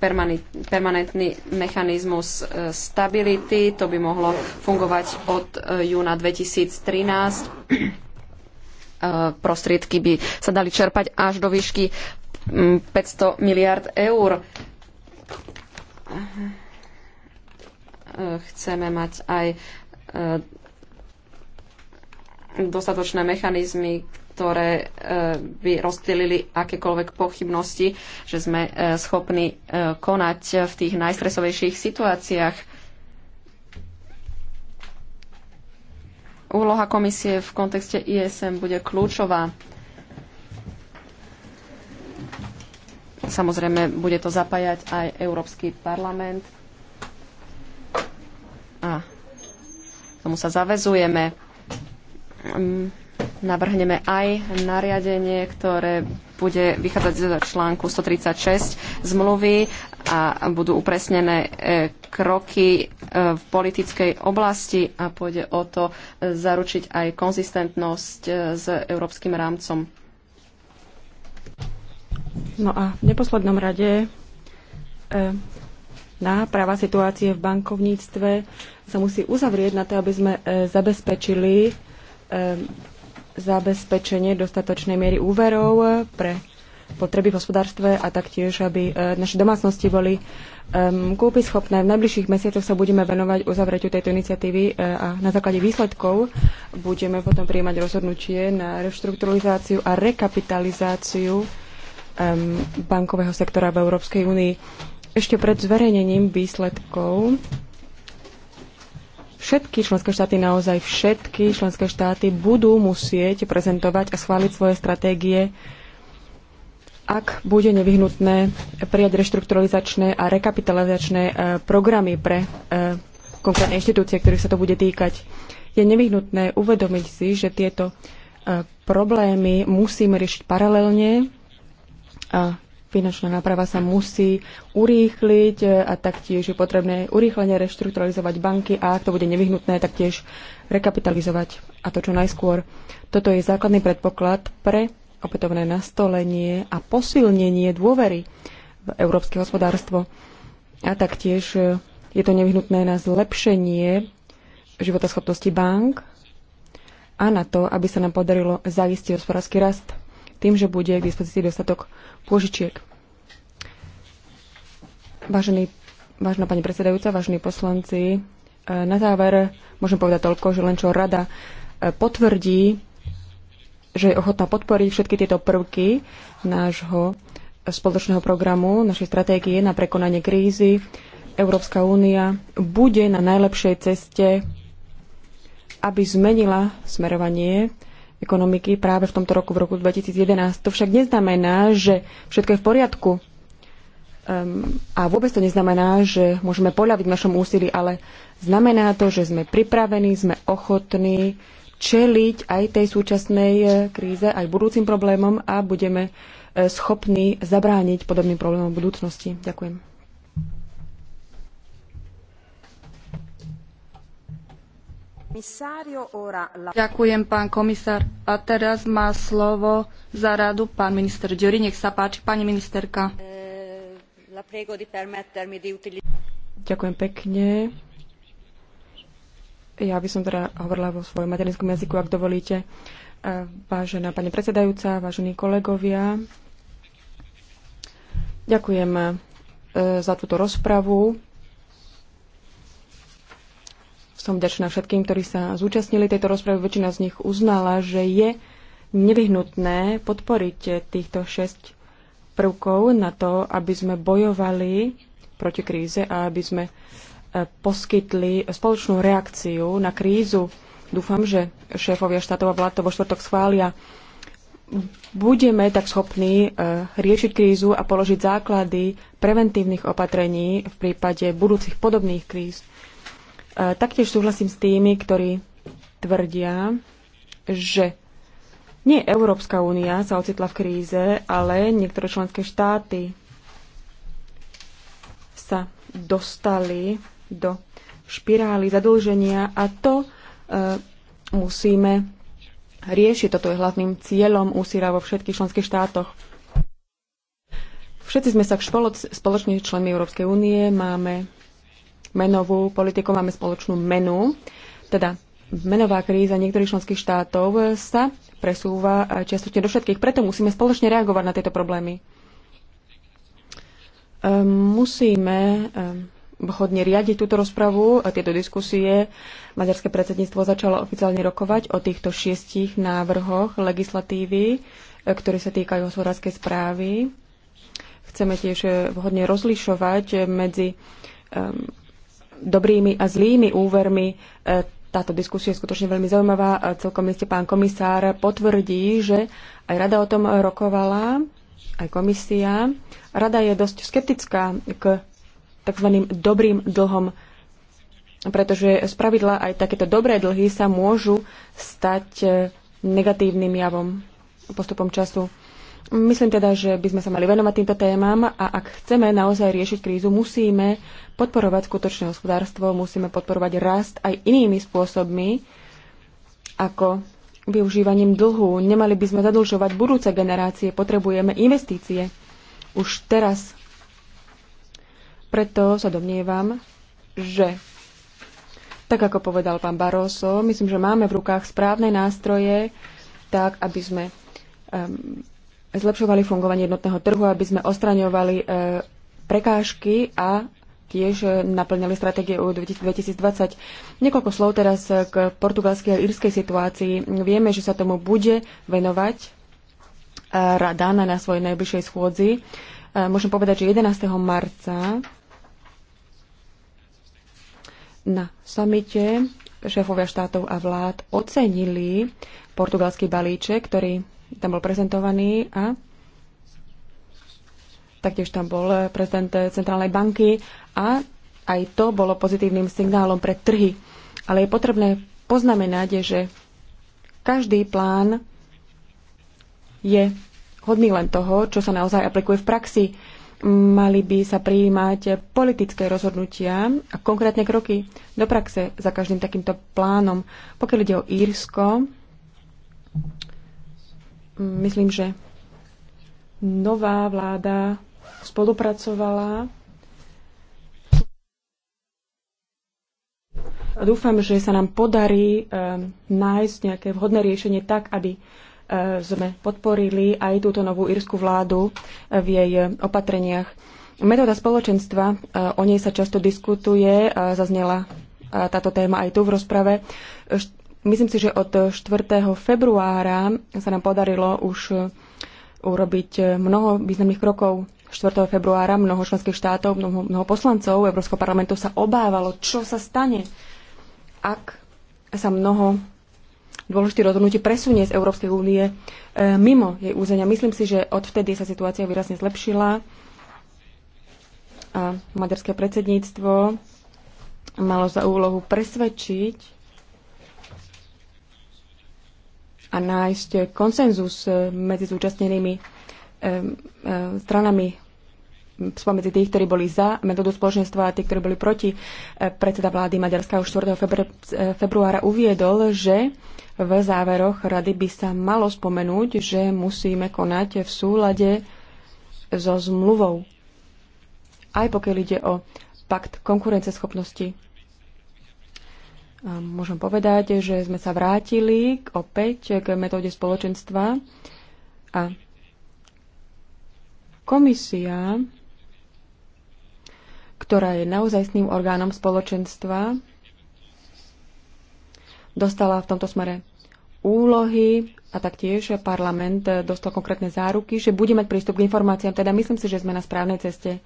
permanentný mechanizmus e, stability. To by mohlo fungovať od júna 2013. Prostriedky by sa dali čerpať až do výšky 500 miliard eur chceme mať aj dostatočné mechanizmy, ktoré e, by rozptýlili akékoľvek pochybnosti, že sme e, schopní e, konať v tých najstresovejších situáciách. Úloha komisie v kontexte ISM bude kľúčová. Samozrejme, bude to zapájať aj Európsky parlament. A tomu sa zavezujeme navrhneme aj nariadenie, ktoré bude vychádzať z článku 136 zmluvy a budú upresnené e, kroky e, v politickej oblasti a pôjde o to zaručiť aj konzistentnosť e, s európskym rámcom. No a v neposlednom rade náprava situácie v bankovníctve sa musí uzavrieť na to, aby sme zabezpečili E, zabezpečenie dostatočnej miery úverov e, pre potreby v hospodárstve a taktiež, aby e, naše domácnosti boli schopné. V najbližších mesiacoch sa budeme venovať uzavretiu tejto iniciatívy a na základe výsledkov budeme potom prijímať rozhodnutie na reštrukturalizáciu a rekapitalizáciu bankového sektora v Európskej únii. Ešte pred zverejnením výsledkov všetky členské štáty, naozaj všetky členské štáty budú musieť prezentovať a schváliť svoje stratégie, ak bude nevyhnutné prijať reštrukturalizačné a rekapitalizačné e, programy pre e, konkrétne inštitúcie, ktorých sa to bude týkať. Je nevyhnutné uvedomiť si, že tieto e, problémy musíme riešiť paralelne a finančná náprava sa musí urýchliť e, a taktiež je potrebné urýchlenie reštrukturalizovať banky a ak to bude nevyhnutné, taktiež rekapitalizovať a to čo najskôr. Toto je základný predpoklad pre opätovné nastolenie a posilnenie dôvery v európske hospodárstvo. A taktiež e, je to nevyhnutné na zlepšenie životoschopnosti bank a na to, aby sa nám podarilo zaistiť hospodársky rast tým, že bude k dispozícii dostatok pôžičiek. Vážený, vážená pani predsedajúca, vážení poslanci, e, na záver môžem povedať toľko, že len čo rada e, potvrdí, že je ochotná podporiť všetky tieto prvky nášho spoločného programu, našej stratégie na prekonanie krízy. Európska únia bude na najlepšej ceste, aby zmenila smerovanie ekonomiky práve v tomto roku, v roku 2011. To však neznamená, že všetko je v poriadku. Um, a vôbec to neznamená, že môžeme poľaviť v našom úsilí, ale znamená to, že sme pripravení, sme ochotní čeliť aj tej súčasnej e, kríze, aj budúcim problémom a budeme e, schopní zabrániť podobným problémom v budúcnosti. Ďakujem. Ďakujem, pán komisár. A teraz má slovo za radu pán minister Ďuri. Nech sa páči, pani ministerka. Eh, ďakujem pekne. Ja by som teda hovorila vo svojom materinskom jazyku, ak dovolíte. Eh, vážená pani predsedajúca, vážení kolegovia, ďakujem eh, za túto rozpravu som vďačná všetkým, ktorí sa zúčastnili tejto rozpravy. Väčšina z nich uznala, že je nevyhnutné podporiť týchto šesť prvkov na to, aby sme bojovali proti kríze a aby sme e, poskytli spoločnú reakciu na krízu. Dúfam, že šéfovia štátov a vlád to vo štvrtok schvália. Budeme tak schopní e, riešiť krízu a položiť základy preventívnych opatrení v prípade budúcich podobných kríz. E, taktiež súhlasím s tými, ktorí tvrdia, že nie Európska únia sa ocitla v kríze, ale niektoré členské štáty sa dostali do špirály zadlženia a to e, musíme riešiť. Toto je hlavným cieľom úsira vo všetkých členských štátoch. Všetci sme sa spoločne členmi Európskej únie, máme menovú politiku, máme spoločnú menu. Teda menová kríza niektorých členských štátov sa presúva čiastočne do všetkých, preto musíme spoločne reagovať na tieto problémy. Ehm, musíme ehm, vhodne riadiť túto rozpravu a tieto diskusie. Maďarské predsedníctvo začalo oficiálne rokovať o týchto šiestich návrhoch legislatívy, e, ktoré sa týkajú hospodárskej správy. Chceme tiež vhodne rozlišovať medzi ehm, dobrými a zlými úvermi. E, táto diskusia je skutočne veľmi zaujímavá. E, celkom ste pán komisár potvrdí, že aj rada o tom rokovala, aj komisia. Rada je dosť skeptická k tzv. dobrým dlhom, pretože z pravidla aj takéto dobré dlhy sa môžu stať e, negatívnym javom postupom času. Myslím teda, že by sme sa mali venovať týmto témam a ak chceme naozaj riešiť krízu, musíme podporovať skutočné hospodárstvo, musíme podporovať rast aj inými spôsobmi, ako využívaním dlhu. Nemali by sme zadlžovať budúce generácie, potrebujeme investície už teraz. Preto sa domnievam, že tak ako povedal pán Barroso, myslím, že máme v rukách správne nástroje, tak aby sme um, zlepšovali fungovanie jednotného trhu, aby sme ostraňovali e, prekážky a tiež e, naplňali stratégie EU 2020. Niekoľko slov teraz k portugalskej a írskej situácii. Vieme, že sa tomu bude venovať e, rada na, na svojej najbližšej schôdzi. Môžem povedať, že 11. marca na samite šéfovia štátov a vlád ocenili portugalský balíček, ktorý tam bol prezentovaný a taktiež tam bol prezident Centrálnej banky a aj to bolo pozitívnym signálom pre trhy. Ale je potrebné poznamenať, že každý plán je hodný len toho, čo sa naozaj aplikuje v praxi. Mali by sa prijímať politické rozhodnutia a konkrétne kroky do praxe za každým takýmto plánom. Pokiaľ ide o Írsko, Myslím, že nová vláda spolupracovala. Dúfam, že sa nám podarí eh, nájsť nejaké vhodné riešenie tak, aby eh, sme podporili aj túto novú írsku vládu eh, v jej opatreniach. Metóda spoločenstva, o nej sa často diskutuje, zaznela táto téma aj tu v rozprave. Myslím si, že od 4. februára sa nám podarilo už e, urobiť e, mnoho významných krokov. 4. februára mnoho členských štátov, mnoho, mnoho poslancov Európskeho parlamentu sa obávalo, čo sa stane, ak sa mnoho dôležitých rozhodnutí presunie z Európskej únie e, mimo jej územia. Myslím si, že odvtedy sa situácia výrazne zlepšila a maďarské predsedníctvo malo za úlohu presvedčiť a nájsť konsenzus eh, medzi zúčastnenými eh, eh, stranami spomedzi tých, ktorí boli za metódu spoločenstva a tých, ktorí boli proti. Predseda vlády Maďarska už 4. februára uviedol, že v záveroch rady by sa malo spomenúť, že musíme konať v súlade so zmluvou. Aj pokiaľ ide o pakt konkurenceschopnosti môžem povedať, že sme sa vrátili opäť k metóde spoločenstva a komisia, ktorá je naozajstným orgánom spoločenstva, dostala v tomto smere úlohy a taktiež parlament dostal konkrétne záruky, že bude mať prístup k informáciám. Teda myslím si, že sme na správnej ceste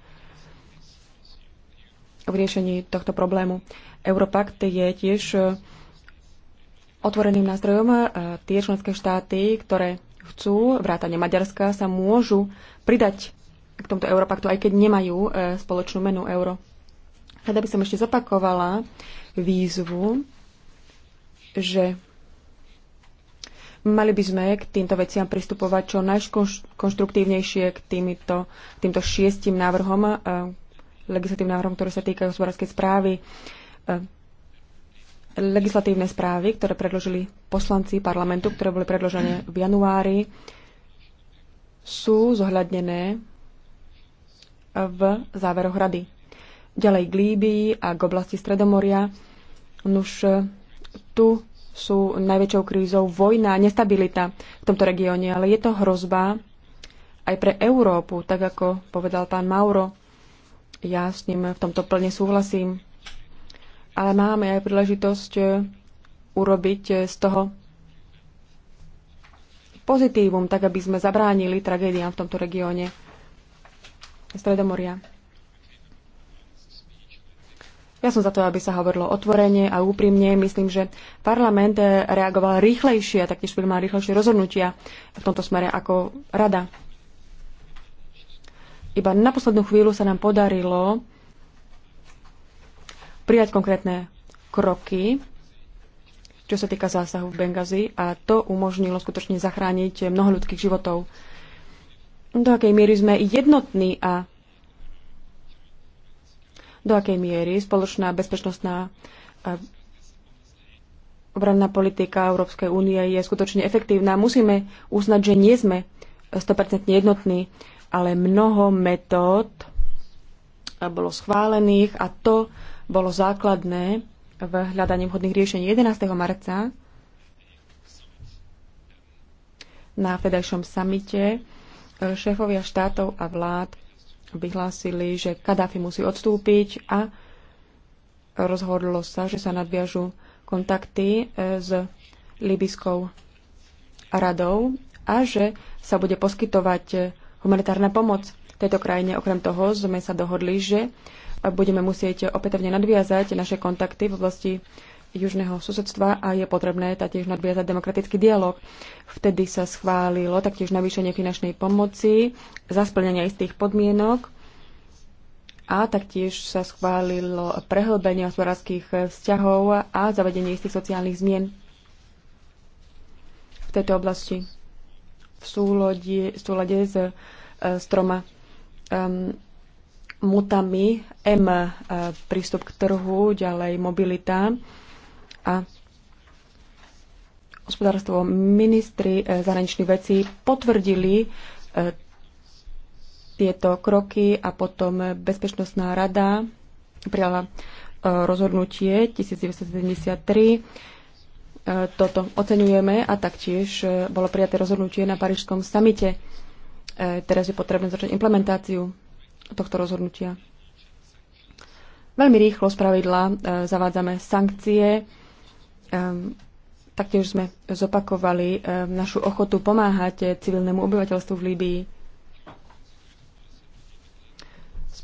v riešení tohto problému. Europakt je tiež e, otvoreným nástrojom. E, tie členské štáty, ktoré chcú, vrátane Maďarska, sa môžu pridať k tomuto Europaktu, aj keď nemajú e, spoločnú menu euro. Rada by som ešte zopakovala výzvu, že mali by sme k týmto veciam pristupovať čo najkonštruktívnejšie k týmto, týmto šiestim návrhom, legislatívnym návrhom, ktoré sa týkajú hospodárskej správy. E, legislatívne správy, ktoré predložili poslanci parlamentu, ktoré boli predložené v januári, sú zohľadnené e, v záveroch rady. Ďalej k Líbii a k oblasti Stredomoria. Nuž e, tu sú najväčšou krízou vojna, nestabilita v tomto regióne, ale je to hrozba aj pre Európu, tak ako povedal pán Mauro. Ja s ním v tomto plne súhlasím. Ale máme aj príležitosť e, urobiť e, z toho pozitívum, tak aby sme zabránili tragédiám v tomto regióne Stredomoria. Ja som za to, aby sa hovorilo otvorene a úprimne. Myslím, že parlament e, reagoval rýchlejšie a taktiež by mal rýchlejšie rozhodnutia v tomto smere ako rada. Iba na poslednú chvíľu sa nám podarilo prijať konkrétne kroky, čo sa týka zásahu v Bengazi a to umožnilo skutočne zachrániť mnoho ľudských životov. Do akej miery sme jednotní a do akej miery spoločná bezpečnostná obranná politika Európskej únie je skutočne efektívna. Musíme uznať, že nie sme 100% jednotní ale mnoho metód bolo schválených a to bolo základné v hľadaní vhodných riešení 11. marca na fedajšom samite e, šéfovia štátov a vlád vyhlásili, že Kadáfi musí odstúpiť a rozhodlo sa, že sa nadviažú kontakty e, s Libyskou radou a že sa bude poskytovať humanitárna pomoc tejto krajine. Okrem toho sme sa dohodli, že budeme musieť opätovne nadviazať naše kontakty v oblasti južného susedstva a je potrebné taktiež nadviazať demokratický dialog. Vtedy sa schválilo taktiež navýšenie finančnej pomoci za splnenie istých podmienok a taktiež sa schválilo prehlbenie hospodárskych vzťahov a zavedenie istých sociálnych zmien v tejto oblasti v súlade s, e, s troma um, mutami M e, prístup k trhu, ďalej mobilita a hospodárstvo. Ministri e, zahraničných vecí potvrdili tieto kroky a potom Bezpečnostná rada prijala rozhodnutie 1973 toto oceňujeme a taktiež e, bolo prijaté rozhodnutie na Parížskom samite. E, teraz je potrebné začať implementáciu tohto rozhodnutia. Veľmi rýchlo z pravidla e, zavádzame sankcie. Taktiež sme zopakovali našu ochotu pomáhať civilnému obyvateľstvu v Líbii.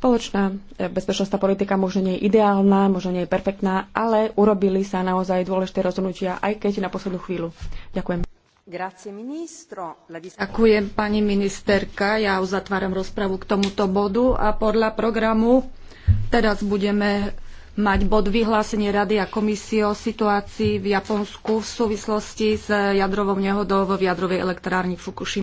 Spoločná e, bezpečnostná politika možno nie je ideálna, možno nie je perfektná, ale urobili sa naozaj dôležité rozhodnutia, aj keď na poslednú chvíľu. Ďakujem. Ďakujem, pani ministerka. Ja uzatváram rozpravu k tomuto bodu a podľa programu teraz budeme mať bod vyhlásenie Rady a komisie o situácii v Japonsku v súvislosti s jadrovou nehodou v jadrovej elektrárni Fukushima.